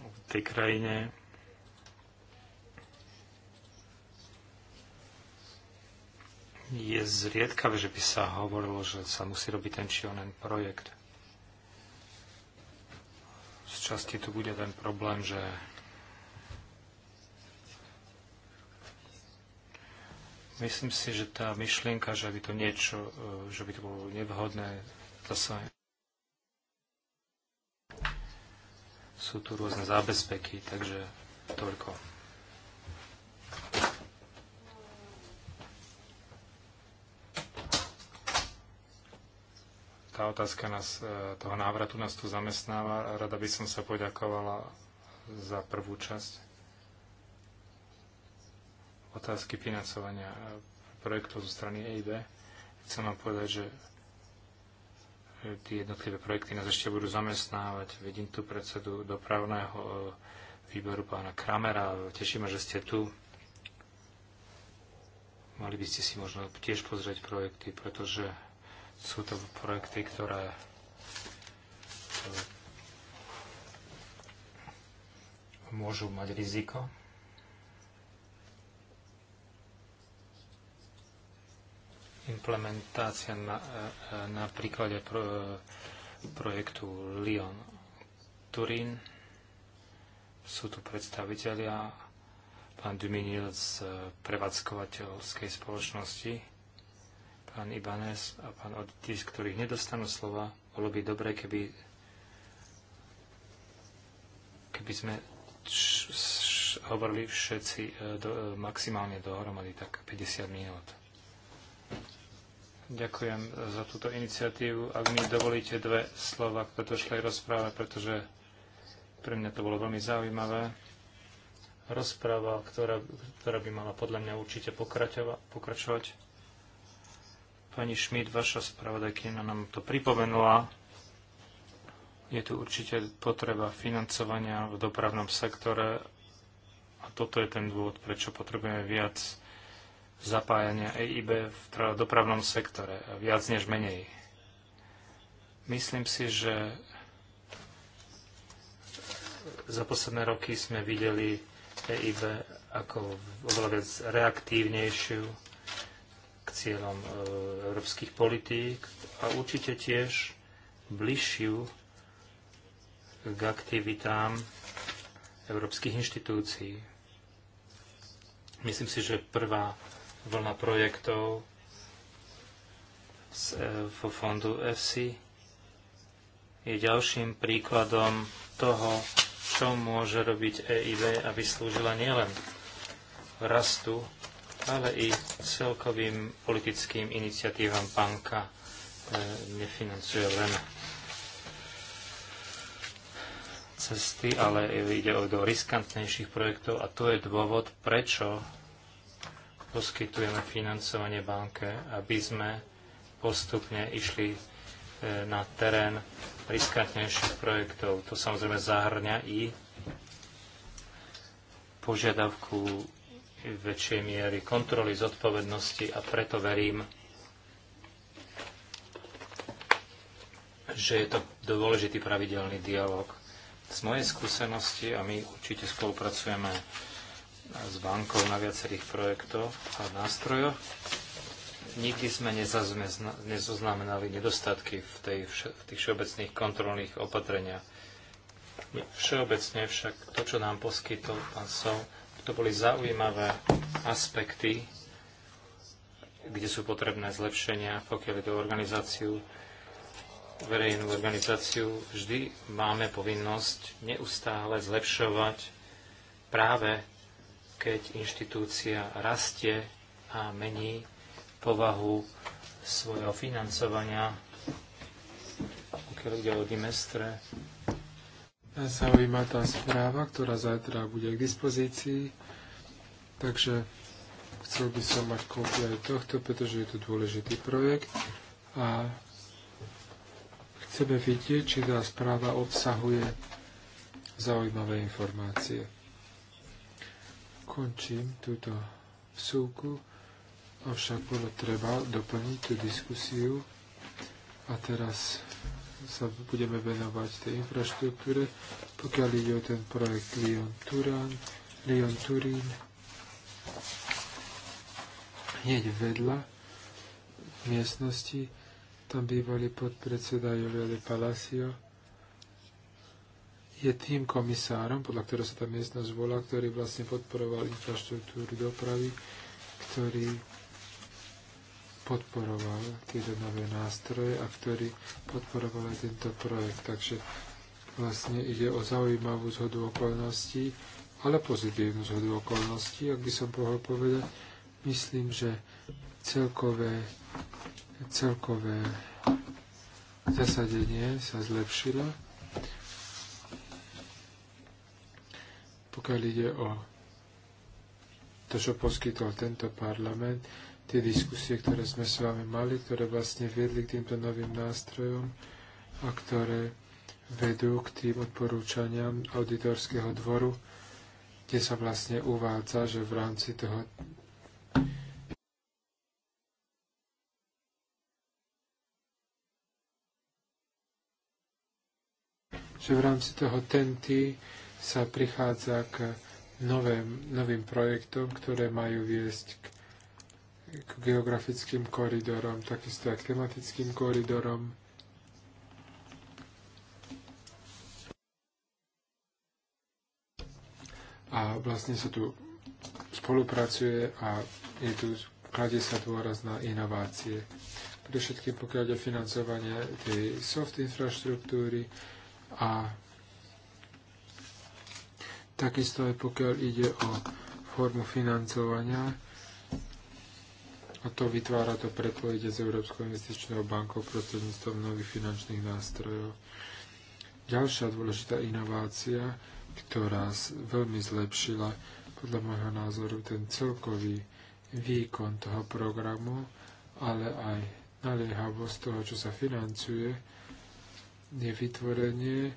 v tej krajine, je zriedkavé, že by sa hovorilo, že sa musí robiť ten či onen projekt. Z časti tu bude ten problém, že myslím si, že tá myšlienka, že by to niečo, e, že by to bolo nevhodné, to sa sú tu rôzne zábezpeky, takže toľko. tá otázka nás, e, toho návratu nás tu zamestnáva. Rada by som sa poďakovala za prvú časť otázky financovania e, projektov zo strany EIB. Chcem vám povedať, že e, tie jednotlivé projekty nás ešte budú zamestnávať. Vidím tu predsedu dopravného výboru pána Kramera. Tešíme, že ste tu. Mali by ste si možno tiež pozrieť projekty, pretože sú to projekty, ktoré eh, môžu mať riziko. Implementácia na, eh, na príklade pro, eh, projektu Lyon Turín. Sú tu predstavitelia, pán Duminil z prevádzkovateľskej spoločnosti, pán Ibanez a pán Ortiz, ktorých nedostanú slova. Bolo by dobre, keby, keby sme hovorili všetci e, do, e, maximálne dohromady, tak 50 minút. Ďakujem za túto iniciatívu. Ak mi dovolíte dve slova k predošlej rozpráve, pretože pre mňa to bolo veľmi zaujímavé. Rozpráva, ktorá, ktorá by mala podľa mňa určite pokračovať. Pani Šmit, vaša spravodajkina nám to pripomenula. Je tu určite potreba financovania v dopravnom sektore a toto je ten dôvod, prečo potrebujeme viac zapájania EIB v dopravnom sektore, viac než menej. Myslím si, že za posledné roky sme videli EIB ako oveľa viac reaktívnejšiu cieľom e, európskych politík a určite tiež bližšiu k aktivitám európskych inštitúcií. Myslím si, že prvá vlna projektov z e, vo fondu EFSI je ďalším príkladom toho, čo môže robiť EIV, aby slúžila nielen rastu ale i celkovým politickým iniciatívam banka e, nefinancuje len cesty, ale ide o do riskantnejších projektov a to je dôvod, prečo poskytujeme financovanie banke, aby sme postupne išli e, na terén riskantnejších projektov. To samozrejme zahrňa i požiadavku väčšej miery kontroly zodpovednosti a preto verím, že je to dôležitý pravidelný dialog. Z mojej skúsenosti, a my určite spolupracujeme s bankou na viacerých projektoch a nástrojoch, nikdy sme nezoznamenali nedostatky v, tej, v tých všeobecných kontrolných opatreniach. Všeobecne však to, čo nám poskytol pán Sol, to boli zaujímavé aspekty, kde sú potrebné zlepšenia, pokiaľ je to organizáciu, verejnú organizáciu. Vždy máme povinnosť neustále zlepšovať práve keď inštitúcia rastie a mení povahu svojho financovania, pokiaľ ide o dimestre, nás zaujíma tá správa, ktorá zajtra bude k dispozícii. Takže chcel by som mať kópiu aj tohto, pretože je to dôležitý projekt. A chceme vidieť, či tá správa obsahuje zaujímavé informácie. Končím túto vsúku, avšak bolo treba doplniť tú diskusiu. A teraz sa budeme venovať tej infraštruktúre, pokiaľ ide o ten projekt Lyon-Turín. Lyon Turín hneď vedľa miestnosti, tam bývali podpredseda Julio de Palacio, je tým komisárom, podľa ktorého sa tá miestnosť volá, ktorý vlastne podporoval infraštruktúru dopravy, ktorý podporoval tieto nové nástroje a ktorý podporoval aj tento projekt. Takže vlastne ide o zaujímavú zhodu okolností, ale pozitívnu zhodu okolností, ak by som mohol povedať. Myslím, že celkové, celkové zasadenie sa zlepšilo. Pokiaľ ide o to, čo poskytol tento parlament, tie diskusie, ktoré sme s vami mali, ktoré vlastne viedli k týmto novým nástrojom a ktoré vedú k tým odporúčaniam auditorského dvoru, kde sa vlastne uvádza, že v rámci toho že v rámci toho TENTY sa prichádza k novém, novým projektom, ktoré majú viesť k k geografickým koridorom, takisto aj k tematickým koridorom. A vlastne sa tu spolupracuje a je tu, kladie sa dôraz na inovácie. Pre všetkým pokiaľ ide financovanie tej soft infraštruktúry a takisto aj pokiaľ ide o formu financovania, a to vytvára to prepojenie s Európskou investičnou bankou prostredníctvom nových finančných nástrojov. Ďalšia dôležitá inovácia, ktorá veľmi zlepšila podľa môjho názoru ten celkový výkon toho programu, ale aj naliehavosť toho, čo sa financuje, je vytvorenie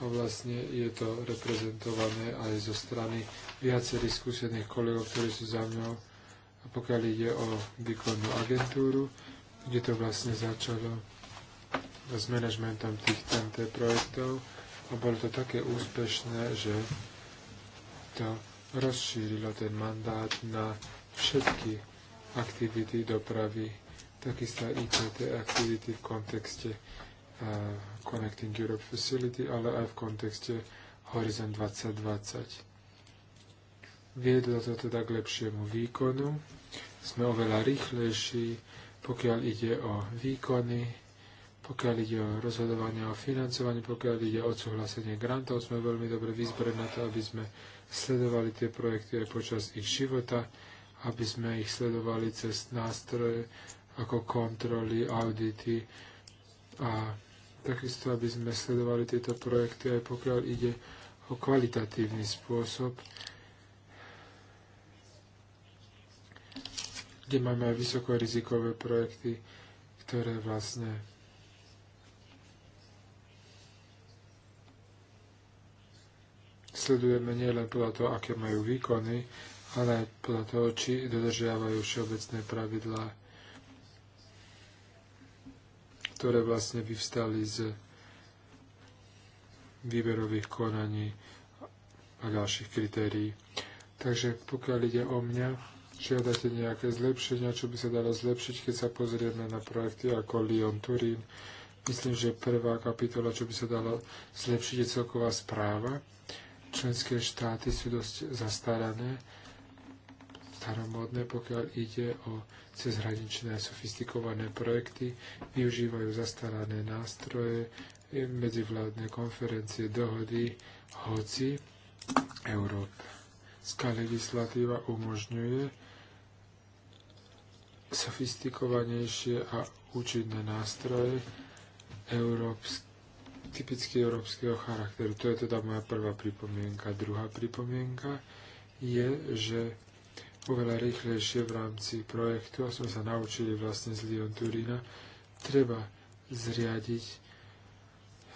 a vlastne je to reprezentované aj zo strany viacerých skúsených kolegov, ktorí sú za mňou a pokiaľ ide o výkonnú agentúru, kde to vlastne začalo s manažmentom tých TNT projektov a bolo to také úspešné, že to rozšírilo ten mandát na všetky aktivity dopravy, takisto ICT aktivity v kontexte Connecting Europe Facility, ale aj v kontexte Horizon 2020. Viedlo to teda k lepšiemu výkonu. Sme oveľa rýchlejší, pokiaľ ide o výkony, pokiaľ ide o rozhodovanie o financovaní, pokiaľ ide o odsúhlasenie grantov, sme veľmi dobre vyzbrojení na to, aby sme sledovali tie projekty aj počas ich života, aby sme ich sledovali cez nástroje ako kontroly, audity a takisto, aby sme sledovali tieto projekty aj pokiaľ ide o kvalitatívny spôsob, kde máme aj vysokorizikové projekty, ktoré vlastne sledujeme nielen podľa toho, aké majú výkony, ale aj podľa toho, či dodržiavajú všeobecné pravidlá, ktoré vlastne vyvstali z výberových konaní a ďalších kritérií. Takže pokiaľ ide o mňa, žiadate nejaké zlepšenia, čo by sa dalo zlepšiť, keď sa pozrieme na projekty ako Lyon Turín. Myslím, že prvá kapitola, čo by sa dalo zlepšiť, je celková správa. Členské štáty sú dosť zastarané, staromodné, pokiaľ ide o cezhraničné sofistikované projekty, využívajú zastarané nástroje, medzivládne konferencie, dohody, hoci Európa. Ská legislatíva umožňuje sofistikovanejšie a účinné nástroje európsky, typicky európskeho charakteru. To je teda moja prvá pripomienka. Druhá pripomienka je, že oveľa rýchlejšie v rámci projektu, a sme sa naučili vlastne z Lyon Turína, treba zriadiť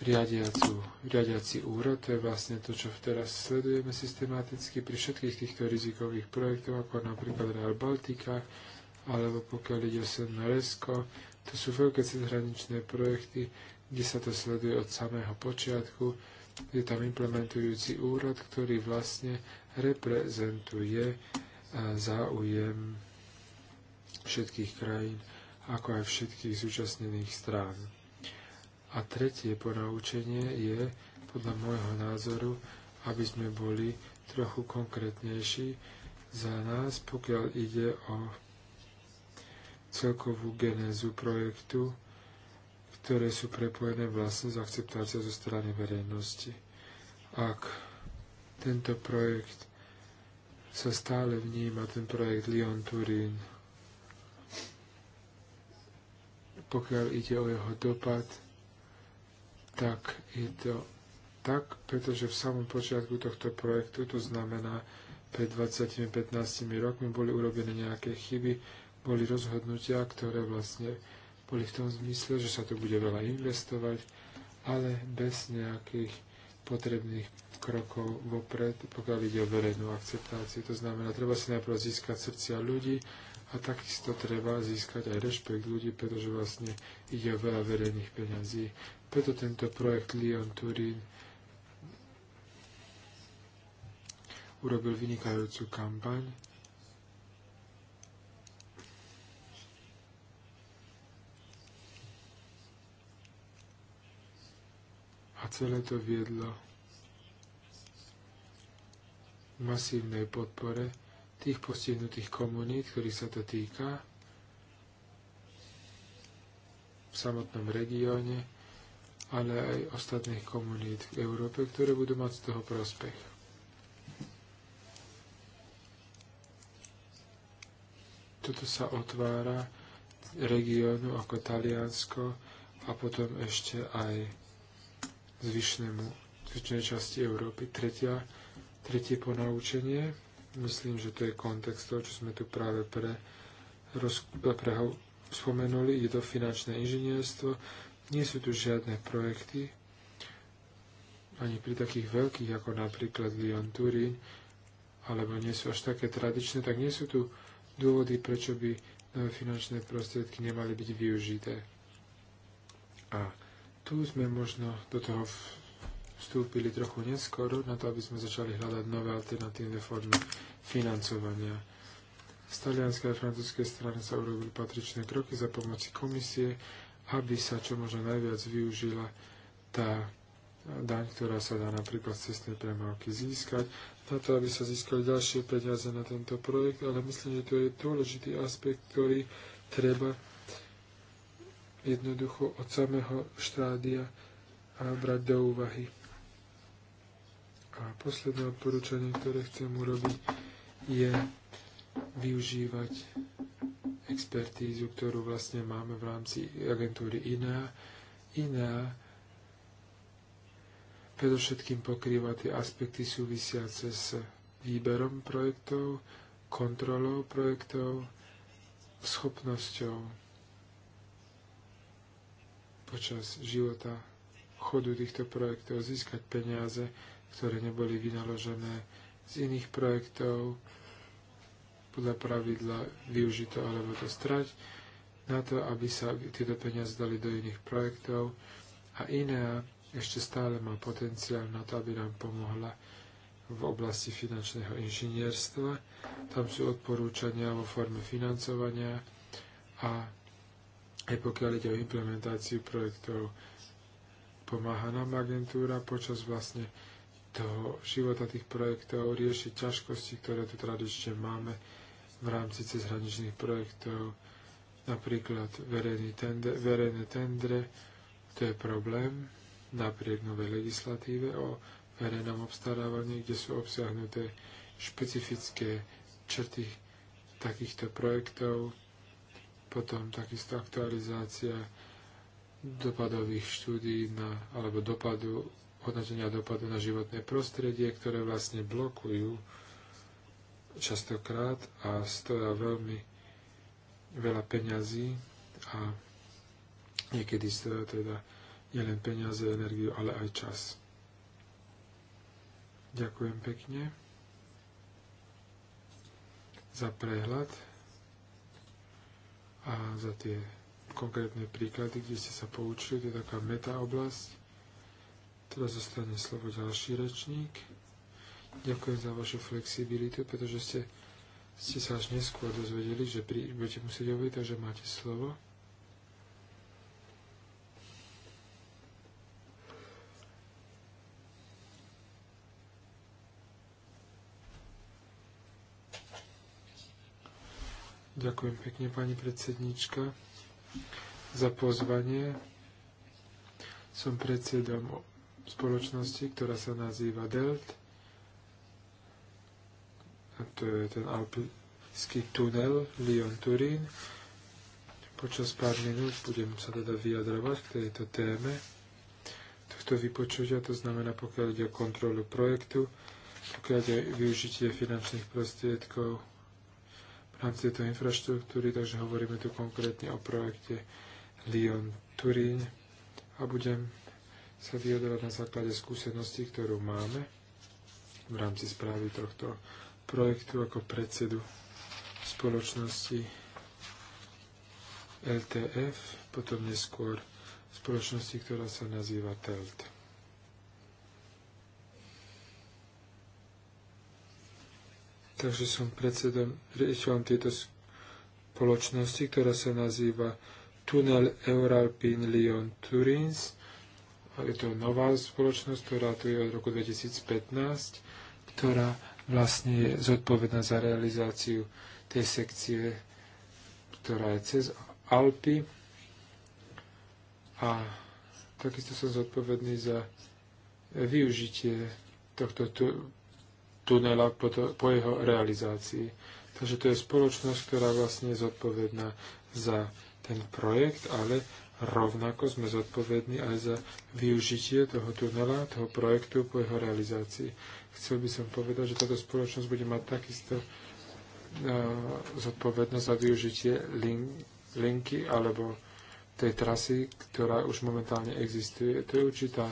riadiacu, riadiaci úrad, to je vlastne to, čo teraz sledujeme systematicky pri všetkých týchto rizikových projektoch, ako napríklad Real Baltica, alebo pokiaľ ide o Severnoresko, to sú veľké cezhraničné projekty, kde sa to sleduje od samého počiatku. Je tam implementujúci úrad, ktorý vlastne reprezentuje e, záujem všetkých krajín, ako aj všetkých zúčastnených strán. A tretie ponaučenie je, podľa môjho názoru, aby sme boli trochu konkrétnejší za nás, pokiaľ ide o celkovú genézu projektu, ktoré sú prepojené vlastne s akceptáciou zo strany verejnosti. Ak tento projekt sa stále vníma, ten projekt Lyon-Turín, pokiaľ ide o jeho dopad, tak je to tak, pretože v samom počiatku tohto projektu, to znamená pred 20-15 rokmi, boli urobené nejaké chyby, boli rozhodnutia, ktoré vlastne boli v tom zmysle, že sa tu bude veľa investovať, ale bez nejakých potrebných krokov vopred, pokiaľ ide o verejnú akceptáciu. To znamená, treba si najprv získať srdcia ľudí a takisto treba získať aj rešpekt ľudí, pretože vlastne ide o veľa verejných peňazí. Preto tento projekt Lyon Turín urobil vynikajúcu kampaň a celé to viedlo k masívnej podpore tých postihnutých komunít, ktorých sa to týka v samotnom regióne, ale aj ostatných komunít v Európe, ktoré budú mať z toho prospech. Toto sa otvára regiónu ako Taliansko a potom ešte aj zvyšnému, zvyšnej časti Európy. Tretia, tretie ponaučenie, myslím, že to je kontext toho, čo sme tu práve pre, roz, pre spomenuli, je to finančné inžinierstvo. Nie sú tu žiadne projekty, ani pri takých veľkých, ako napríklad Lyon Turín, alebo nie sú až také tradičné, tak nie sú tu dôvody, prečo by nové finančné prostriedky nemali byť využité. A tu sme možno do toho vstúpili trochu neskoro, na to, aby sme začali hľadať nové alternatívne formy financovania. Z talianskej a francúzskej strany sa urobili patričné kroky za pomoci komisie, aby sa čo možno najviac využila tá daň, ktorá sa dá napríklad z cestnej premávky získať, na to, aby sa získali ďalšie peniaze na tento projekt, ale myslím, že to je dôležitý aspekt, ktorý treba jednoducho od samého štádia brať do úvahy. A posledné odporúčanie, ktoré chcem urobiť, je využívať expertízu, ktorú vlastne máme v rámci agentúry INA. INA predovšetkým pokrýva tie aspekty súvisiace s výberom projektov, kontrolou projektov, schopnosťou počas života chodu týchto projektov získať peniaze, ktoré neboli vynaložené z iných projektov, podľa pravidla využito alebo to strať, na to, aby sa tieto peniaze dali do iných projektov a INEA ešte stále má potenciál na to, aby nám pomohla v oblasti finančného inžinierstva. Tam sú odporúčania vo forme financovania a aj pokiaľ ide o implementáciu projektov. Pomáha nám agentúra počas vlastne toho života tých projektov riešiť ťažkosti, ktoré tu tradične máme v rámci cezhraničných projektov, napríklad tende, verejné tendre, to je problém napriek novej legislatíve o verejnom obstarávaní, kde sú obsiahnuté špecifické črty takýchto projektov, potom takisto aktualizácia dopadových štúdí na, alebo dopadu, hodnotenia dopadu na životné prostredie, ktoré vlastne blokujú častokrát a stoja veľmi veľa peňazí a niekedy stoja teda nielen peniaze, energiu, ale aj čas. Ďakujem pekne za prehľad a za tie konkrétne príklady, kde ste sa poučili. To je taká meta oblasť. Teraz zostane slovo ďalší rečník. Ďakujem za vašu flexibilitu, pretože ste, ste sa až neskôr dozvedeli, že pri, budete musieť hovoriť, takže máte slovo. Ďakujem pekne, pani predsednička, za pozvanie. Som predsedom spoločnosti, ktorá sa nazýva DELT. A to je ten alpský tunel Lyon-Turín. Počas pár minút budem sa teda vyjadrovať k tejto téme tohto vypočutia, to znamená pokiaľ ide o kontrolu projektu, pokiaľ ide o využitie finančných prostriedkov v rámci tejto infraštruktúry, takže hovoríme tu konkrétne o projekte Lyon-Turín a budem sa vyjadrovať na základe skúseností, ktorú máme v rámci správy tohto projektu ako predsedu spoločnosti LTF, potom neskôr spoločnosti, ktorá sa nazýva TELT. Takže som predsedom, riešil tejto spoločnosti, ktorá sa nazýva Tunel Euralpin Lyon Turins. Je to nová spoločnosť, ktorá tu je od roku 2015, ktorá vlastne je zodpovedná za realizáciu tej sekcie, ktorá je cez Alpy. A takisto som zodpovedný za využitie tohto tunela po, to, po jeho realizácii. Takže to je spoločnosť, ktorá vlastne je zodpovedná za ten projekt, ale rovnako sme zodpovední aj za využitie toho tunela, toho projektu po jeho realizácii. Chcel by som povedať, že táto spoločnosť bude mať takisto e, zodpovednosť za využitie linky alebo tej trasy, ktorá už momentálne existuje. To je určitá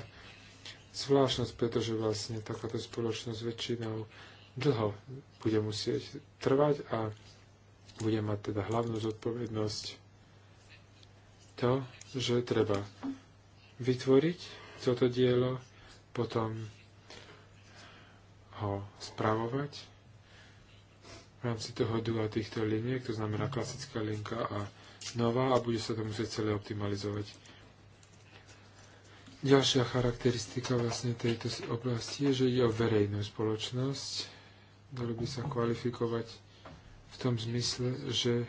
zvláštnosť, pretože vlastne takáto spoločnosť väčšinou dlho bude musieť trvať a bude mať teda hlavnú zodpovednosť to, že treba vytvoriť toto dielo, potom ho spravovať v rámci toho dua týchto liniek, to znamená klasická linka a nová a bude sa to musieť celé optimalizovať. Ďalšia charakteristika vlastne tejto oblasti je, že ide o verejnú spoločnosť. Dalo by sa kvalifikovať v tom zmysle, že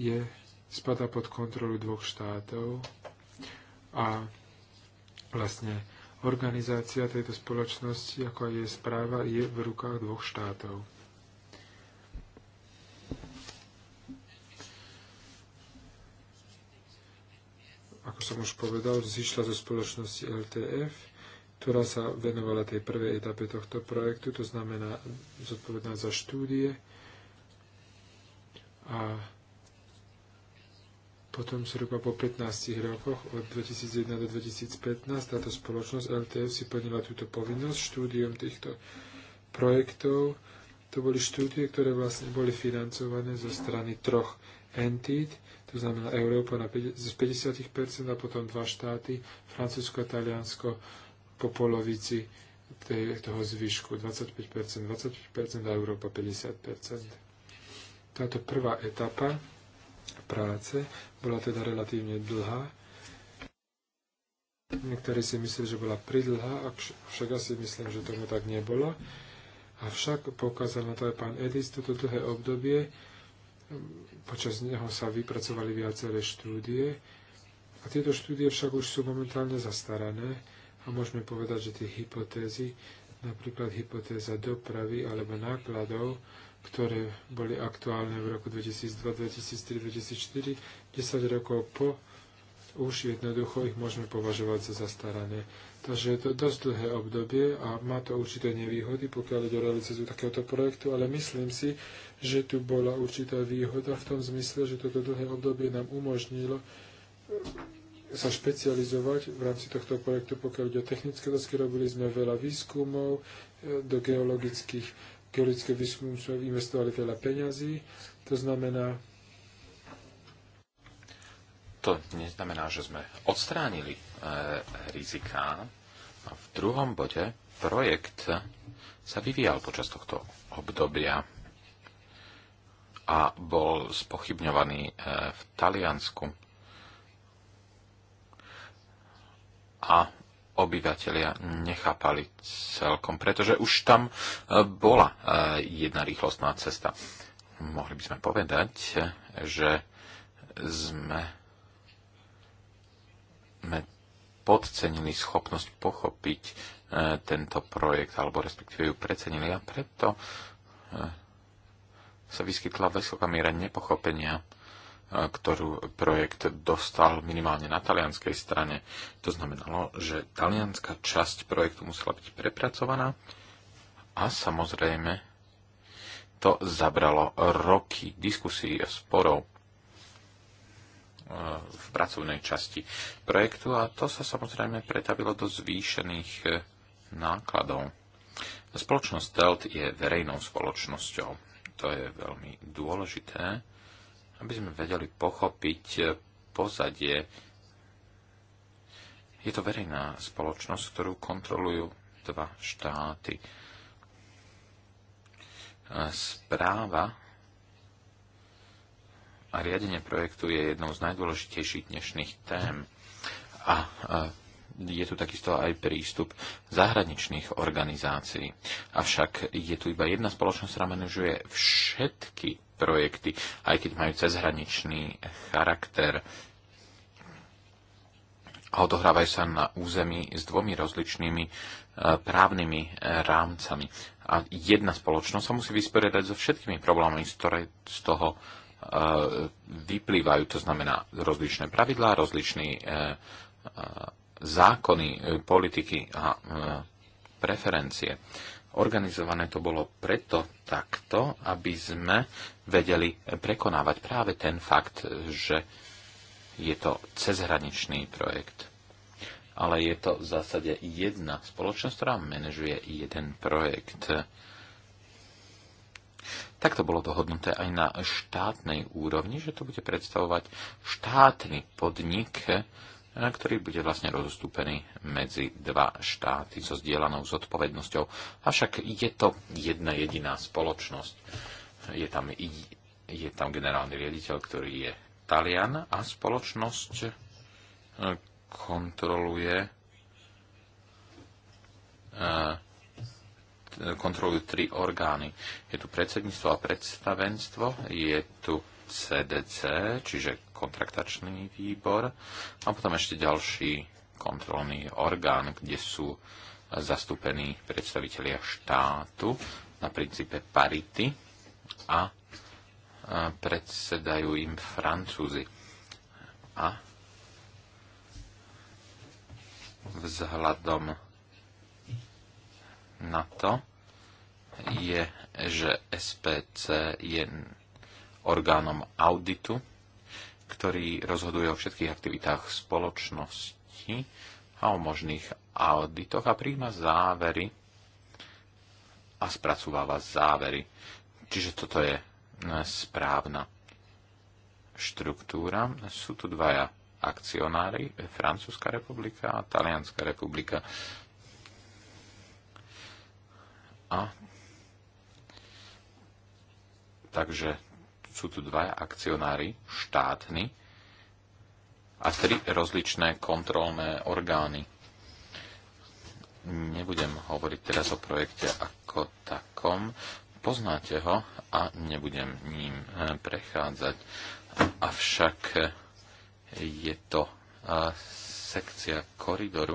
je, spada pod kontrolu dvoch štátov a vlastne organizácia tejto spoločnosti, ako aj jej správa, je v rukách dvoch štátov. ako som už povedal, zišla zo spoločnosti LTF, ktorá sa venovala tej prvej etape tohto projektu, to znamená zodpovedná za štúdie a potom zhruba po 15 rokoch, od 2001 do 2015, táto spoločnosť LTF si plnila túto povinnosť štúdiom týchto projektov. To boli štúdie, ktoré vlastne boli financované zo strany troch entit, to znamená Európa na 50, z 50% a potom dva štáty, Francúzsko a Taliansko, po polovici tej, toho zvyšku 25%, 25% a Európa 50%. Táto prvá etapa práce bola teda relatívne dlhá. Niektorí si mysleli, že bola pridlhá, však ja si myslím, že tomu tak nebolo. Avšak poukázal na to aj pán Edis, toto dlhé obdobie počas neho sa vypracovali viaceré štúdie a tieto štúdie však už sú momentálne zastarané a môžeme povedať, že tie hypotézy, napríklad hypotéza dopravy alebo nákladov, ktoré boli aktuálne v roku 2002, 2003, 2004, 10 rokov po, už jednoducho ich môžeme považovať za zastarané. Takže je to dosť dlhé obdobie a má to určité nevýhody, pokiaľ ide o realizáciu takéhoto projektu, ale myslím si, že tu bola určitá výhoda v tom zmysle, že toto dlhé obdobie nám umožnilo eh, sa špecializovať v rámci tohto projektu, pokiaľ ide o technické otázky, robili sme veľa výskumov eh, do geologických, geologické výskumov sme investovali veľa peňazí, to znamená... To neznamená, že sme odstránili e, eh, riziká. A v druhom bode projekt sa vyvíjal počas tohto obdobia a bol spochybňovaný e, v Taliansku. A obyvateľia nechápali celkom, pretože už tam e, bola e, jedna rýchlostná cesta. Mohli by sme povedať, že sme, podcenili schopnosť pochopiť tento projekt, alebo respektíve ju precenili a preto sa vyskytla vysoká miera nepochopenia, e, ktorú projekt dostal minimálne na talianskej strane. To znamenalo, že talianská časť projektu musela byť prepracovaná a samozrejme to zabralo roky diskusí a sporov e, v pracovnej časti projektu a to sa samozrejme pretavilo do zvýšených e, nákladov. Spoločnosť TELT je verejnou spoločnosťou to je veľmi dôležité, aby sme vedeli pochopiť pozadie. Je to verejná spoločnosť, ktorú kontrolujú dva štáty. Správa a riadenie projektu je jednou z najdôležitejších dnešných tém. A je tu takisto aj prístup zahraničných organizácií. Avšak je tu iba jedna spoločnosť, ktorá manažuje všetky projekty, aj keď majú cezhraničný charakter. A odohrávajú sa na území s dvomi rozličnými e, právnymi rámcami. A jedna spoločnosť sa musí vysporiadať so všetkými problémami, ktoré z toho e, vyplývajú. To znamená rozličné pravidlá, rozličný e, zákony, e, politiky a e, preferencie. Organizované to bolo preto takto, aby sme vedeli prekonávať práve ten fakt, e, že je to cezhraničný projekt. Ale je to v zásade jedna spoločnosť, ktorá manažuje jeden projekt. Tak to bolo dohodnuté aj na štátnej úrovni, že to bude predstavovať štátny podnik, ktorý bude vlastne rozostúpený medzi dva štáty so zdieľanou zodpovednosťou. Avšak je to jedna jediná spoločnosť. Je tam, je tam generálny riaditeľ, ktorý je Talian a spoločnosť e, kontroluje e, kontrolujú tri orgány. Je tu predsedníctvo a predstavenstvo, je tu CDC, čiže kontraktačný výbor, a potom ešte ďalší kontrolný orgán, kde sú zastúpení predstavitelia štátu na princípe parity a predsedajú im Francúzi. A vzhľadom na to je, že SPC je orgánom auditu, ktorý rozhoduje o všetkých aktivitách spoločnosti a o možných auditoch a príjma závery a spracováva závery. Čiže toto je mm, správna štruktúra. Sú tu dvaja akcionári, Francúzska republika a Talianská republika. A takže sú tu dva akcionári, štátni a tri rozličné kontrolné orgány. Nebudem hovoriť teraz o projekte ako takom, poznáte ho a nebudem ním e, prechádzať. Avšak e, je to e, sekcia koridoru,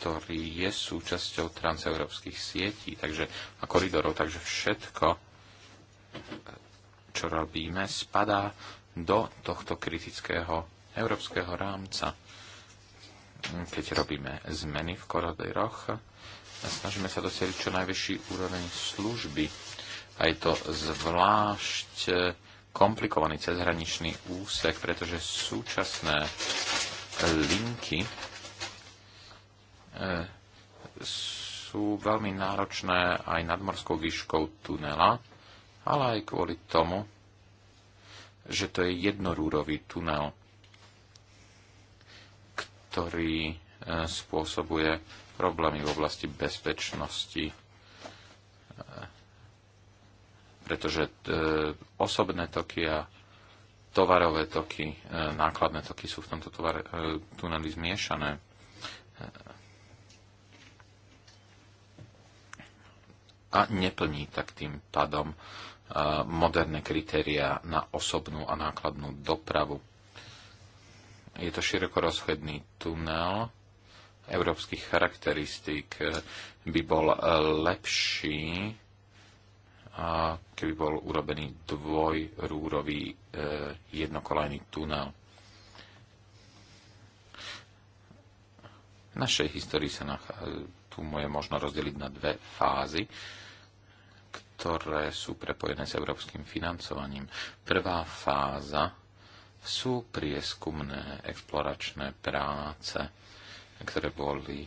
ktorý je súčasťou transeurópskych sietí takže, a koridorov, takže všetko, čo robíme, spadá do tohto kritického európskeho rámca. Keď robíme zmeny v korodej roh, snažíme sa dosiahnuť čo najvyšší úroveň služby. A je to zvlášť eh, komplikovaný cezhraničný úsek, pretože súčasné linky eh, sú veľmi náročné aj nadmorskou výškou tunela ale aj kvôli tomu, že to je jednorúrový tunel, ktorý e, spôsobuje problémy v oblasti bezpečnosti, e, pretože e, osobné toky a tovarové toky, nákladné toky sú v tomto tovar, tuneli zmiešané. A neplní tak tým pádom moderné kritéria na osobnú a nákladnú dopravu. Je to široko rozchodný tunel európskych charakteristík eh, by bol eh, lepší, keby bol urobený dvojrúrový eh, jednokolajný tunel. V našej histórii sa nach- tu je možno rozdeliť na dve fázy ktoré sú prepojené s európskym financovaním. Prvá fáza sú prieskumné exploračné práce, ktoré boli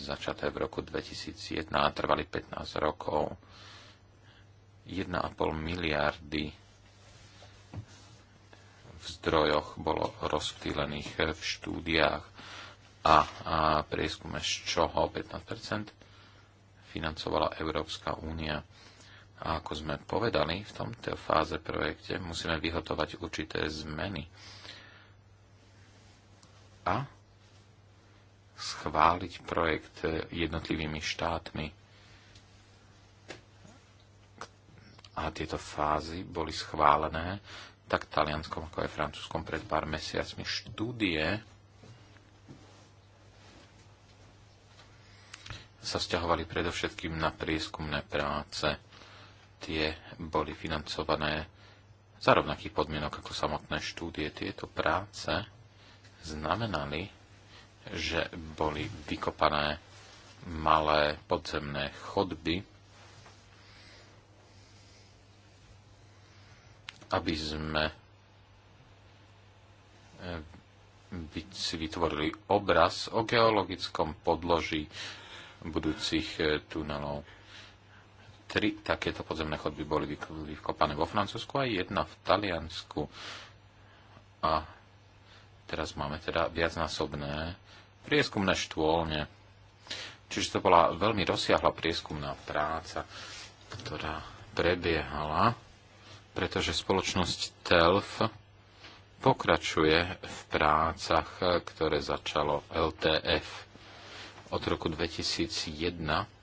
začaté v roku 2001 a trvali 15 rokov. 1,5 miliardy v zdrojoch bolo rozptýlených v štúdiách a, a prieskume, z čoho 15 financovala Európska únia a ako sme povedali, v tomto fáze projekte musíme vyhotovať určité zmeny a schváliť projekt jednotlivými štátmi. A tieto fázy boli schválené tak v talianskom, ako aj francúzskom pred pár mesiacmi štúdie sa vzťahovali predovšetkým na prieskumné práce tie boli financované za rovnakých podmienok ako samotné štúdie. Tieto práce znamenali, že boli vykopané malé podzemné chodby, aby sme si eh, vytvorili obraz o geologickom podloží budúcich eh, tunelov tri takéto podzemné chodby boli vykopané vo Francúzsku a jedna v Taliansku. A teraz máme teda viacnásobné prieskumné štôlne. Čiže to bola veľmi rozsiahla prieskumná práca, ktorá prebiehala, pretože spoločnosť TELF pokračuje v prácach, ktoré začalo LTF od roku 2001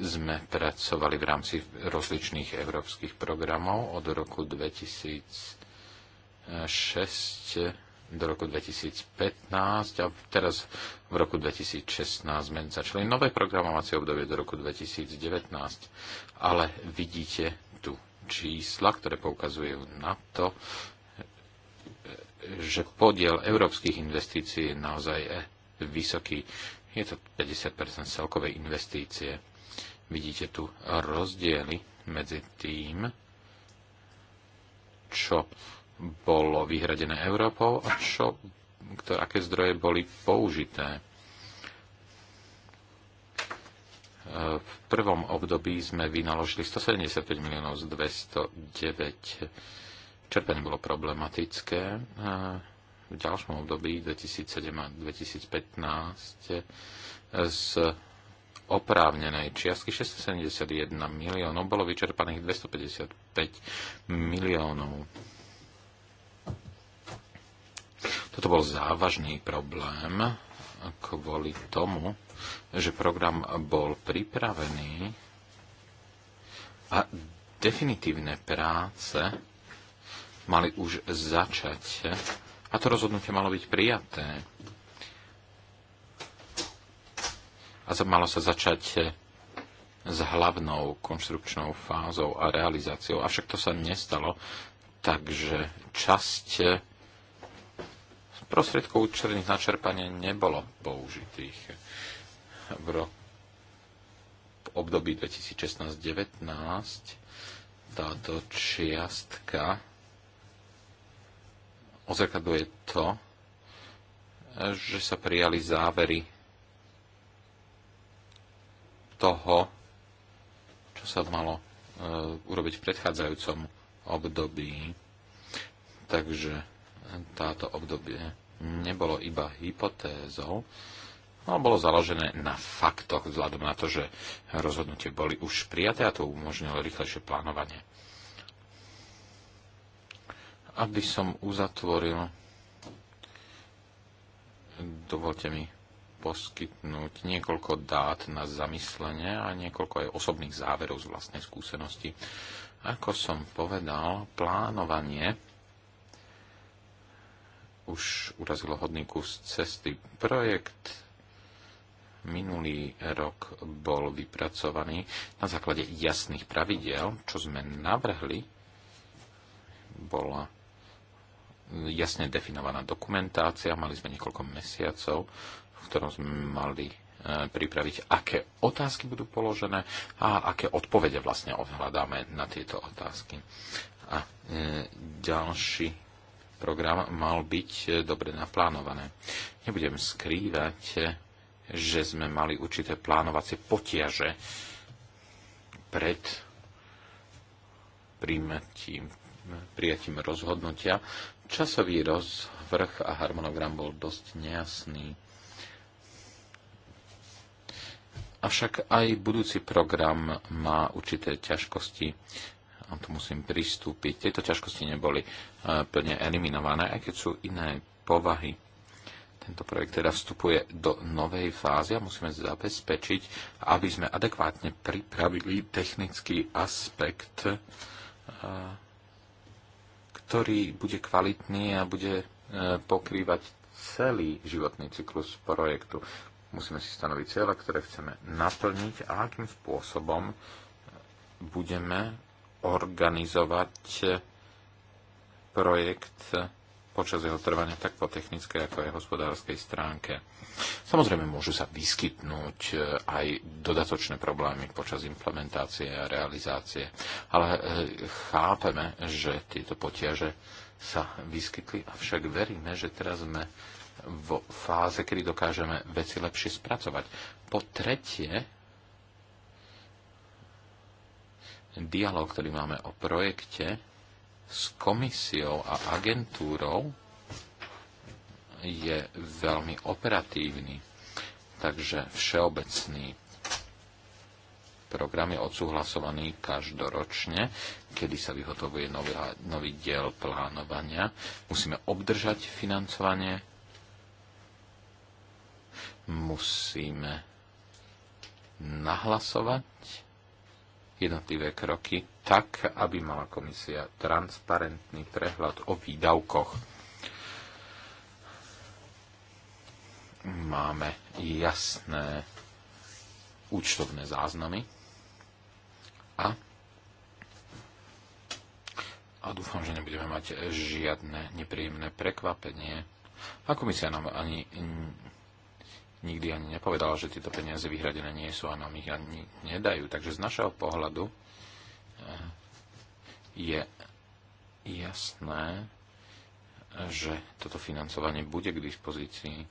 sme pracovali v rámci rozličných európskych programov od roku 2006 do roku 2015 a teraz v roku 2016 sme začali nové programovacie obdobie do roku 2019. Ale vidíte tu čísla, ktoré poukazujú na to, že podiel európskych investícií je naozaj eh, vysoký. Je to 50 celkovej investície Vidíte tu rozdiely medzi tým, čo bolo vyhradené Európou a čo, ktoré, aké zdroje boli použité. E, v prvom období sme vynaložili 175 miliónov z 209. Čerpanie bolo problematické. E, v ďalšom období 2007 a 2015 e, z oprávnenej čiastky 671 miliónov no bolo vyčerpaných 255 miliónov. Toto bol závažný problém kvôli tomu, že program bol pripravený a definitívne práce mali už začať a to rozhodnutie malo byť prijaté. a malo sa začať eh, s hlavnou konštrukčnou fázou a realizáciou. Avšak to sa nestalo, takže časť eh, prostriedkov účerných na čerpanie nebolo použitých v roku období 2016-19 táto čiastka ozrkadluje to, eh, že sa prijali závery toho, čo sa malo e, urobiť v predchádzajúcom období. Takže táto obdobie nebolo iba hypotézou, ale bolo založené na faktoch, vzhľadom na to, že rozhodnutie boli už prijaté a to umožnilo rýchlejšie plánovanie. Aby som uzatvoril, dovolte mi poskytnúť niekoľko dát na zamyslenie a niekoľko aj osobných záverov z vlastnej skúsenosti. Ako som povedal, plánovanie už urazilo hodný kus cesty. Projekt minulý rok bol vypracovaný na základe jasných pravidiel, čo sme navrhli, bola jasne definovaná dokumentácia, mali sme niekoľko mesiacov v ktorom sme mali e, pripraviť, aké otázky budú položené a aké odpovede vlastne odhľadáme na tieto otázky. A e, ďalší program mal byť e, dobre naplánované. Nebudem skrývať, že sme mali určité plánovacie potiaže pred príjmatím, prijatím rozhodnutia. Časový rozvrh a harmonogram bol dosť nejasný Avšak aj budúci program má určité ťažkosti a to musím pristúpiť. Tieto ťažkosti neboli e, plne eliminované, aj keď sú iné povahy. Tento projekt teda vstupuje do novej fázy a musíme zabezpečiť, aby sme adekvátne pripravili technický aspekt, e, ktorý bude kvalitný a bude e, pokrývať celý životný cyklus projektu. Musíme si stanoviť cieľa, ktoré chceme naplniť a akým spôsobom budeme organizovať projekt počas jeho trvania tak po technickej ako aj hospodárskej stránke. Samozrejme môžu sa vyskytnúť e, aj dodatočné problémy počas implementácie a realizácie, ale e, chápeme, že tieto potiaže sa vyskytli, avšak veríme, že teraz sme vo fáze, kedy dokážeme veci lepšie spracovať. Po tretie, dialog, ktorý máme o projekte s komisiou a agentúrou, je veľmi operatívny. Takže všeobecný program je odsúhlasovaný každoročne, kedy sa vyhotovuje nový, nový diel plánovania. Musíme obdržať financovanie musíme nahlasovať jednotlivé kroky tak, aby mala komisia transparentný prehľad o výdavkoch. Máme jasné účtovné záznamy a a dúfam, že nebudeme mať žiadne nepríjemné prekvapenie. A komisia nám ani nikdy ani nepovedala, že tieto peniaze vyhradené nie sú a nám ich ani nedajú. Takže z našeho pohľadu eh, je jasné, že toto financovanie bude k dispozícii.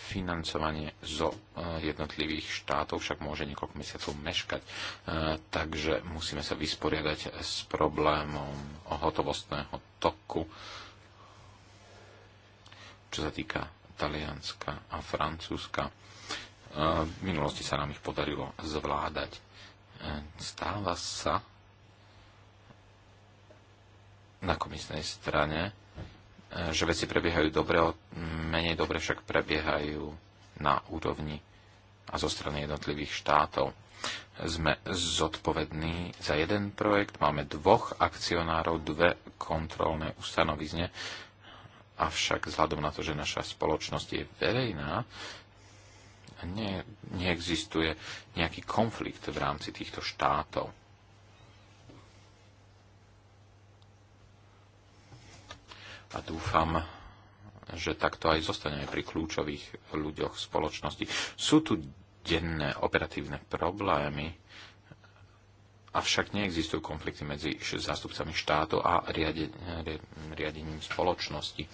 Financovanie zo eh, jednotlivých štátov však môže niekoľko mesiacov meškať, eh, takže musíme sa vysporiadať s problémom hotovostného toku, čo sa týka Talianska a Francúzska. E, v minulosti sa nám ich podarilo zvládať. E, stáva sa na komisnej strane, e, že veci prebiehajú dobre, menej dobre však prebiehajú na úrovni a zo strany jednotlivých štátov. Sme zodpovední za jeden projekt, máme dvoch akcionárov, dve kontrolné ustanovizne, Avšak vzhľadom na to, že naša spoločnosť je verejná, nie, neexistuje nejaký konflikt v rámci týchto štátov. A dúfam, že takto aj aj pri kľúčových ľuďoch spoločnosti. Sú tu denné operatívne problémy, Avšak neexistujú konflikty medzi zástupcami štátu a riade, riadením spoločnosti.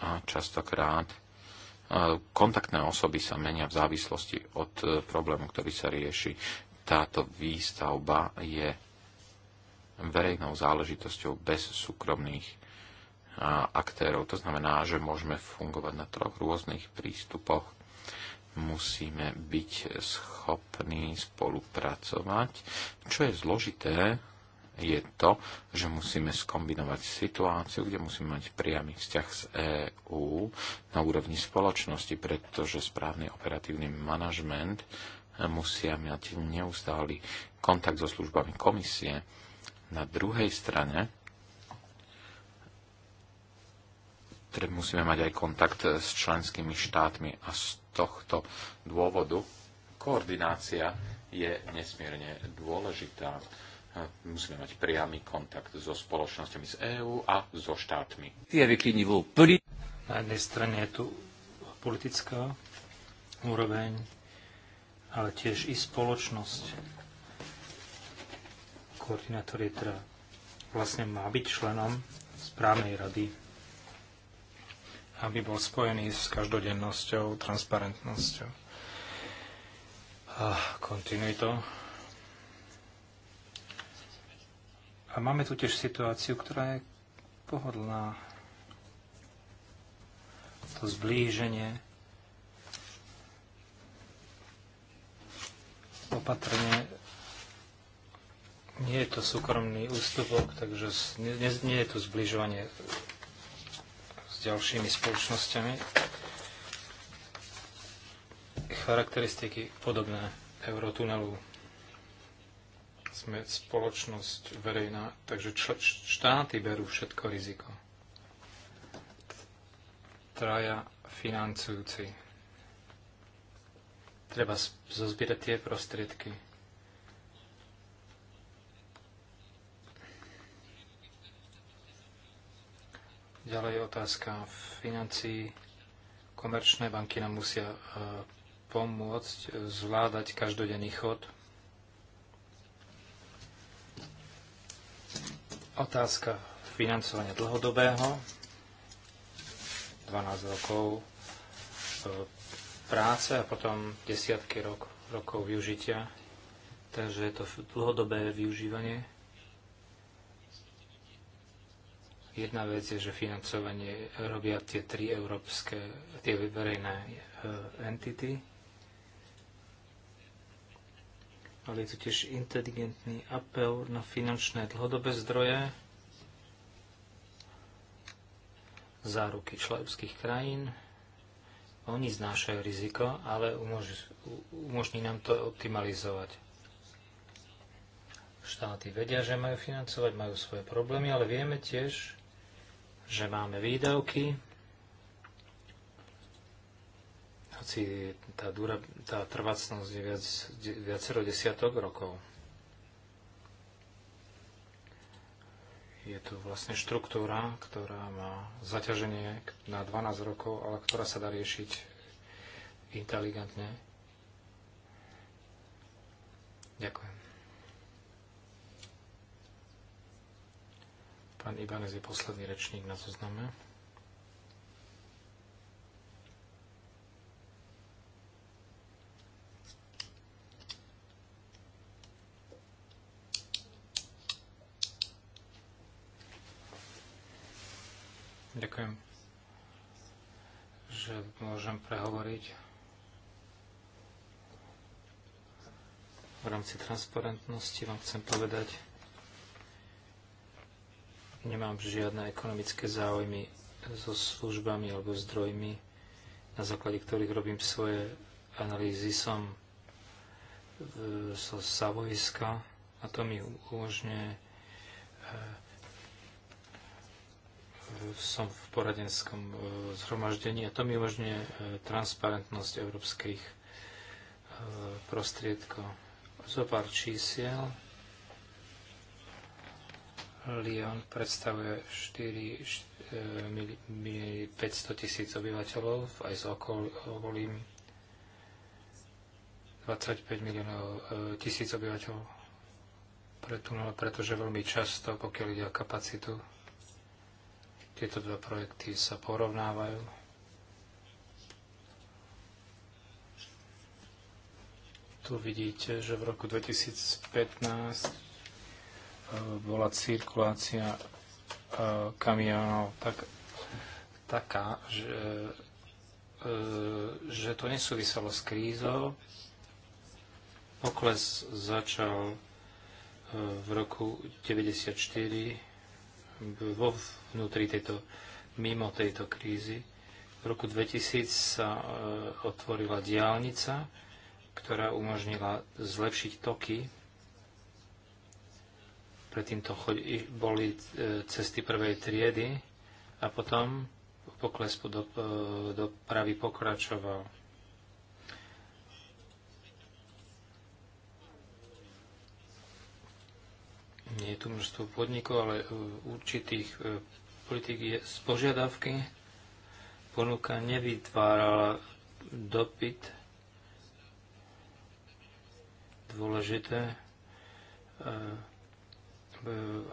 A častokrát e, kontaktné osoby sa menia v závislosti od e, problému, ktorý sa rieši. Táto výstavba je verejnou záležitosťou bez súkromných e, aktérov. To znamená, že môžeme fungovať na troch rôznych prístupoch musíme byť schopní spolupracovať. Čo je zložité, je to, že musíme skombinovať situáciu, kde musíme mať priamy vzťah s EÚ na úrovni spoločnosti, pretože správny operatívny manažment musia mať neustály kontakt so službami komisie. Na druhej strane musíme mať aj kontakt s členskými štátmi a s tohto dôvodu koordinácia je nesmierne dôležitá. Musíme mať priamy kontakt so spoločnosťami z EÚ a so štátmi. Na jednej strane je tu politická úroveň, ale tiež i spoločnosť. Koordinátor je teda vlastne má byť členom správnej rady aby bol spojený s každodennosťou, transparentnosťou a kontinuitou. A máme tu tiež situáciu, ktorá je pohodlná. To zblíženie opatrne nie je to súkromný ústupok, takže nie, nie je tu zbližovanie ďalšími spoločnosťami. Charakteristiky podobné eurotunelu. Sme spoločnosť verejná, takže štáty berú všetko riziko. Traja financujúci. Treba zozbierať tie prostriedky Ďalej otázka financií. Komerčné banky nám musia e, pomôcť zvládať každodenný chod. Otázka financovania dlhodobého. 12 rokov e, práce a potom desiatky rok, rokov využitia. Takže je to dlhodobé využívanie Jedna vec je, že financovanie robia tie tri európske, tie verejné e, entity. Ale je tu tiež inteligentný apel na finančné dlhodobé zdroje, záruky členských krajín. Oni znášajú riziko, ale umož, umožní nám to optimalizovať. Štáty vedia, že majú financovať, majú svoje problémy, ale vieme tiež, že máme výdavky, hoci tá, dura, tá trvácnosť je viac, viacero desiatok rokov. Je tu vlastne štruktúra, ktorá má zaťaženie na 12 rokov, ale ktorá sa dá riešiť inteligentne. Ďakujem. Pán Ibanez je posledný rečník na zozname. Ďakujem, že môžem prehovoriť v rámci transparentnosti vám chcem povedať, Nemám žiadne ekonomické záujmy so službami alebo zdrojmi, na základe ktorých robím svoje analýzy. Som e, zo Savojska a to mi umožňuje e, e, som v poradenskom zhromaždení a to mi umožňuje transparentnosť európskych prostriedkov. Zo pár čísiel Lyon predstavuje 4, 500 e, tisíc obyvateľov aj s okolím 25 miliónov e, tisíc obyvateľov pre tunel, no, pretože veľmi často, pokiaľ ide o kapacitu, tieto dva projekty sa porovnávajú. Tu vidíte, že v roku 2015 bola cirkulácia e, kamionov tak, taká, že, e, že to nesúviselo s krízou. Pokles začal e, v roku 1994 vo vnútri tejto, mimo tejto krízy. V roku 2000 sa otvorila diálnica, ktorá umožnila zlepšiť toky Predtým to chodi, boli e, cesty prvej triedy a potom klespu do, e, dopravy pokračoval. Nie je tu množstvo podnikov, ale e, určitých politik je z požiadavky. Ponuka nevytvárala dopyt. Dôležité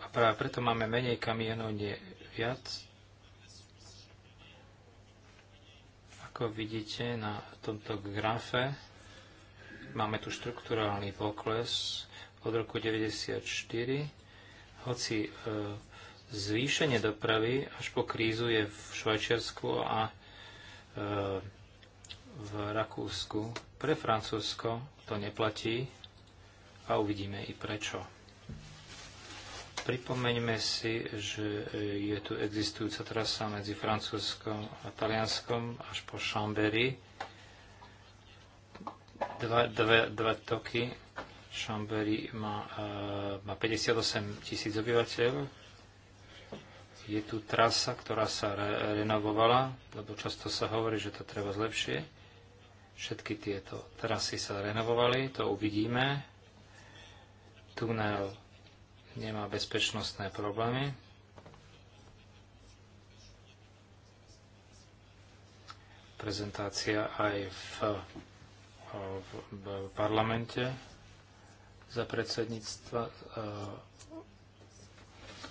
a práve preto máme menej kamienov nie viac. Ako vidíte na tomto grafe, máme tu štrukturálny pokles od roku 1994, hoci e, zvýšenie dopravy až po krízu je v Švajčiarsku a e, v Rakúsku. Pre Francúzsko to neplatí a uvidíme i prečo. Pripomeňme si, že e, je tu existujúca trasa medzi Francúzskom a Talianskom až po Chambéry. Dva, dva, dva toky. Chambéry má, e, má 58 tisíc obyvateľov, je tu trasa, ktorá sa re- renovovala, lebo často sa hovorí, že to treba zlepšie. Všetky tieto trasy sa renovovali, to uvidíme. Tunel nemá bezpečnostné problémy. Prezentácia aj v, v, v parlamente za predsedníctva e,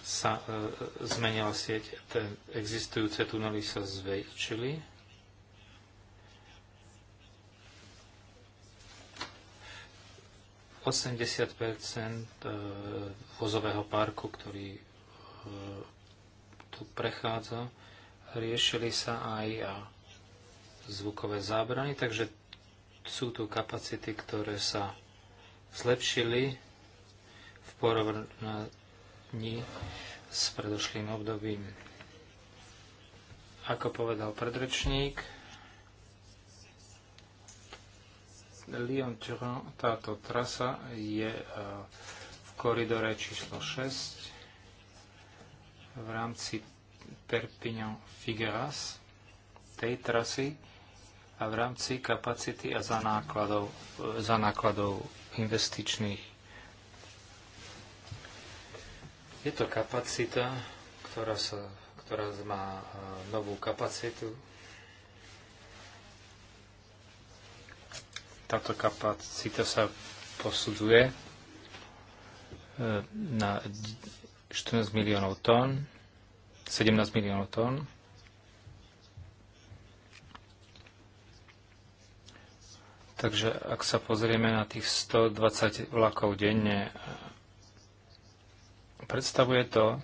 sa e, zmenila sieť, existujúce tunely sa zväčšili. 80 e, vozového parku, ktorý e, tu prechádza, riešili sa aj e, zvukové zábrany, takže sú tu kapacity, ktoré sa zlepšili v porovnaní s predošlým obdobím. Ako povedal predrečník, Lyon-Turin, táto trasa je e, v koridore číslo 6 v rámci Perpignan-Figueras tej trasy a v rámci kapacity a za nákladov, e, za nákladov investičných. Je to kapacita, ktorá, sa, ktorá má e, novú kapacitu Táto kapacita sa posudzuje e, na 14 miliónov tón, 17 miliónov tón. Takže ak sa pozrieme na tých 120 vlakov denne, predstavuje to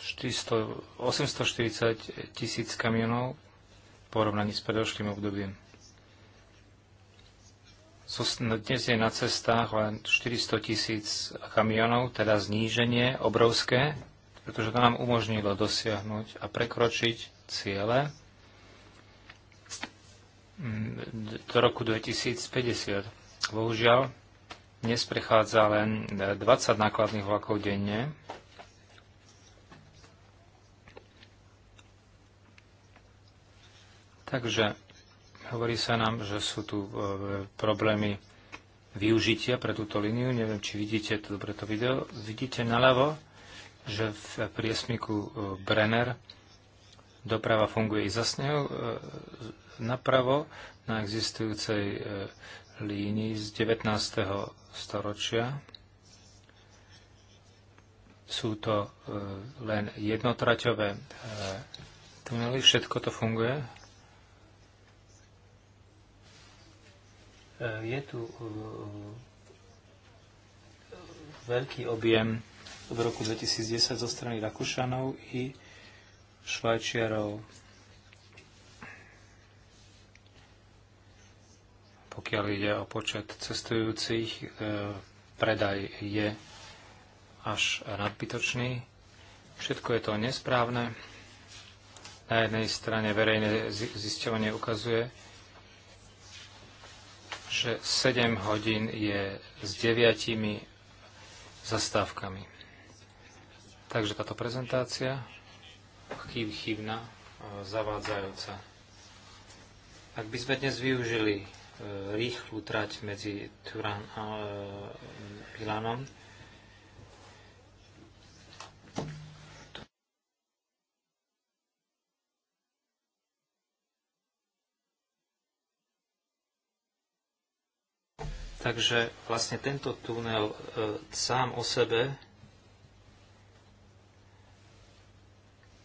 400, 840 tisíc kamionov v porovnaní s predošlým obdobím. Sú, no, dnes je na cestách len 400 tisíc kamionov, teda zníženie obrovské, pretože to nám umožnilo dosiahnuť a prekročiť ciele mm, do roku 2050. Bohužiaľ, dnes prechádza len 20 nákladných vlakov denne, Takže Hovorí sa nám, že sú tu e, problémy využitia pre túto líniu. Neviem, či vidíte to dobre to video. Vidíte naľavo, že v priesmiku e, Brenner doprava funguje i za snehu. E, napravo na existujúcej línii z 19. storočia sú to len jednotraťové tunely. Všetko to funguje Je tu uh, veľký objem v roku 2010 zo strany Rakúšanov i Švajčiarov. Pokiaľ ide o počet cestujúcich, uh, predaj je až nadbytočný. Všetko je to nesprávne. Na jednej strane verejné zisťovanie ukazuje, že 7 hodín je s 9 zastávkami. Takže táto prezentácia chyb, chybná, e, zavádzajúca. Ak by sme dnes využili e, rýchlu trať medzi Turán a Milánom, e, Takže vlastne tento tunel e, sám o sebe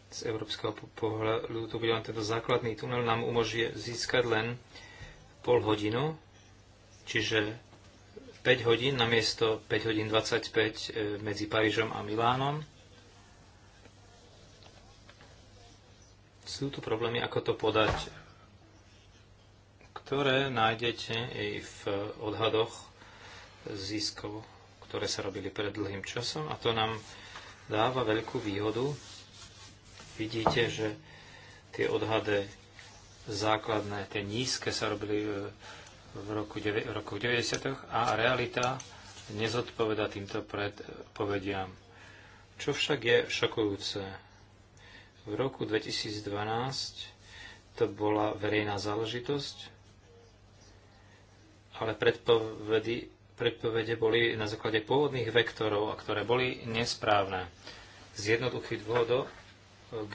z európskeho pohľadu, tu bude len tento základný tunel, nám umožní získať len pol hodinu, čiže 5 hodín namiesto 5 hodín 25 e, medzi Parížom a Milánom. Sú tu problémy, ako to podať ktoré nájdete i v odhadoch ziskov, ktoré sa robili pred dlhým časom a to nám dáva veľkú výhodu. Vidíte, že tie odhady základné, tie nízke sa robili e, v roku, v roku 90. a realita nezodpoveda týmto predpovediam. Čo však je šokujúce. V roku 2012 to bola verejná záležitosť ale predpovedy, predpovede boli na základe pôvodných vektorov, a ktoré boli nesprávne. Z jednoduchých dôvodov eh,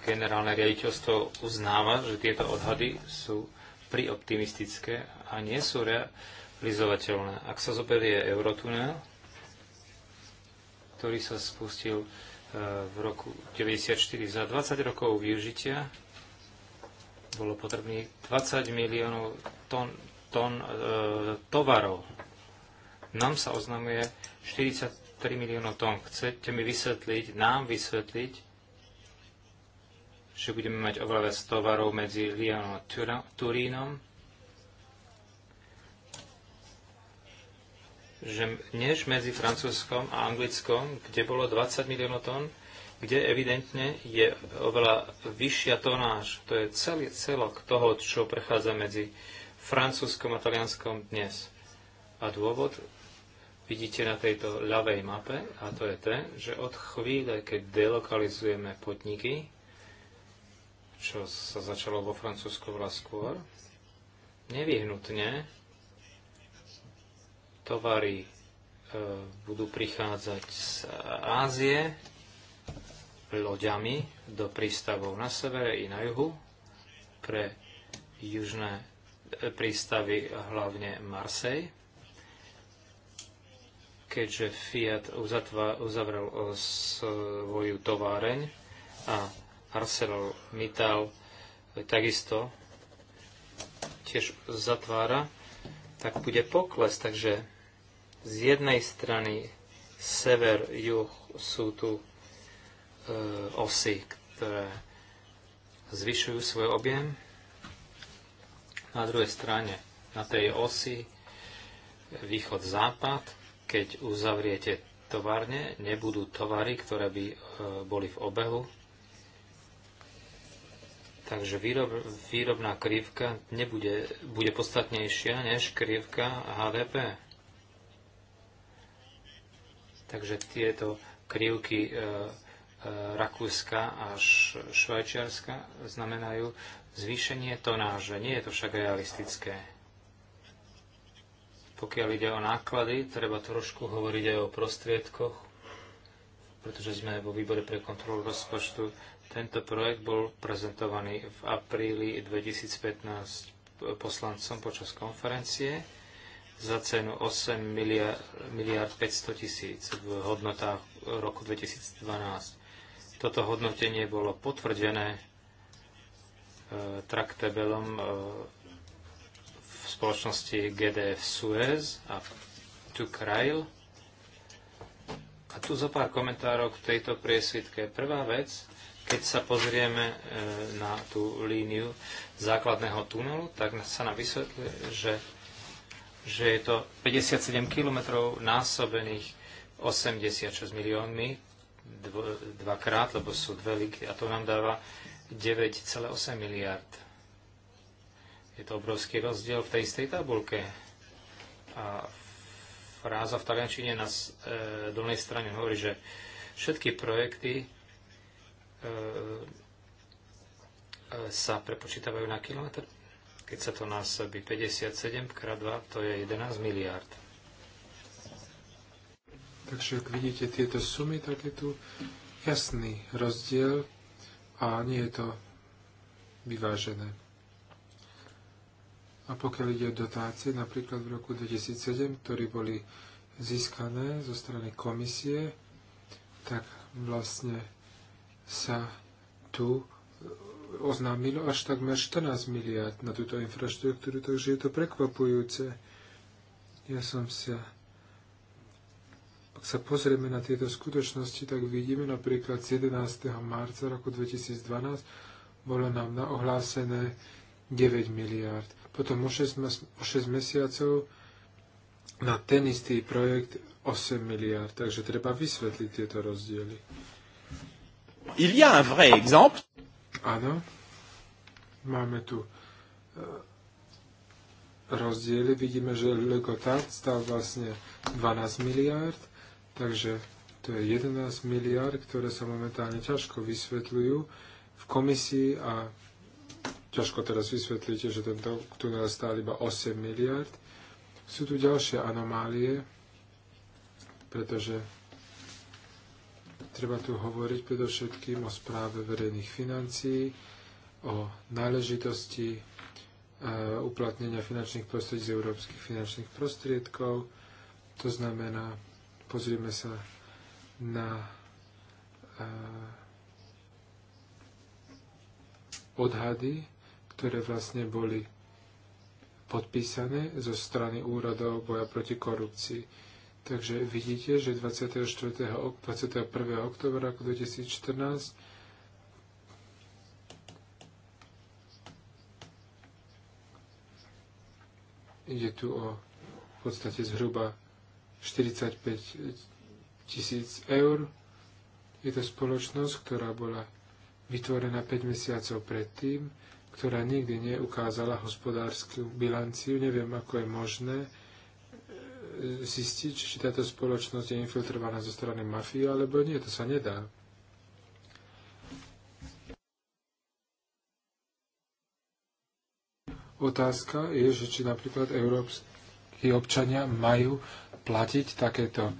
generálne riaditeľstvo uznáva, že tieto odhady sú prioptimistické a nie sú realizovateľné. Ak sa zoberie Eurotunel, ktorý sa spustil eh, v roku 1994 za 20 rokov využitia, bolo potrebných 20 miliónov tón tón e, tovarov. Nám sa oznamuje 43 miliónov tón. Chcete mi vysvetliť, nám vysvetliť, že budeme mať oveľa viac tovarov medzi Lyonom a Turínom, že než medzi francúzskom a anglickom, kde bolo 20 miliónov tón, kde evidentne je oveľa vyššia tonáž. To je celý celok toho, čo prechádza medzi francúzskom a talianskom dnes. A dôvod vidíte na tejto ľavej mape, a to je ten, že od chvíle, keď delokalizujeme podniky, čo sa začalo vo Francúzsku veľa skôr, nevyhnutne tovary e, budú prichádzať z Ázie loďami do prístavov na severe i na juhu pre južné prístavy, hlavne Marsej. keďže Fiat uzavrel e, svoju továreň a Mittal e, takisto tiež zatvára, tak bude pokles. Takže z jednej strany sever, juh sú tu e, osy, ktoré zvyšujú svoj objem na druhej strane, na tej osi východ-západ, keď uzavriete továrne, nebudú tovary, ktoré by e, boli v obehu. Takže výrob, výrobná krivka nebude, bude podstatnejšia než krivka HDP. Takže tieto krivky e, Rakúska a Švajčiarska znamenajú zvýšenie tonáže. Nie je to však realistické. Pokiaľ ide o náklady, treba trošku hovoriť aj o prostriedkoch, pretože sme vo výbore pre kontrolu rozpočtu. Tento projekt bol prezentovaný v apríli 2015 poslancom počas konferencie za cenu 8 miliard, miliard 500 tisíc v hodnotách roku 2012 toto hodnotenie bolo potvrdené e, traktebelom e, v spoločnosti GDF Suez a tu Krail. A tu zo pár komentárov k tejto priesvitke. Prvá vec, keď sa pozrieme e, na tú líniu základného tunelu, tak sa nám vysvetľuje, že, že je to 57 km násobených 86 miliónmi dvakrát, lebo sú dve liky a to nám dáva 9,8 miliard. Je to obrovský rozdiel v tej istej tabulke. A fráza v Taliančine na e, dolnej strane hovorí, že všetky projekty e, e, sa prepočítavajú na kilometr. Keď sa to násobí 57 krát 2, to je 11 miliard. Takže ak vidíte tieto sumy, tak je tu jasný rozdiel a nie je to vyvážené. A pokiaľ ide o dotácie, napríklad v roku 2007, ktorí boli získané zo strany komisie, tak vlastne sa tu oznámilo až takmer 14 miliard na túto infraštruktúru, takže je to prekvapujúce. Ja som sa sa pozrieme na tieto skutočnosti, tak vidíme napríklad z 11. marca roku 2012 bolo nám na ohlásené 9 miliárd. Potom o 6, o 6 mesiacov na ten istý projekt 8 miliárd. Takže treba vysvetliť tieto rozdiely. Il y a un vrai exemple. Áno. Máme tu eh, rozdiely. Vidíme, že Legotard stal vlastne 12 miliárd Takže to je 11 miliard, ktoré sa momentálne ťažko vysvetľujú v komisii a ťažko teraz vysvetlíte, že tento tunel stál iba 8 miliard. Sú tu ďalšie anomálie, pretože treba tu hovoriť predovšetkým o správe verejných financií, o náležitosti e, uplatnenia finančných prostriedí z európskych finančných prostriedkov. To znamená, Pozrieme sa na e, odhady, ktoré vlastne boli podpísané zo strany úradov boja proti korupcii. Takže vidíte, že 24. 21. oktobra roku 2014 ide tu o v podstate zhruba 45 tisíc eur. Je to spoločnosť, ktorá bola vytvorená 5 mesiacov predtým, ktorá nikdy neukázala hospodárskú bilanciu. Neviem, ako je možné e, zistiť, či táto spoločnosť je infiltrovaná zo strany mafie, alebo nie. To sa nedá. Otázka je, že či napríklad európsky občania majú platiť takéto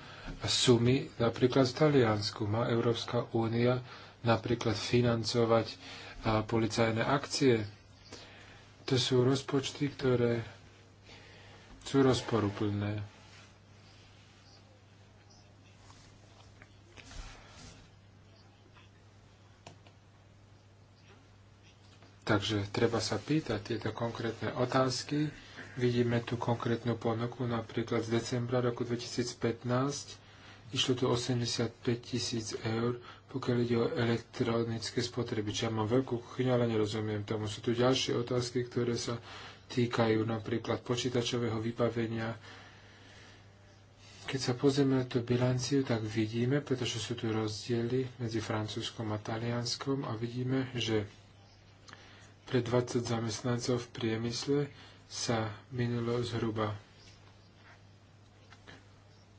sumy napríklad v Taliansku. Má Európska únia napríklad financovať policajné akcie. To sú rozpočty, ktoré sú rozporuplné. Takže treba sa pýtať tieto konkrétne otázky Vidíme tu konkrétnu ponuku, napríklad z decembra roku 2015 išlo tu 85 tisíc eur, pokiaľ ide o elektronické Čiže Ja mám veľkú kuchyňu, ale nerozumiem tomu. Sú tu ďalšie otázky, ktoré sa týkajú napríklad počítačového vybavenia. Keď sa pozrieme na tú bilanciu, tak vidíme, pretože sú tu rozdiely medzi francúzskom a talianskom a vidíme, že pre 20 zamestnancov v priemysle sa minulo zhruba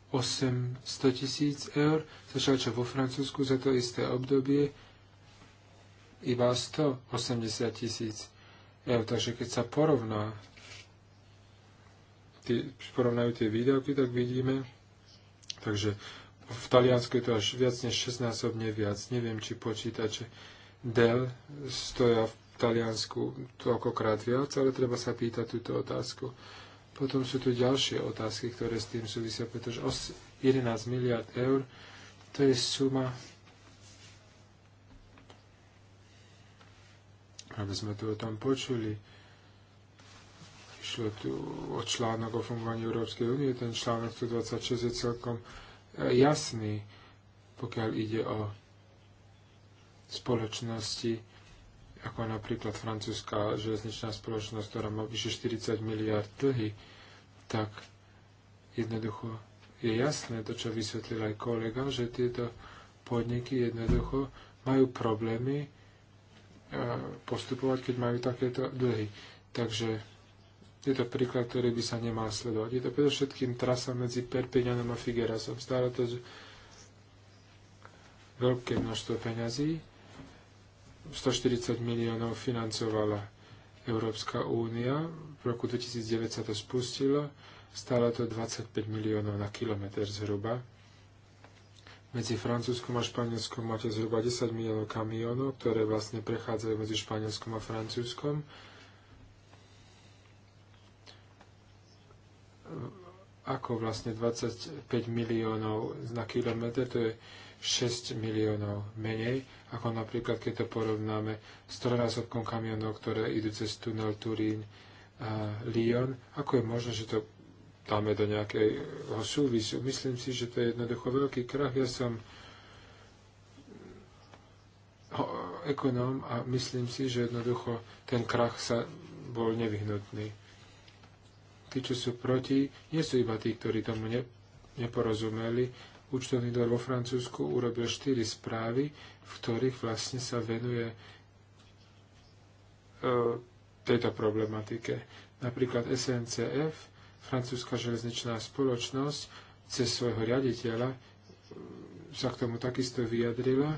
800 tisíc eur, zatiaľ čo vo Francúzsku za to isté obdobie iba 180 tisíc eur. Takže keď sa porovná, tí, porovnajú tie výdavky, tak vidíme, takže v Taliansku je to až viac než 16 viac. Neviem, či počítače Dell stoja v Taliansku toľkokrát viac, ale treba sa pýtať túto otázku. Potom sú tu ďalšie otázky, ktoré s tým súvisia, pretože 11 miliard eur to je suma, aby sme tu o tom počuli, išlo tu o článok o fungovaní Európskej únie, ten článok 126 je celkom e, jasný, pokiaľ ide o spoločnosti, ako napríklad francúzska železničná spoločnosť, ktorá má vyše 40 miliard dlhy, tak jednoducho je jasné to, čo vysvetlil aj kolega, že tieto podniky jednoducho majú problémy e, postupovať, keď majú takéto dlhy. Takže je to príklad, ktorý by sa nemal sledovať. Je to predovšetkým trasa medzi perpeňanom a Figerasom. Stále to veľké množstvo peňazí 140 miliónov financovala Európska únia. V roku 2009 sa to spustilo. Stalo to 25 miliónov na kilometr zhruba. Medzi Francúzskom a Španielskom máte zhruba 10 miliónov kamionov, ktoré vlastne prechádzajú medzi Španielskom a Francúzskom. Ako vlastne 25 miliónov na kilometr, to je 6 miliónov menej ako napríklad keď to porovnáme s trojnásobkom kamionov, ktoré idú cez tunel Turín a Lyon, ako je možné, že to dáme do nejakého súvisu. Myslím si, že to je jednoducho veľký krach. Ja som ekonóm a myslím si, že jednoducho ten krach sa bol nevyhnutný. Tí, čo sú proti, nie sú iba tí, ktorí tomu neporozumeli, Účtovný dvor vo Francúzsku urobil štyri správy, v ktorých vlastne sa venuje e, tejto problematike. Napríklad SNCF, Francúzska železničná spoločnosť, cez svojho riaditeľa e, sa k tomu takisto vyjadrila.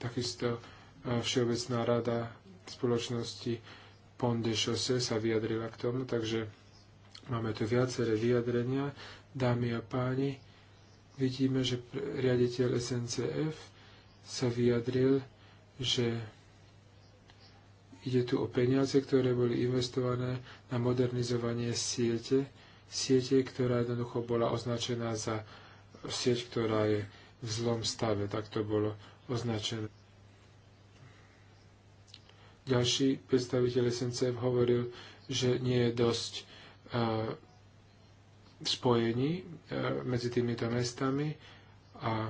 Takisto e, Všeobecná rada spoločnosti Pont de Chausse sa vyjadrila k tomu, takže máme tu viaceré vyjadrenia. Dámy a páni, vidíme, že riaditeľ SNCF sa vyjadril, že ide tu o peniaze, ktoré boli investované na modernizovanie siete, siete, ktorá jednoducho bola označená za sieť, ktorá je v zlom stave, tak to bolo označené. Ďalší predstaviteľ SNCF hovoril, že nie je dosť uh, v spojení e, medzi týmito mestami a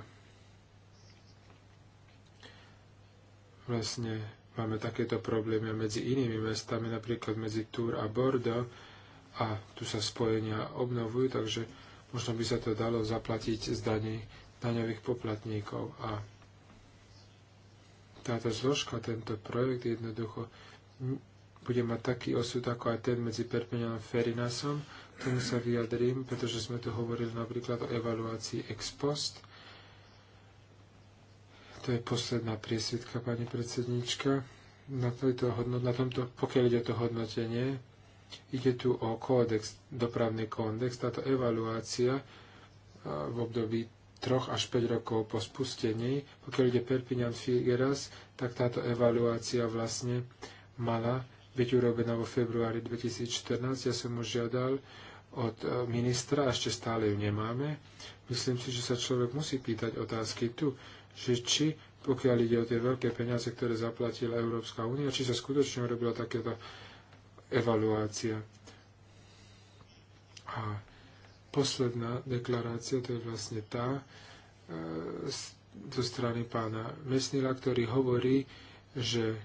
vlastne máme takéto problémy medzi inými mestami, napríklad medzi Tur a Bordeaux a tu sa spojenia obnovujú, takže možno by sa to dalo zaplatiť z daní daňových poplatníkov. A táto zložka, tento projekt jednoducho bude mať taký osud ako aj ten medzi Perpignan a Ferinasom, tomu sa vyjadrím, pretože sme tu hovorili napríklad o evaluácii ex post. To je posledná priesvitka, pani predsednička. Na, tejto hodnot, na tomto, pokiaľ ide to hodnotenie, ide tu o kódex, dopravný kódex. Táto evaluácia v období 3 až 5 rokov po spustení, pokiaľ ide Perpignan Figueras, tak táto evaluácia vlastne mala byť urobená vo februári 2014. Ja som mu žiadal, od e, ministra, ešte stále ju nemáme. Myslím si, že sa človek musí pýtať otázky tu, že či pokiaľ ide o tie veľké peniaze, ktoré zaplatila Európska únia, či sa skutočne urobila takéto evaluácia. A posledná deklarácia, to je vlastne tá e, zo strany pána Mesnila, ktorý hovorí, že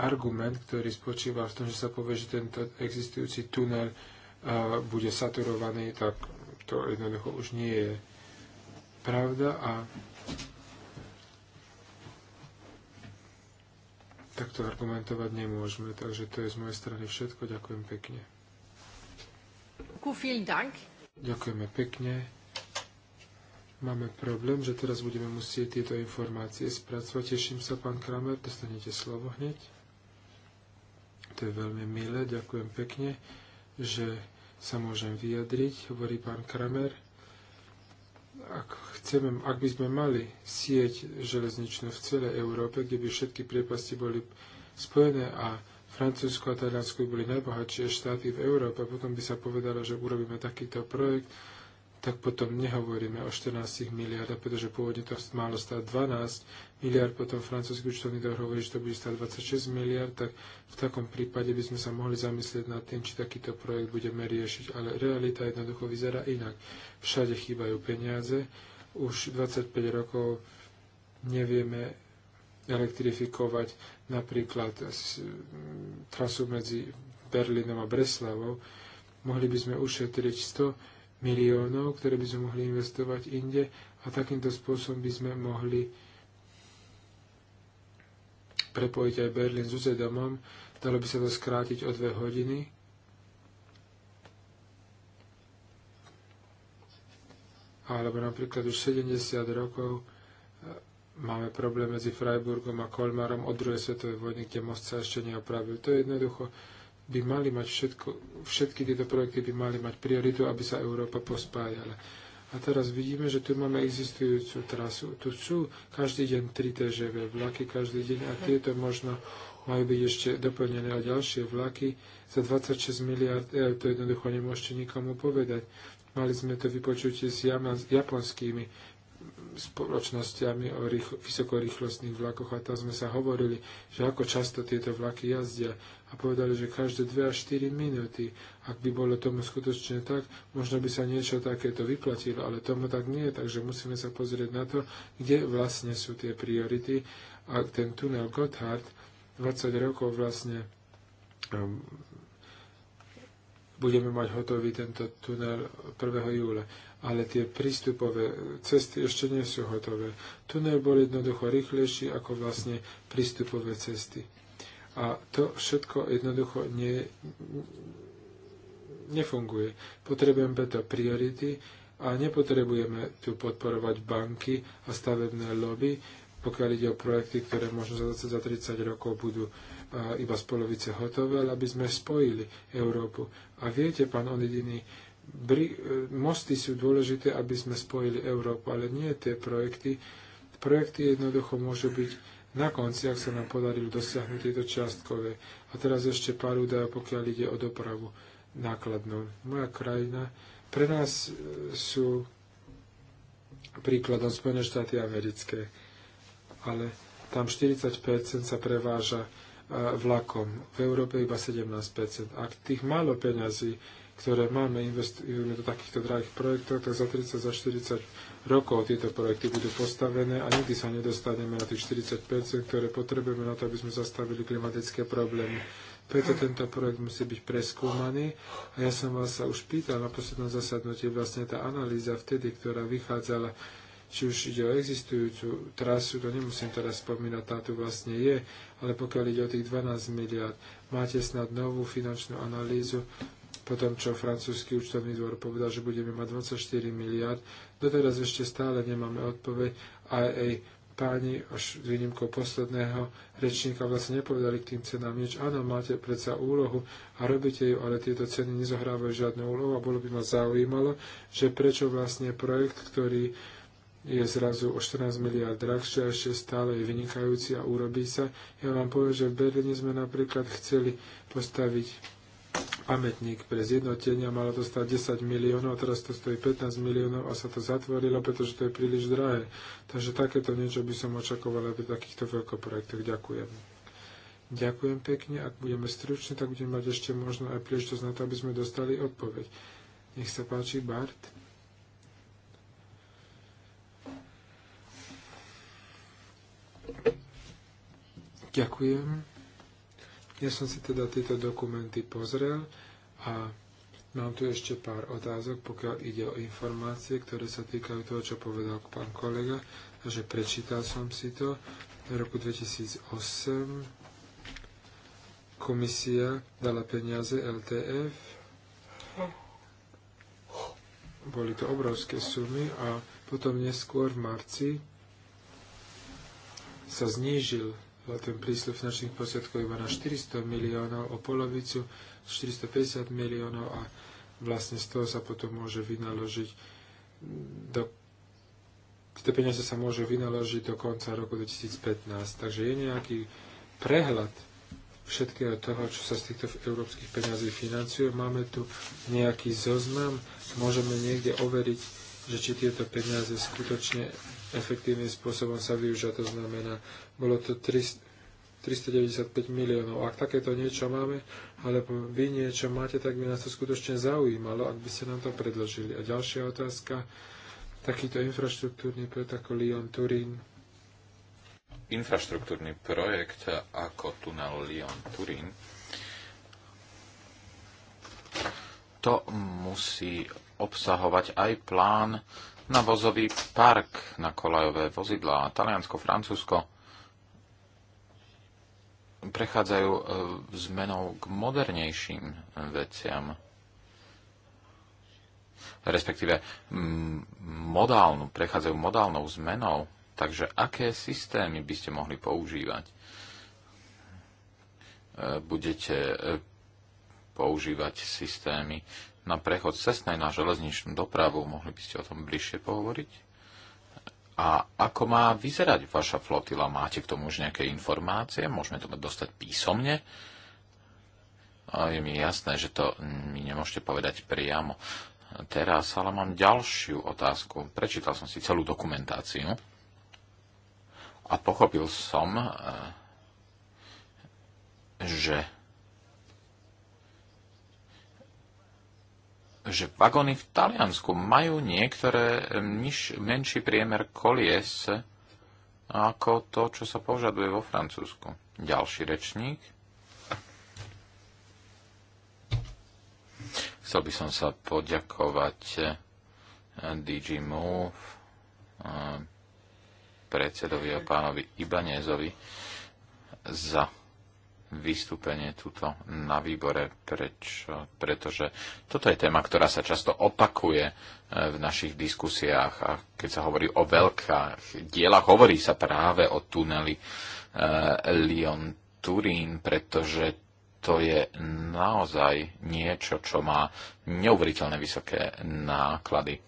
argument, ktorý spočíva v tom, že sa povie, že tento existujúci tunel bude saturovaný, tak to jednoducho už nie je pravda a takto argumentovať nemôžeme. Takže to je z mojej strany všetko. Ďakujem pekne. Ďakujeme pekne. Máme problém, že teraz budeme musieť tieto informácie spracovať. Teším sa, pán Kramer, dostanete slovo hneď. To je veľmi milé, ďakujem pekne, že sa môžem vyjadriť, hovorí pán Kramer. Ak, chceme, ak by sme mali sieť železničnú v celej Európe, kde by všetky priepasti boli spojené a Francúzsko a Taliansko boli najbohatšie štáty v Európe, potom by sa povedalo, že urobíme takýto projekt, tak potom nehovoríme o 14 miliardách, pretože pôvodne to malo stať 12 miliard, potom francúzsky účtovný dlh hovorí, že to bude stať 26 miliard, tak v takom prípade by sme sa mohli zamyslieť nad tým, či takýto projekt budeme riešiť. Ale realita jednoducho vyzerá inak. Všade chýbajú peniaze. Už 25 rokov nevieme elektrifikovať napríklad trasu medzi Berlínom a Breslavou. Mohli by sme ušetriť 100 miliónov, ktoré by sme mohli investovať inde a takýmto spôsobom by sme mohli prepojiť aj Berlín s domom, Dalo by sa to skrátiť o dve hodiny. Alebo napríklad už 70 rokov e, máme problém medzi Freiburgom a Kolmarom od druhej svetovej vojny, kde most sa ešte neopravil. To je jednoducho by mali mať všetko, všetky tieto projekty by mali mať prioritu, aby sa Európa pospájala. A teraz vidíme, že tu máme existujúcu trasu. Tu sú každý deň 3 TŽV vlaky, každý deň a tieto možno majú byť ešte doplnené a ďalšie vlaky. Za 26 miliard eur to jednoducho nemôžete nikomu povedať. Mali sme to vypočutie s japonskými spoločnosťami o rýchlo, vysokorýchlostných vlakoch a tam sme sa hovorili, že ako často tieto vlaky jazdia a povedali, že každé 2 až 4 minúty, ak by bolo tomu skutočne tak, možno by sa niečo takéto vyplatilo, ale tomu tak nie, takže musíme sa pozrieť na to, kde vlastne sú tie priority a ten tunel Gotthard 20 rokov vlastne um, budeme mať hotový tento tunel 1. júla. Ale tie prístupové cesty ešte nie sú hotové. Tunel bol jednoducho rýchlejší ako vlastne prístupové cesty. A to všetko jednoducho nie, nefunguje. Potrebujeme preto priority a nepotrebujeme tu podporovať banky a stavebné lobby, pokiaľ ide o projekty, ktoré možno za 20, za 30 rokov budú iba z polovice hotové, ale aby sme spojili Európu. A viete, pán Onidiny, e, mosty sú dôležité, aby sme spojili Európu, ale nie tie projekty. Projekty jednoducho môžu byť na konci, ak sa nám podarilo dosiahnuť tieto čiastkové. A teraz ešte pár údajov, pokiaľ ide o dopravu nákladnú. Moja krajina, pre nás e, sú príkladom Spojené štáty americké, ale tam 40% sa preváža e, vlakom, v Európe iba 17%. Ak tých málo peňazí, ktoré máme, investujeme do takýchto drahých projektov, tak za 30, za 40 rokov tieto projekty budú postavené a nikdy sa nedostaneme na tých 40 ktoré potrebujeme na to, aby sme zastavili klimatické problémy. Preto tento projekt musí byť preskúmaný a ja som vás sa už pýtal na poslednom zasadnutí vlastne tá analýza vtedy, ktorá vychádzala či už ide o existujúcu trasu, to nemusím teraz spomínať, tá tu vlastne je, ale pokiaľ ide o tých 12 miliard, máte snad novú finančnú analýzu, potom čo francúzsky účtovný dvor povedal, že budeme mať 24 miliard. Doteraz ešte stále nemáme odpoveď aj aj páni, až výnimkou posledného rečníka, vlastne nepovedali k tým cenám nič. Áno, máte predsa úlohu a robíte ju, ale tieto ceny nezohrávajú žiadnu úlohu a bolo by ma zaujímalo, že prečo vlastne projekt, ktorý je zrazu o 14 miliard drahšie a ešte stále je vynikajúci a urobí sa. Ja vám poviem, že v Berlíne sme napríklad chceli postaviť pamätník pre zjednotenia, malo to stať 10 miliónov, a teraz to stojí 15 miliónov a sa to zatvorilo, pretože to je príliš drahé. Takže takéto niečo by som aj pri takýchto veľkoprojektoch. Ďakujem. Ďakujem pekne. Ak budeme struční, tak budeme mať ešte možno aj príležitosť na to, aby sme dostali odpoveď. Nech sa páči, Bart. Ďakujem. Ja som si teda tieto dokumenty pozrel a mám tu ešte pár otázok, pokiaľ ide o informácie, ktoré sa týkajú toho, čo povedal pán kolega. Takže prečítal som si to. V roku 2008 komisia dala peniaze LTF. Boli to obrovské sumy a potom neskôr v marci sa znížil ten prísľub finančných prostriedkov iba na 400 miliónov o polovicu, 450 miliónov a vlastne z toho sa potom môže vynaložiť do tieto peniaze sa môžu vynaložiť do konca roku 2015. Takže je nejaký prehľad všetkého toho, čo sa z týchto európskych peniazí financuje. Máme tu nejaký zoznam, môžeme niekde overiť, že či tieto peniaze skutočne efektívnym spôsobom sa využia. To znamená, bolo to 395 miliónov. Ak takéto niečo máme, alebo vy niečo máte, tak by nás to skutočne zaujímalo, ak by ste nám to predložili. A ďalšia otázka, takýto infraštruktúrny projekt ako Lyon-Turín. Infraštruktúrny projekt ako tunel Lyon-Turín to musí obsahovať aj plán na vozový park, na kolajové vozidlá. Taliansko, Francúzsko prechádzajú zmenou e, k modernejším e, veciam respektíve modálnu, prechádzajú modálnou zmenou. Takže aké systémy by ste mohli používať? E, budete používať systémy na prechod cestnej na železničnú dopravu. Mohli by ste o tom bližšie pohovoriť? A ako má vyzerať vaša flotila? Máte k tomu už nejaké informácie? Môžeme to dostať písomne? A je mi jasné, že to mi nemôžete povedať priamo. Teraz ale mám ďalšiu otázku. Prečítal som si celú dokumentáciu a pochopil som, eh, že že vagóny v Taliansku majú niektoré niž, menší priemer kolies ako to, čo sa požaduje vo Francúzsku. Ďalší rečník. Chcel by som sa poďakovať eh, DG Move, eh, predsedovi a pánovi Ibanezovi za vystúpenie tuto na výbore, prečo? pretože toto je téma, ktorá sa často opakuje e, v našich diskusiách a keď sa hovorí o veľkých dielach, hovorí sa práve o tuneli e, Lyon-Turín, pretože to je naozaj niečo, čo má neuveriteľne vysoké náklady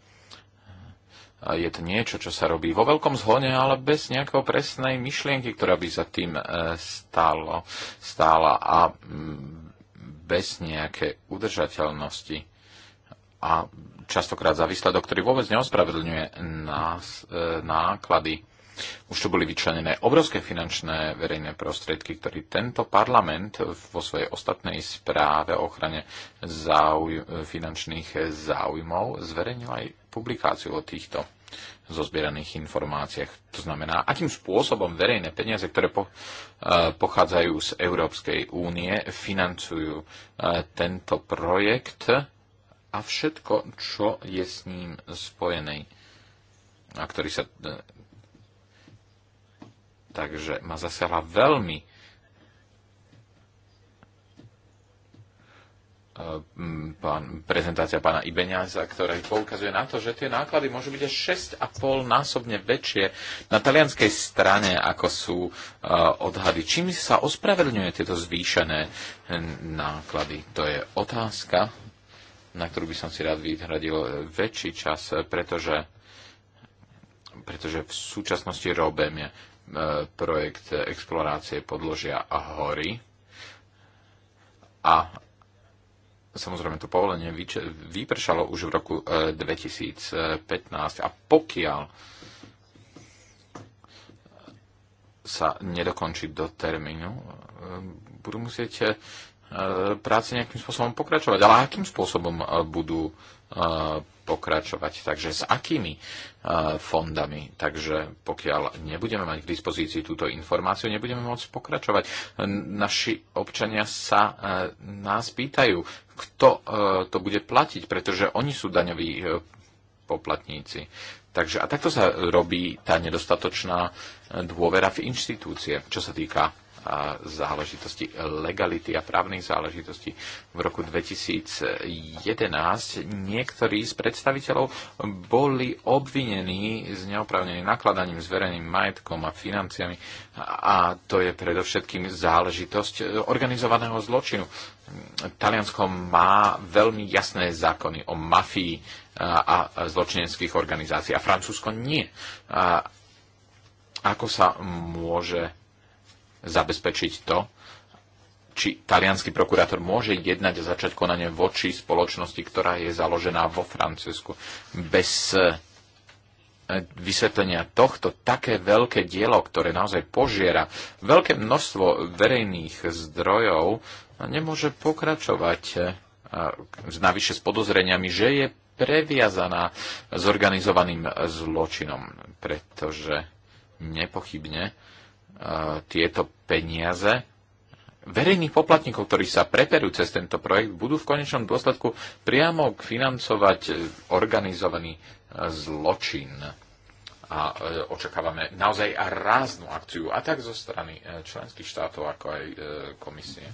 je to niečo, čo sa robí vo veľkom zhone, ale bez nejakého presnej myšlienky, ktorá by za tým e, stálo, stála a mm, bez nejakej udržateľnosti a častokrát za výsledok, ktorý vôbec neospravedlňuje nás, e, náklady. Už tu boli vyčlenené obrovské finančné verejné prostriedky, ktorý tento parlament vo svojej ostatnej správe o ochrane záuj- finančných záujmov zverejnil aj publikáciu o týchto zo zbieraných informáciách. To znamená, akým spôsobom verejné peniaze, ktoré po, e, pochádzajú z Európskej únie, financujú e, tento projekt a všetko, čo je s ním spojené a ktorý sa... E, takže ma zasiahla veľmi Eh, pán, prezentácia pána Ibeňáza, ktorý poukazuje na to, že tie náklady môžu byť až 6,5 násobne väčšie na talianskej strane, ako sú eh, odhady. Čím sa ospravedlňuje tieto zvýšené eh, náklady? To je otázka, na ktorú by som si rád vyhradil väčší čas, pretože, pretože v súčasnosti robím projekt explorácie podložia a hory a Samozrejme, to povolenie vypršalo už v roku 2015 e, a pokiaľ sa nedokončí do termínu, e, budú musieť e, E, práce nejakým spôsobom pokračovať. Ale akým spôsobom e, budú e, pokračovať? Takže s akými fondami? Takže pokiaľ nebudeme mať k dispozícii túto informáciu, nebudeme môcť pokračovať. Naši občania sa nás pýtajú, kto to bude platiť, pretože oni sú daňoví poplatníci. Takže a takto sa robí tá nedostatočná dôvera v inštitúcie, čo sa týka záležitosti legality a právnych záležitostí. V roku 2011 niektorí z predstaviteľov boli obvinení z neoprávneným nakladaním s verejným majetkom a financiami a to je predovšetkým záležitosť organizovaného zločinu. Taliansko má veľmi jasné zákony o mafii a zločineckých organizácií a Francúzsko nie. A ako sa môže zabezpečiť to, či talianský prokurátor môže jednať a začať konanie voči spoločnosti, ktorá je založená vo Francúzsku. Bez e, vysvetlenia tohto také veľké dielo, ktoré naozaj požiera veľké množstvo verejných zdrojov, nemôže pokračovať e, navyše s podozreniami, že je previazaná s organizovaným zločinom, pretože nepochybne tieto peniaze verejných poplatníkov, ktorí sa preperú cez tento projekt, budú v konečnom dôsledku priamo financovať e, organizovaný e, zločin. A e, očakávame naozaj ráznu akciu, a tak zo strany členských štátov, ako aj komisie.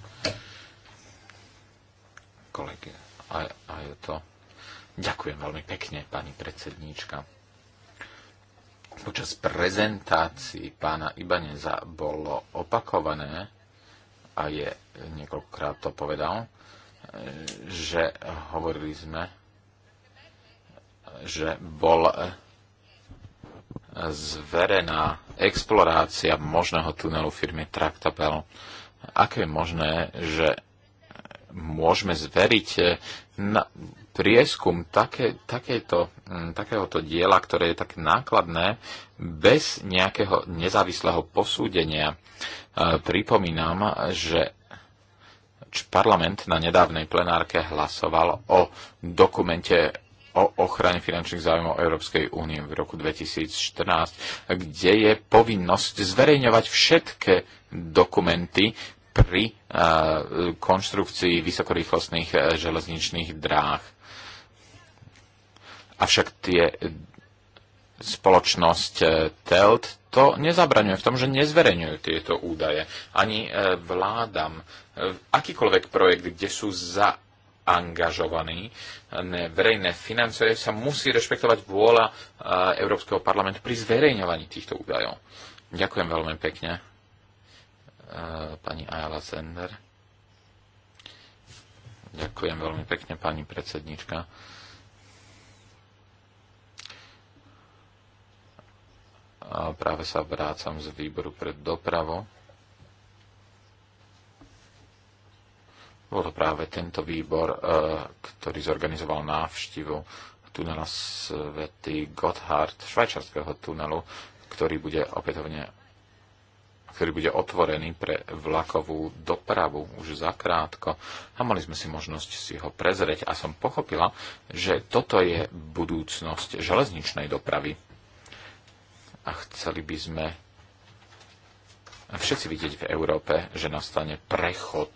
Kolegy, aj, aj to. Ďakujem veľmi pekne, pani predsedníčka. Počas prezentácií pána Ibaneza bolo opakované, a je niekoľkokrát to povedal, e, že hovorili sme, že bol e, zverená explorácia možného tunelu firmy Tractapel. Aké je možné, že môžeme zveriť e, na prieskum také, takéto, mm, takéhoto diela, ktoré je tak nákladné, bez nejakého nezávislého posúdenia. E, pripomínam, že parlament na nedávnej plenárke hlasoval o dokumente o ochrane finančných záujmov Európskej únie v roku 2014, kde je povinnosť zverejňovať všetky dokumenty pri e, konštrukcii vysokorýchlostných e, železničných dráh. Avšak tie spoločnosť e, TELT to nezabraňuje v tom, že nezverejňujú tieto údaje. Ani e, vládam e, akýkoľvek projekt, kde sú za angažovaní. Verejné financie sa musí rešpektovať vôľa Európskeho parlamentu pri zverejňovaní týchto údajov. Ďakujem veľmi pekne, pani Ayala Sender. Ďakujem veľmi pekne, pani predsednička. A práve sa vrácam z výboru pre dopravu. Bol to práve tento výbor, e, ktorý zorganizoval návštivu tunela svety Gotthard, švajčarského tunelu, ktorý bude opätovne ktorý bude otvorený pre vlakovú dopravu už zakrátko a mali sme si možnosť si ho prezrieť a som pochopila, že toto je budúcnosť železničnej dopravy a chceli by sme všetci vidieť v Európe, že nastane prechod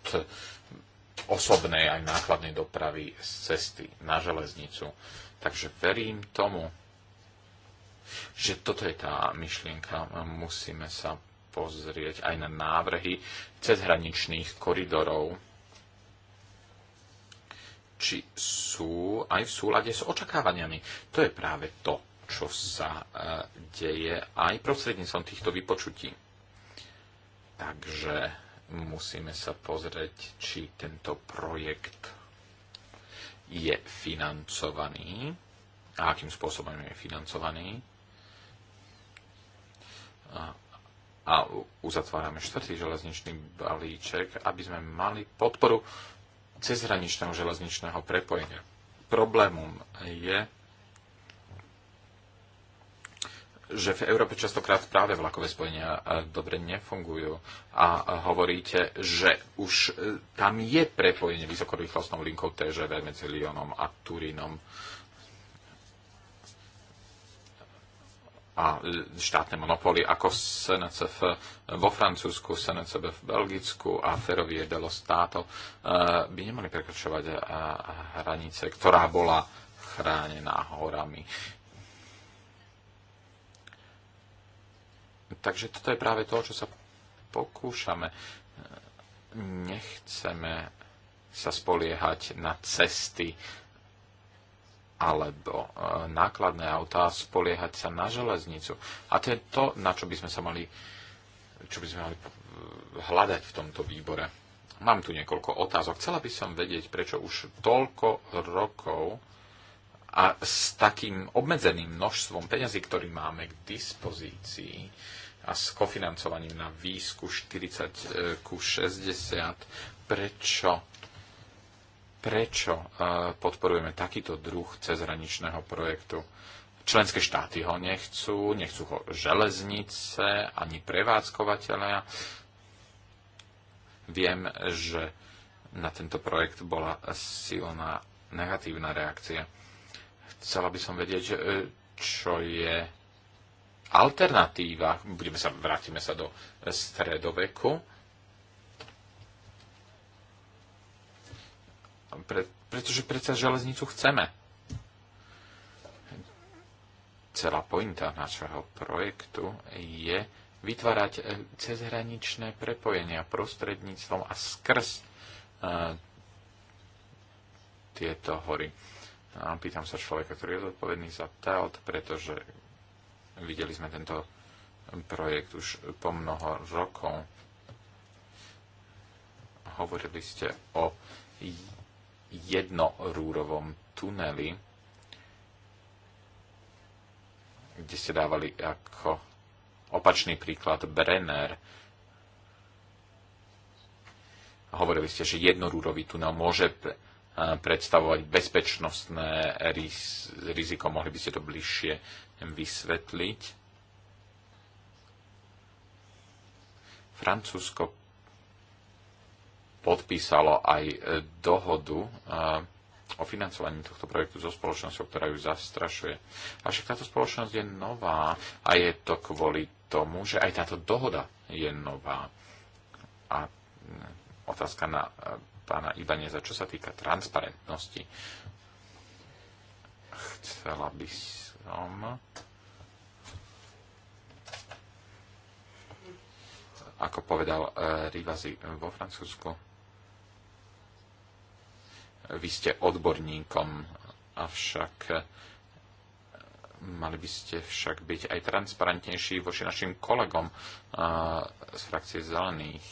osobnej aj nákladnej dopravy z cesty na železnicu. Takže verím tomu, že toto je tá myšlienka. Musíme sa pozrieť aj na návrhy cezhraničných koridorov, či sú aj v súlade s očakávaniami. To je práve to, čo sa e, deje aj prostredníctvom týchto vypočutí. Takže musíme sa pozrieť, či tento projekt je financovaný a akým spôsobom je financovaný. A, a uzatvárame štvrtý železničný balíček, aby sme mali podporu cezhraničného železničného prepojenia. Problémom je, že v Európe častokrát práve vlakové spojenia e, dobre nefungujú a e, hovoríte, že už e, tam je prepojenie vysokorýchlostnou linkou TGV medzi Lyonom a Turínom a štátne monopóly ako SNCF vo Francúzsku, SNCB v Belgicku a ferovie dello Stato by nemali prekračovať hranice, ktorá bola chránená horami. Takže toto je práve to, čo sa pokúšame. Nechceme sa spoliehať na cesty alebo e, nákladné autá, spoliehať sa na železnicu. A to je to, na čo by sme sa mali, čo by sme mali hľadať v tomto výbore. Mám tu niekoľko otázok. Chcela by som vedieť, prečo už toľko rokov a s takým obmedzeným množstvom peňazí, ktorý máme k dispozícii, a s kofinancovaním na výsku 40 e, ku 60. Prečo, prečo e, podporujeme takýto druh cezhraničného projektu? Členské štáty ho nechcú, nechcú ho železnice, ani prevádzkovateľia. Viem, že na tento projekt bola silná negatívna reakcia. Chcela by som vedieť, e, čo je Alternatíva, budeme sa, vrátime sa do stredoveku, pre, pretože predsa železnicu chceme. Celá pointa našeho projektu je vytvárať eh, cezhraničné prepojenia prostredníctvom a skrz uh, tieto hory. A pýtam sa človeka, ktorý je zodpovedný za TELT, pretože Videli sme tento projekt už po mnoho rokov. Hovorili ste o jednorúrovom tuneli, kde ste dávali ako opačný príklad Brenner. Hovorili ste, že jednorúrový tunel môže eh, predstavovať bezpečnostné riziko. Mohli by ste to bližšie vysvetliť. Francúzsko podpísalo aj e, dohodu e, o financovaní tohto projektu so spoločnosťou, ktorá ju zastrašuje. Avšak táto spoločnosť je nová a je to kvôli tomu, že aj táto dohoda je nová. A mm, otázka na e, pána Ibaneza, čo sa týka transparentnosti. Chcela by si plánom, ako povedal eh, Rivasi eh, vo Francúzsku, vy ste odborníkom, avšak eh, mali by ste však byť aj transparentnejší voči našim kolegom z frakcie zelených.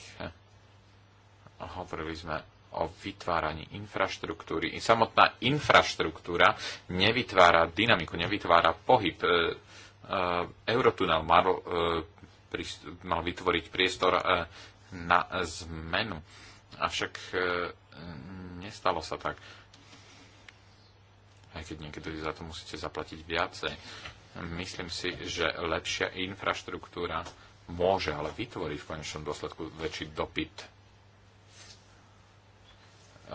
Hovorili sme o vytváraní infraštruktúry. Samotná infraštruktúra nevytvára dynamiku, nevytvára pohyb. E, e, Eurotunel mal, e, mal vytvoriť priestor na zmenu. Avšak nestalo sa tak. Aj keď niekedy za to musíte zaplatiť viacej. Myslím si, že lepšia infraštruktúra môže ale vytvoriť v konečnom dôsledku väčší dopyt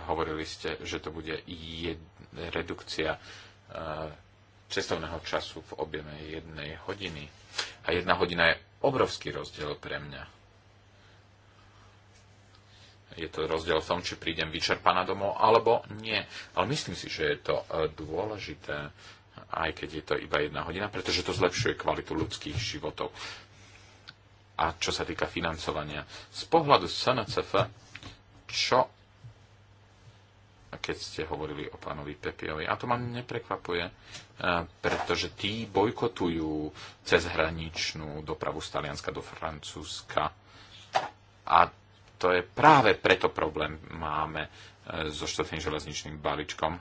Hovorili ste, že to bude redukcia e, cestovného času v objeme jednej hodiny. A jedna hodina je obrovský rozdiel pre mňa. Je to rozdiel v tom, či prídem vyčerpaná domov, alebo nie. Ale myslím si, že je to e, dôležité, aj keď je to iba jedna hodina, pretože to zlepšuje kvalitu ľudských životov. A čo sa týka financovania, z pohľadu SNCF, čo keď ste hovorili o pánovi Pepiovi. A to ma neprekvapuje, e, pretože tí bojkotujú cezhraničnú dopravu z Talianska do Francúzska. A to je práve preto problém máme e, so štvrtým železničným balíčkom,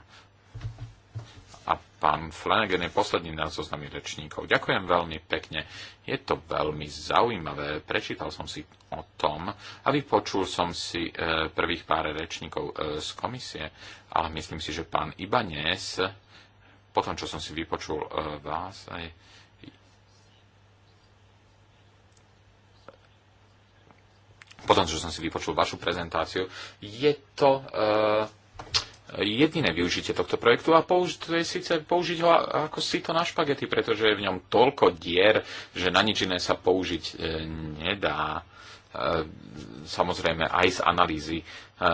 a pán Flanagan je posledným na zoznami rečníkov. Ďakujem veľmi pekne. Je to veľmi zaujímavé. Prečítal som si o tom a vypočul som si e, prvých pár rečníkov e, z komisie, ale myslím si, že pán Ibanez, po tom, čo som si vypočul e, vás, aj potom, čo som si vypočul vašu prezentáciu, je to E, jediné využitie tohto projektu a použi- to je síce použiť ho ako to na špagety, pretože je v ňom toľko dier, že na nič iné sa použiť e, nedá. E, samozrejme aj z analýzy e,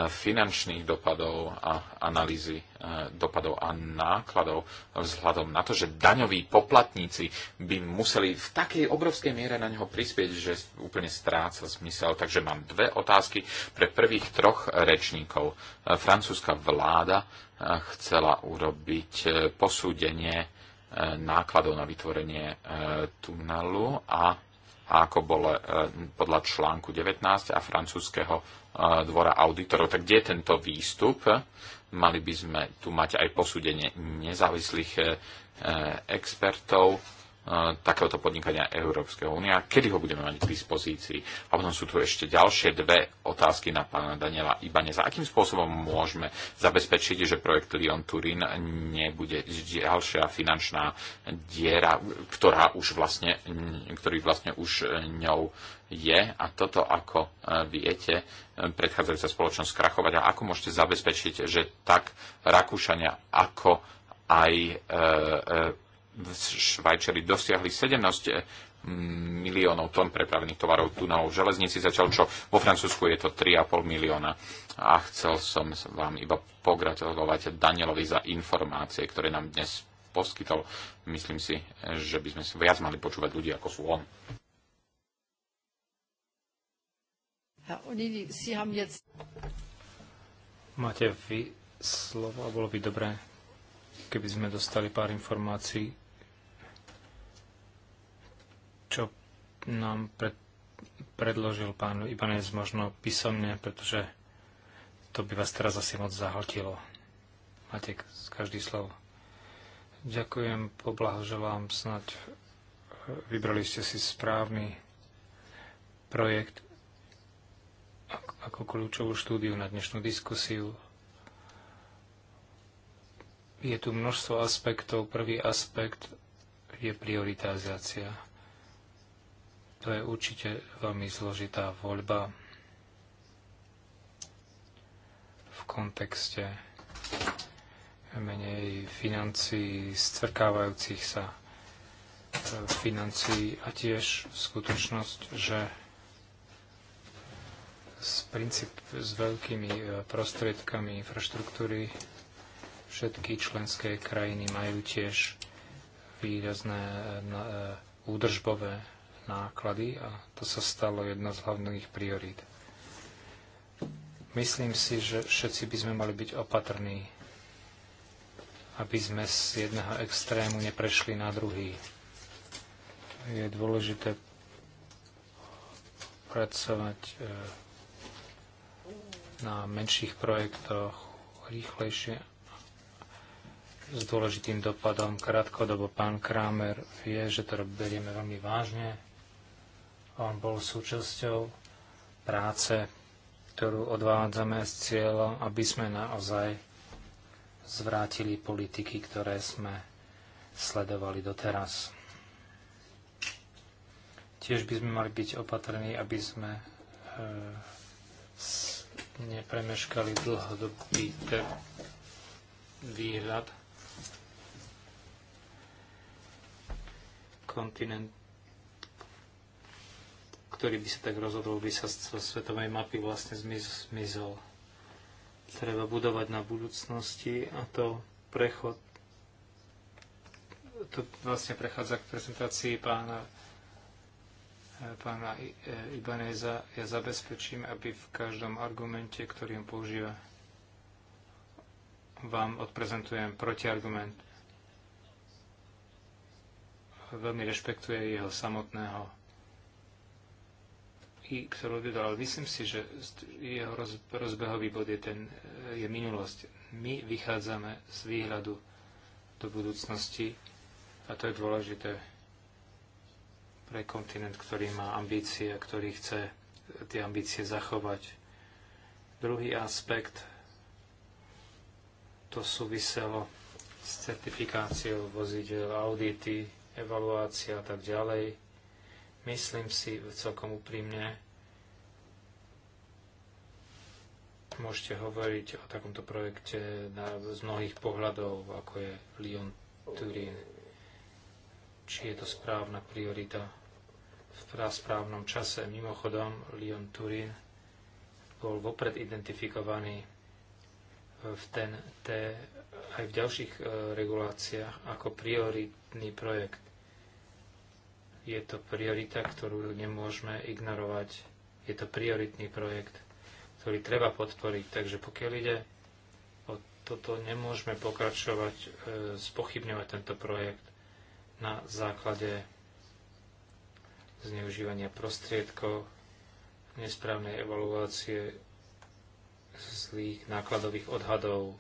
finančných dopadov a analýzy e, dopadov a nákladov vzhľadom na to, že daňoví poplatníci by museli v takej obrovskej miere na neho prispieť, že úplne stráca zmysel. Takže mám dve otázky pre prvých troch rečníkov. Francúzska vláda chcela urobiť posúdenie nákladov na vytvorenie tunelu a ako bolo e, podľa článku 19 a francúzského e, dvora auditorov. Tak kde je tento výstup? Mali by sme tu mať aj posúdenie nezávislých e, expertov E, takéhoto podnikania Európskej únie a kedy ho budeme mať k dispozícii. A potom sú tu ešte ďalšie dve otázky na pána Daniela Ibaneza. Akým spôsobom môžeme zabezpečiť, že projekt Lyon Turín nebude ďalšia finančná diera, ktorá už vlastne, ktorý vlastne už ňou je a toto, ako e, viete, predchádzajúca spoločnosť krachovať a ako môžete zabezpečiť, že tak Rakúšania ako aj e, e, švajčeri dosiahli 17 eh, miliónov tón prepravených tovarov tu na železnici, začal čo vo Francúzsku je to 3,5 milióna. A chcel som vám iba pogratulovať Danielovi za informácie, ktoré nám dnes poskytol. Myslím si, eh, že by sme si viac mali počúvať ľudí, ako sú on. Máte vy slovo a bolo by dobré, keby sme dostali pár informácií nám pred, predložil pán Ibanez možno písomne, pretože to by vás teraz asi moc zahltilo. Máte každý slovo. Ďakujem, poblahoželám, snať e, vybrali ste si správny projekt ako kľúčovú štúdiu na dnešnú diskusiu. Je tu množstvo aspektov. Prvý aspekt je prioritizácia to je určite veľmi zložitá voľba v kontexte menej financií, stvrkávajúcich sa e, financií a tiež skutočnosť, že s, princíp, s veľkými e, prostriedkami infraštruktúry všetky členské krajiny majú tiež výrazné e, údržbové náklady a to sa stalo jedna z hlavných priorít. Myslím si, že všetci by sme mali byť opatrní, aby sme z jedného extrému neprešli na druhý. Je dôležité pracovať e, na menších projektoch rýchlejšie s dôležitým dopadom krátkodobo. Pán Kramer vie, že to berieme veľmi vážne. On bol súčasťou práce, ktorú odvádzame s cieľom, aby sme naozaj zvrátili politiky, ktoré sme sledovali doteraz. Tiež by sme mali byť opatrní, aby sme e, nepremeškali dlhodobý výhľad kontinentu ktorý by sa tak rozhodol, by sa zo svetovej mapy vlastne zmizol. Treba budovať na budúcnosti a to prechod to vlastne prechádza k prezentácii pána, eh, pána eh, Ibaneza. Ja zabezpečím, aby v každom argumente, ktorý on používa, vám odprezentujem protiargument. Veľmi rešpektuje jeho samotného ktorú vydal. Myslím si, že jeho rozbehový bod je, ten, e, je minulosť. My vychádzame z výhľadu do budúcnosti a to je dôležité pre kontinent, ktorý má ambície a ktorý chce e, tie ambície zachovať. Druhý aspekt to súviselo s certifikáciou vozidel, audity, evaluácia a tak ďalej Myslím si celkom úprimne, môžete hovoriť o takomto projekte na, z mnohých pohľadov, ako je Lyon Turín, či je to správna priorita v správnom čase. Mimochodom, Lyon Turín bol vopred identifikovaný e, v ten, T aj v ďalších e, reguláciách ako prioritný projekt. Je to priorita, ktorú nemôžeme ignorovať. Je to prioritný projekt, ktorý treba podporiť. Takže pokiaľ ide o toto, nemôžeme pokračovať, e, spochybňovať tento projekt na základe zneužívania prostriedkov, nesprávnej evaluácie zlých nákladových odhadov.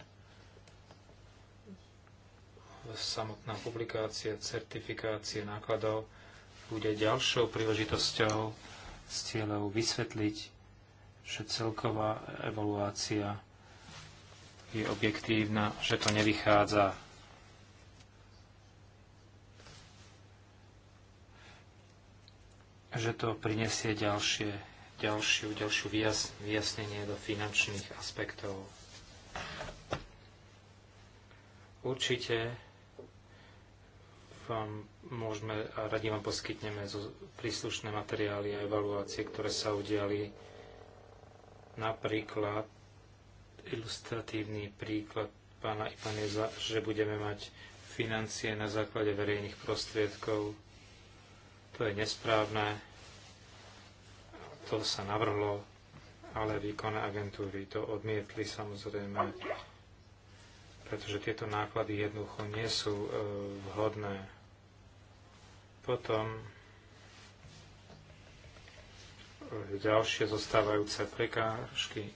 Samotná publikácia, certifikácie nákladov bude ďalšou príležitosťou s cieľou vysvetliť, že celková evaluácia je objektívna, že to nevychádza že to prinesie ďalšie, ďalšiu, ďalšiu vyjas, vyjasnenie do finančných aspektov. Určite vám môžeme a radi vám poskytneme príslušné materiály a evaluácie, ktoré sa udiali. Napríklad ilustratívny príklad pána Ipaneza, že budeme mať financie na základe verejných prostriedkov. To je nesprávne. To sa navrhlo, ale výkonné agentúry to odmietli samozrejme, pretože tieto náklady jednoducho nie sú e, vhodné potom e, ďalšie zostávajúce prekážky.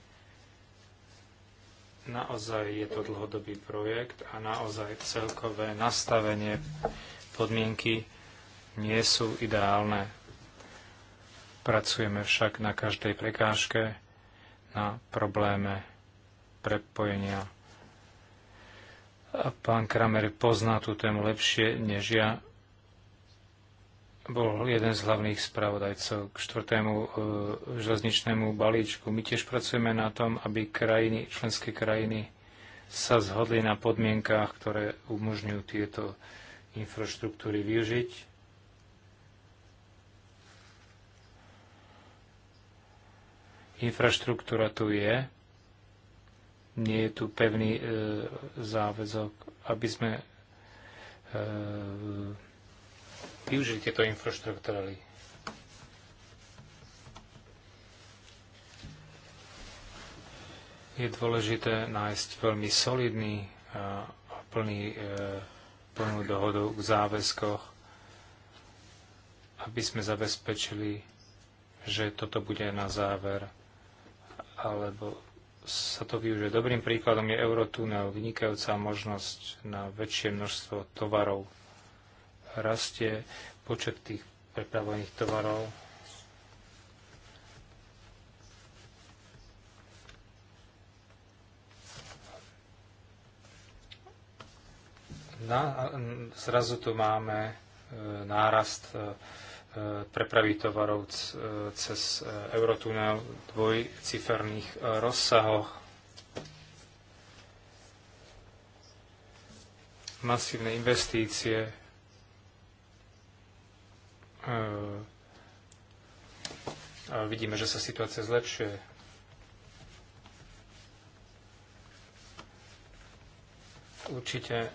Naozaj je to dlhodobý projekt a naozaj celkové nastavenie podmienky nie sú ideálne. Pracujeme však na každej prekážke, na probléme prepojenia. A pán Kramer pozná tú tému lepšie než ja bol jeden z hlavných spravodajcov k štvrtému e, železničnému balíčku. My tiež pracujeme na tom, aby krajiny, členské krajiny sa zhodli na podmienkách, ktoré umožňujú tieto infraštruktúry využiť. Infraštruktúra tu je. Nie je tu pevný e, záväzok, aby sme e, využili tieto infraštruktúry. Je dôležité nájsť veľmi solidný a plný, e, plnú dohodu k záväzkoch, aby sme zabezpečili, že toto bude na záver, alebo sa to využije. Dobrým príkladom je Eurotunel, vynikajúca možnosť na väčšie množstvo tovarov rastie počet tých prepravených tovarov. Na, zrazu tu máme e, nárast e, e, prepravy tovarov cez Eurotunel v dvojciferných rozsahoch. Masívne investície vidíme, že sa situácia zlepšuje. Určite e,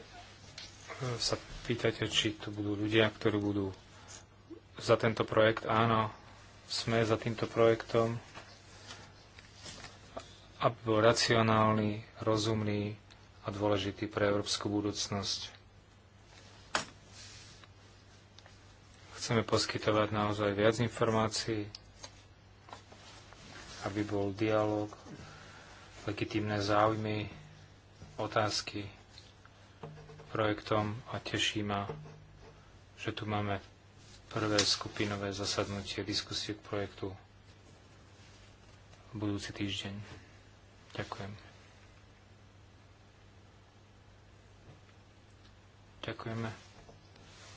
sa pýtate, či tu budú ľudia, ktorí budú za tento projekt. Áno, sme za týmto projektom, aby bol racionálny, rozumný a dôležitý pre európsku budúcnosť. Chceme poskytovať naozaj viac informácií, aby bol dialog, legitímne záujmy, otázky projektom a teší ma, že tu máme prvé skupinové zasadnutie diskusie k projektu budúci týždeň. Ďakujem. Ďakujeme.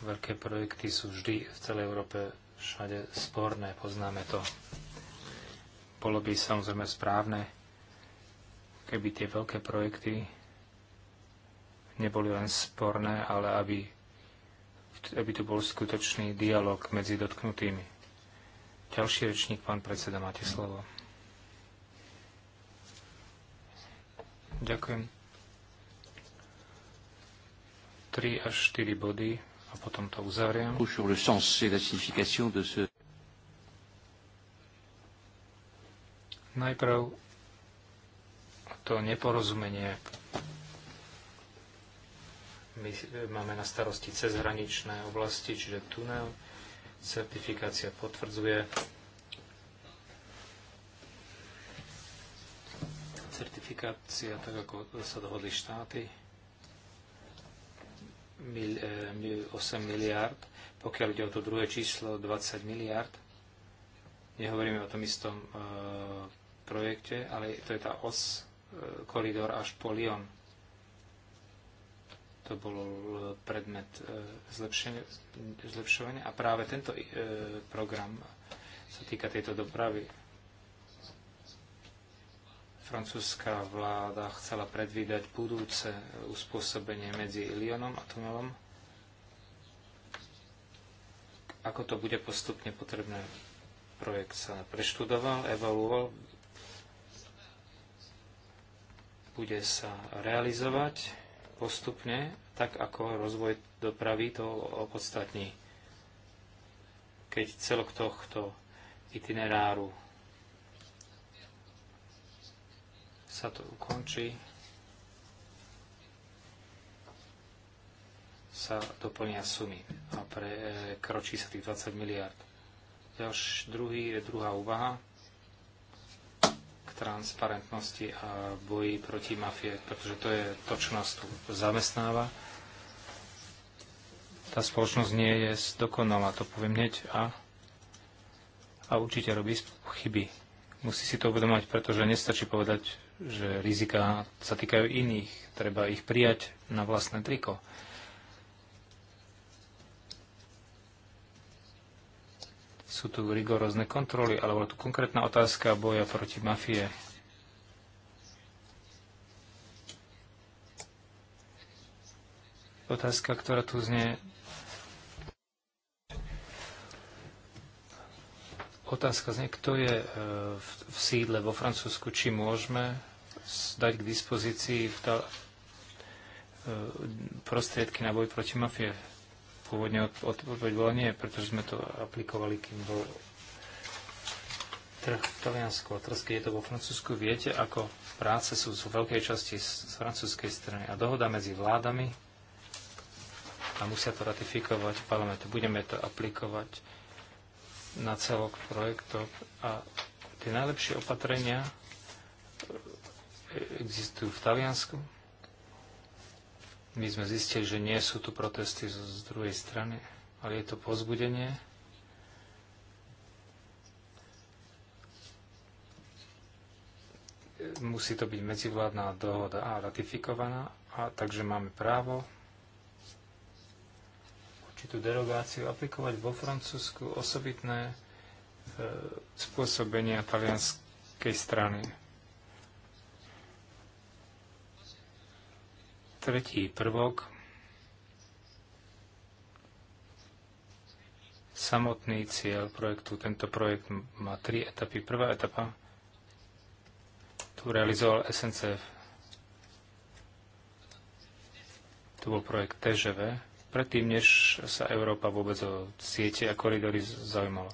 Veľké projekty sú vždy v celej Európe všade sporné, poznáme to. Bolo by samozrejme správne, keby tie veľké projekty neboli len sporné, ale aby, aby tu bol skutočný dialog medzi dotknutými. Ďalší rečník, pán predseda, máte slovo. Ďakujem. 3 až 4 body a potom to uzavriem. Sur le sens et la signification de ce... Najprv to neporozumenie. My máme na starosti cezhraničné oblasti, čiže tunel. Certifikácia potvrdzuje certifikácia, tak ako sa dohodli štáty. 8 eh, miliard, pokiaľ ide o to druhé číslo 20 miliard, nehovoríme o tom istom e, projekte, ale to je tá os, e, koridor až po Lyon. To bol predmet e, zlepšovania a práve tento e, program sa týka tejto dopravy francúzska vláda chcela predvídať budúce uspôsobenie medzi Ilionom a tunelom. Ako to bude postupne potrebné? Projekt sa preštudoval, evaluoval, bude sa realizovať postupne, tak ako rozvoj dopravy to opodstatní. Keď celok tohto itineráru sa to ukončí, sa doplnia sumy a prekročí e, sa tých 20 miliard. Ďalší druhý, druhá úvaha k transparentnosti a boji proti mafie, pretože to je to, čo nás tu zamestnáva. Tá spoločnosť nie je dokonalá, to poviem hneď, a, a určite robí chyby. Musí si to uvedomať, pretože nestačí povedať, že rizika sa týkajú iných, treba ich prijať na vlastné triko. Sú tu rigorózne kontroly, alebo tu konkrétna otázka boja proti mafie. Otázka, ktorá tu znie, Otázka znie, kto je e, v, v sídle vo Francúzsku, či môžeme dať k dispozícii v ta, e, prostriedky na boj proti mafie. Pôvodne odpoveď bola nie, pretože sme to aplikovali, kým bol trh v Taliansku a teraz, keď je to vo Francúzsku, viete, ako práce sú z veľkej časti z, z francúzskej strany a dohoda medzi vládami a musia to ratifikovať v parlamente. Budeme to aplikovať na celok projektov a tie najlepšie opatrenia existujú v Taliansku. My sme zistili, že nie sú tu protesty z druhej strany, ale je to pozbudenie. Musí to byť medzivládna dohoda a ratifikovaná, a takže máme právo určitú derogáciu aplikovať vo Francúzsku osobitné e, spôsobenia talianskej strany. Tretí prvok samotný cieľ projektu. Tento projekt má tri etapy. Prvá etapa tu realizoval SNCF. To bol projekt TŽV, predtým, než sa Európa vôbec o siete a koridory zaujímala.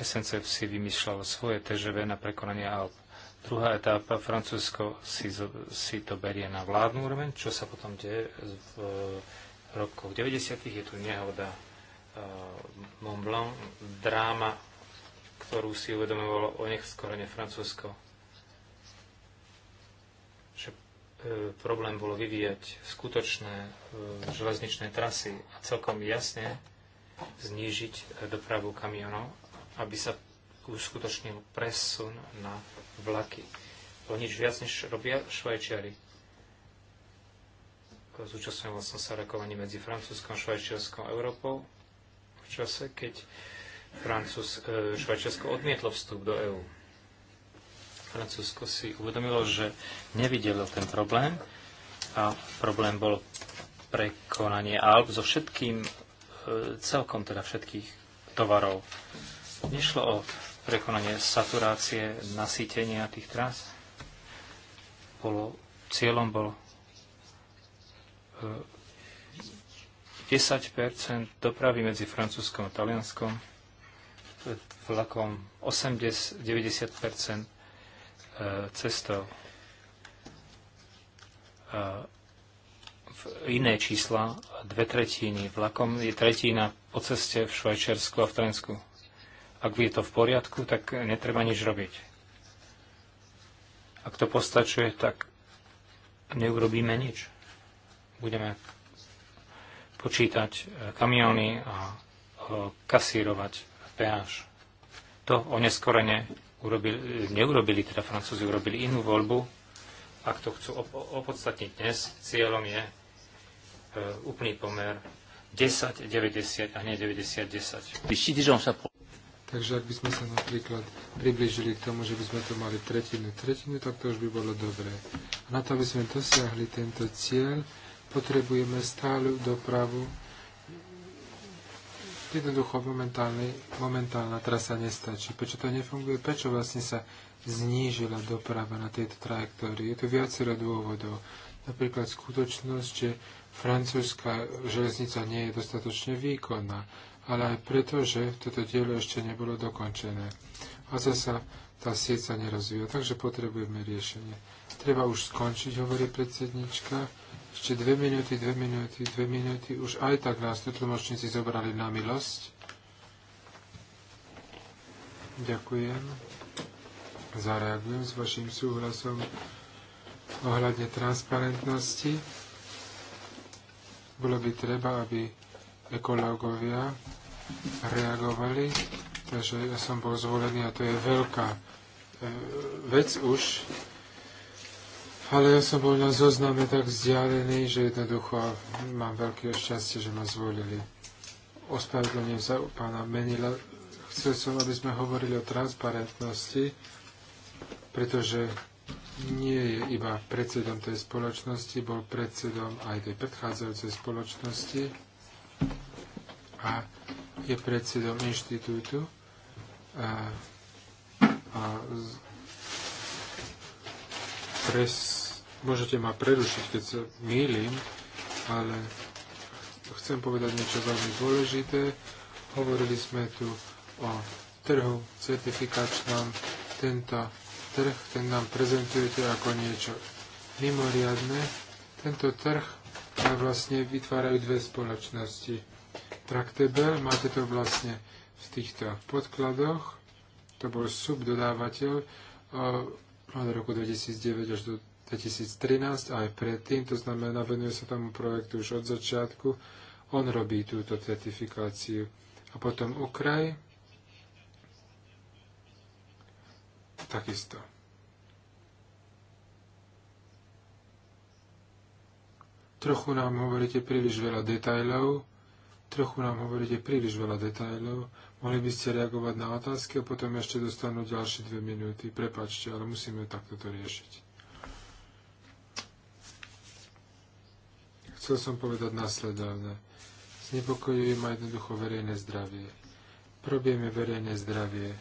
SNCF si vymýšľala svoje TŽV na prekonanie Alp. Druhá etapa, Francúzsko si, si to berie na vládnu úroveň, čo sa potom deje v eh, rokoch 90. Je tu nehoda eh, Mont Blanc, dráma, ktorú si uvedomovalo o nech skorene Francúzsko E, problém bolo vyvíjať skutočné e, železničné trasy a celkom jasne znížiť dopravu kamionov, aby sa uskutočnil presun na vlaky. To nič viac, než robia Švajčiari. Zúčastňoval som sa rokovaní medzi Francúzskom, Švajčiarskou a Európou v čase, keď Francúz, e, Švajčiarsko odmietlo vstup do EÚ. Francúzsko si uvedomilo, že nevidelo ten problém a problém bol prekonanie Alp so všetkým, e, celkom teda všetkých tovarov. Nešlo o prekonanie saturácie, nasýtenia tých trás. Bolo, cieľom bol 10 e, dopravy medzi Francúzskom a Talianskom, vlakom 80-90 E, cestou. E, v iné čísla, dve tretiny vlakom je tretina po ceste v Švajčiarsku a v Trensku. Ak je to v poriadku, tak netreba nič robiť. Ak to postačuje, tak neurobíme nič. Budeme počítať e, kamiony a kasírovať peáž. To oneskorene urobili, neurobili, teda Francúzi urobili inú voľbu, ak to chcú op- opodstatniť dnes, cieľom je e, úplný pomer 10, 90 a nie 90, 10. Takže ak by sme sa napríklad približili k tomu, že by sme to mali tretinu, tretinu, tak to už by bolo dobré. A na to, aby sme dosiahli tento cieľ, potrebujeme stálu dopravu Jednoducho momentálna trasa nestačí. Prečo to nefunguje? Prečo vlastne sa znížila doprava na tejto trajektórii? Je tu viacero dôvodov. Napríklad skutočnosť, že francúzska železnica nie je dostatočne výkonná, ale aj preto, že toto dielo ešte nebolo dokončené. A zasa tá sieť sa nerozvíja, takže potrebujeme riešenie. Treba už skončiť, hovorí predsednička ešte dve minúty, dve minúty, dve minúty. Už aj tak nás tu tlmočníci zobrali na milosť. Ďakujem. Zareagujem s vašim súhlasom ohľadne transparentnosti. Bolo by treba, aby ekológovia reagovali, takže ja som bol zvolený a to je veľká e, vec už ale ja som bol na zozname tak vzdialený, že jednoducho mám veľké šťastie, že ma zvolili. Ospravedlňujem sa u pána Menila. Chcel som, aby sme hovorili o transparentnosti, pretože nie je iba predsedom tej spoločnosti, bol predsedom aj tej predchádzajúcej spoločnosti a je predsedom inštitútu a, a pres Môžete ma prerušiť, keď sa mýlim, ale chcem povedať niečo veľmi dôležité. Hovorili sme tu o trhu certifikačnom. Tento trh, ten nám prezentujete ako niečo mimoriadne. Tento trh vlastne vytvárajú dve spoločnosti. Tractable, máte to vlastne v týchto podkladoch, to bol subdodávateľ eh, od roku 2009 až do 2013 aj predtým, to znamená, venuje sa tomu projektu už od začiatku, on robí túto certifikáciu. A potom okraj takisto. Trochu nám hovoríte príliš veľa detajlov, trochu nám hovoríte príliš veľa detajlov, mohli by ste reagovať na otázky a potom ešte dostanú ďalšie dve minúty. Prepačte, ale musíme takto to riešiť. Chcel som povedať následovne. Znepokojuje ma jednoducho verejné zdravie. Problém je verejné zdravie.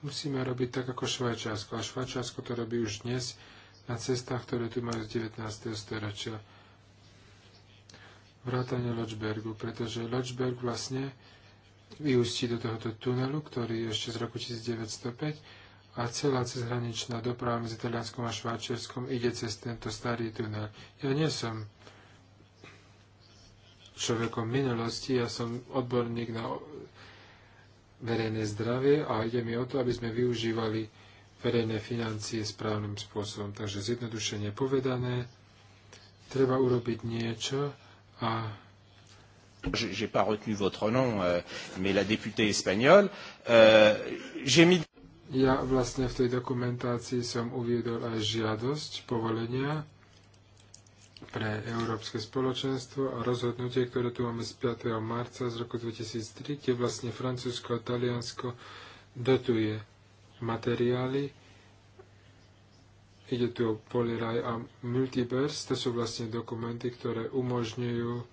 Musíme robiť tak ako Švajčiarsko. A Švajčiarsko to robí už dnes na cestách, ktoré tu majú z 19. storočia. Vrátanie Ločbergu, pretože Ločberg vlastne vyústí do tohoto tunelu, ktorý je ešte z roku 1905 a celá cezhraničná doprava medzi Talianskom a Švajčiarskom ide cez tento starý tunel. Ja nie som človekom minulosti, ja som odborník na verejné zdravie a ide mi o to, aby sme využívali verejné financie správnym spôsobom. Takže zjednodušenie povedané, treba urobiť niečo a j'ai pas retenu votre nom, euh, mais la députée espagnole, euh, j'ai mis ja vlastne v tej dokumentácii som uviedol aj žiadosť povolenia pre Európske spoločenstvo a rozhodnutie, ktoré tu máme z 5. marca z roku 2003, kde vlastne Francúzsko a Taliansko dotuje materiály. Ide tu o Poliraj a Multiverse, to sú vlastne dokumenty, ktoré umožňujú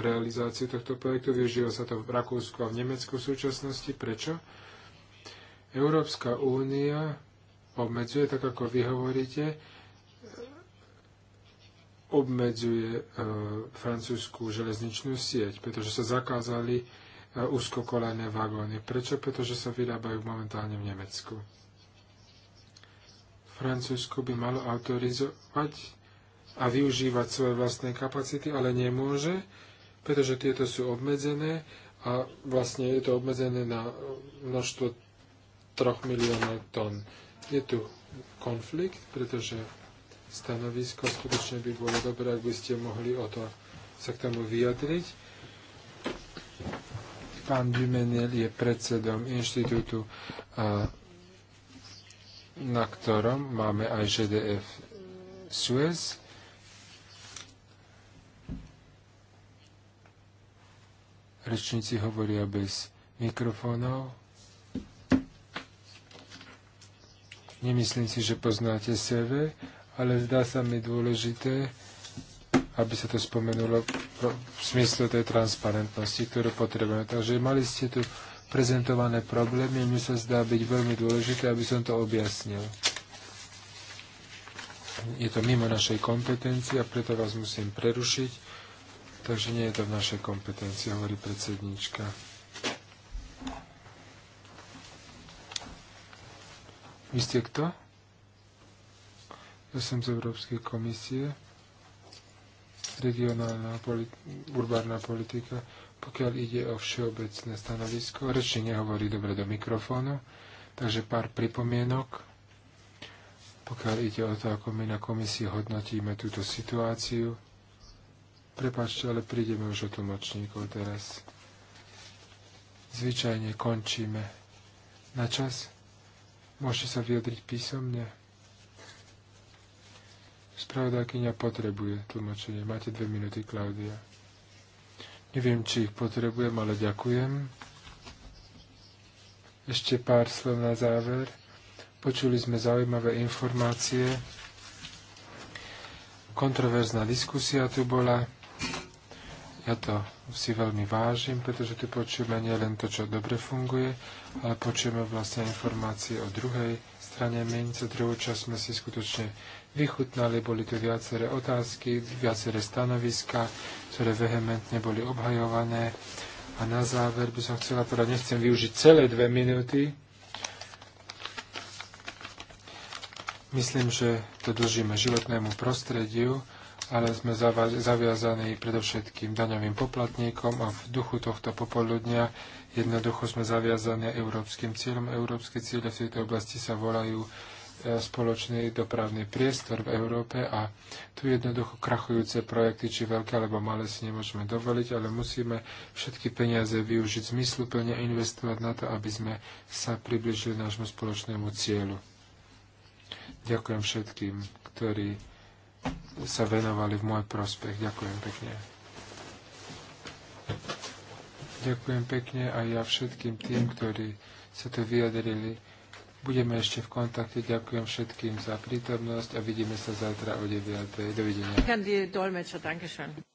realizáciu tohto projektu. Využíva sa to v Rakúsku a v Nemecku v súčasnosti. Prečo? Európska únia obmedzuje, tak ako vy hovoríte, obmedzuje e, francúzskú železničnú sieť, pretože sa zakázali e, úzkokolajné vagóny. Prečo? Pretože sa vyrábajú momentálne v Nemecku. Francúzsko by malo autorizovať a využívať svoje vlastné kapacity, ale nemôže, pretože tieto sú obmedzené a vlastne je to obmedzené na množstvo 3 miliónov tón. Je tu konflikt, pretože stanovisko skutočne by bolo dobré, ak by ste mohli o to sa k tomu vyjadriť. Pán Dumenel je predsedom inštitútu, na ktorom máme aj ŽDF Suez Rečníci hovoria bez mikrofónov. Nemyslím si, že poznáte sebe, ale zdá sa mi dôležité, aby sa to spomenulo v smysle tej transparentnosti, ktorú potrebujeme. Takže mali ste tu prezentované problémy, mi sa zdá byť veľmi dôležité, aby som to objasnil. Je to mimo našej kompetencie a preto vás musím prerušiť Takže nie je to v našej kompetencii, hovorí predsedníčka. Vy ste kto? Ja som z Európskej komisie. Regionálna politi- urbárna politika. Pokiaľ ide o všeobecné stanovisko, rečne nehovorí dobre do mikrofónu, takže pár pripomienok. Pokiaľ ide o to, ako my na komisii hodnotíme túto situáciu, Prepačte, ale prídeme už o tlmočníkov teraz. Zvyčajne končíme. Na čas? Môžete sa vyjadriť písomne? Spravodajkynia potrebuje tlmočenie. Máte dve minúty, Klaudia. Neviem, či ich potrebujem, ale ďakujem. Ešte pár slov na záver. Počuli sme zaujímavé informácie. Kontroverzná diskusia tu bola. Ja to si veľmi vážim, pretože tu počujeme len to, čo dobre funguje, ale počujeme vlastne informácie o druhej strane mince. Druhú časť sme si skutočne vychutnali, boli tu viaceré otázky, viaceré stanoviska, ktoré vehementne boli obhajované. A na záver by som chcela, teda nechcem využiť celé dve minúty. Myslím, že to dlžíme životnému prostrediu ale sme zaviazaní predovšetkým daňovým poplatníkom a v duchu tohto popoludnia jednoducho sme zaviazaní európskym cieľom. Európske cieľe v tejto oblasti sa volajú e, spoločný dopravný priestor v Európe a tu jednoducho krachujúce projekty, či veľké alebo malé, si nemôžeme dovoliť, ale musíme všetky peniaze využiť zmysluplne a investovať na to, aby sme sa približili nášmu spoločnému cieľu. Ďakujem všetkým, ktorí sa venovali v môj prospech. Ďakujem pekne. Ďakujem pekne a ja všetkým tým, ktorí sa tu vyjadrili. Budeme ešte v kontakte. Ďakujem všetkým za prítomnosť a vidíme sa zajtra o 9. Dovidenia.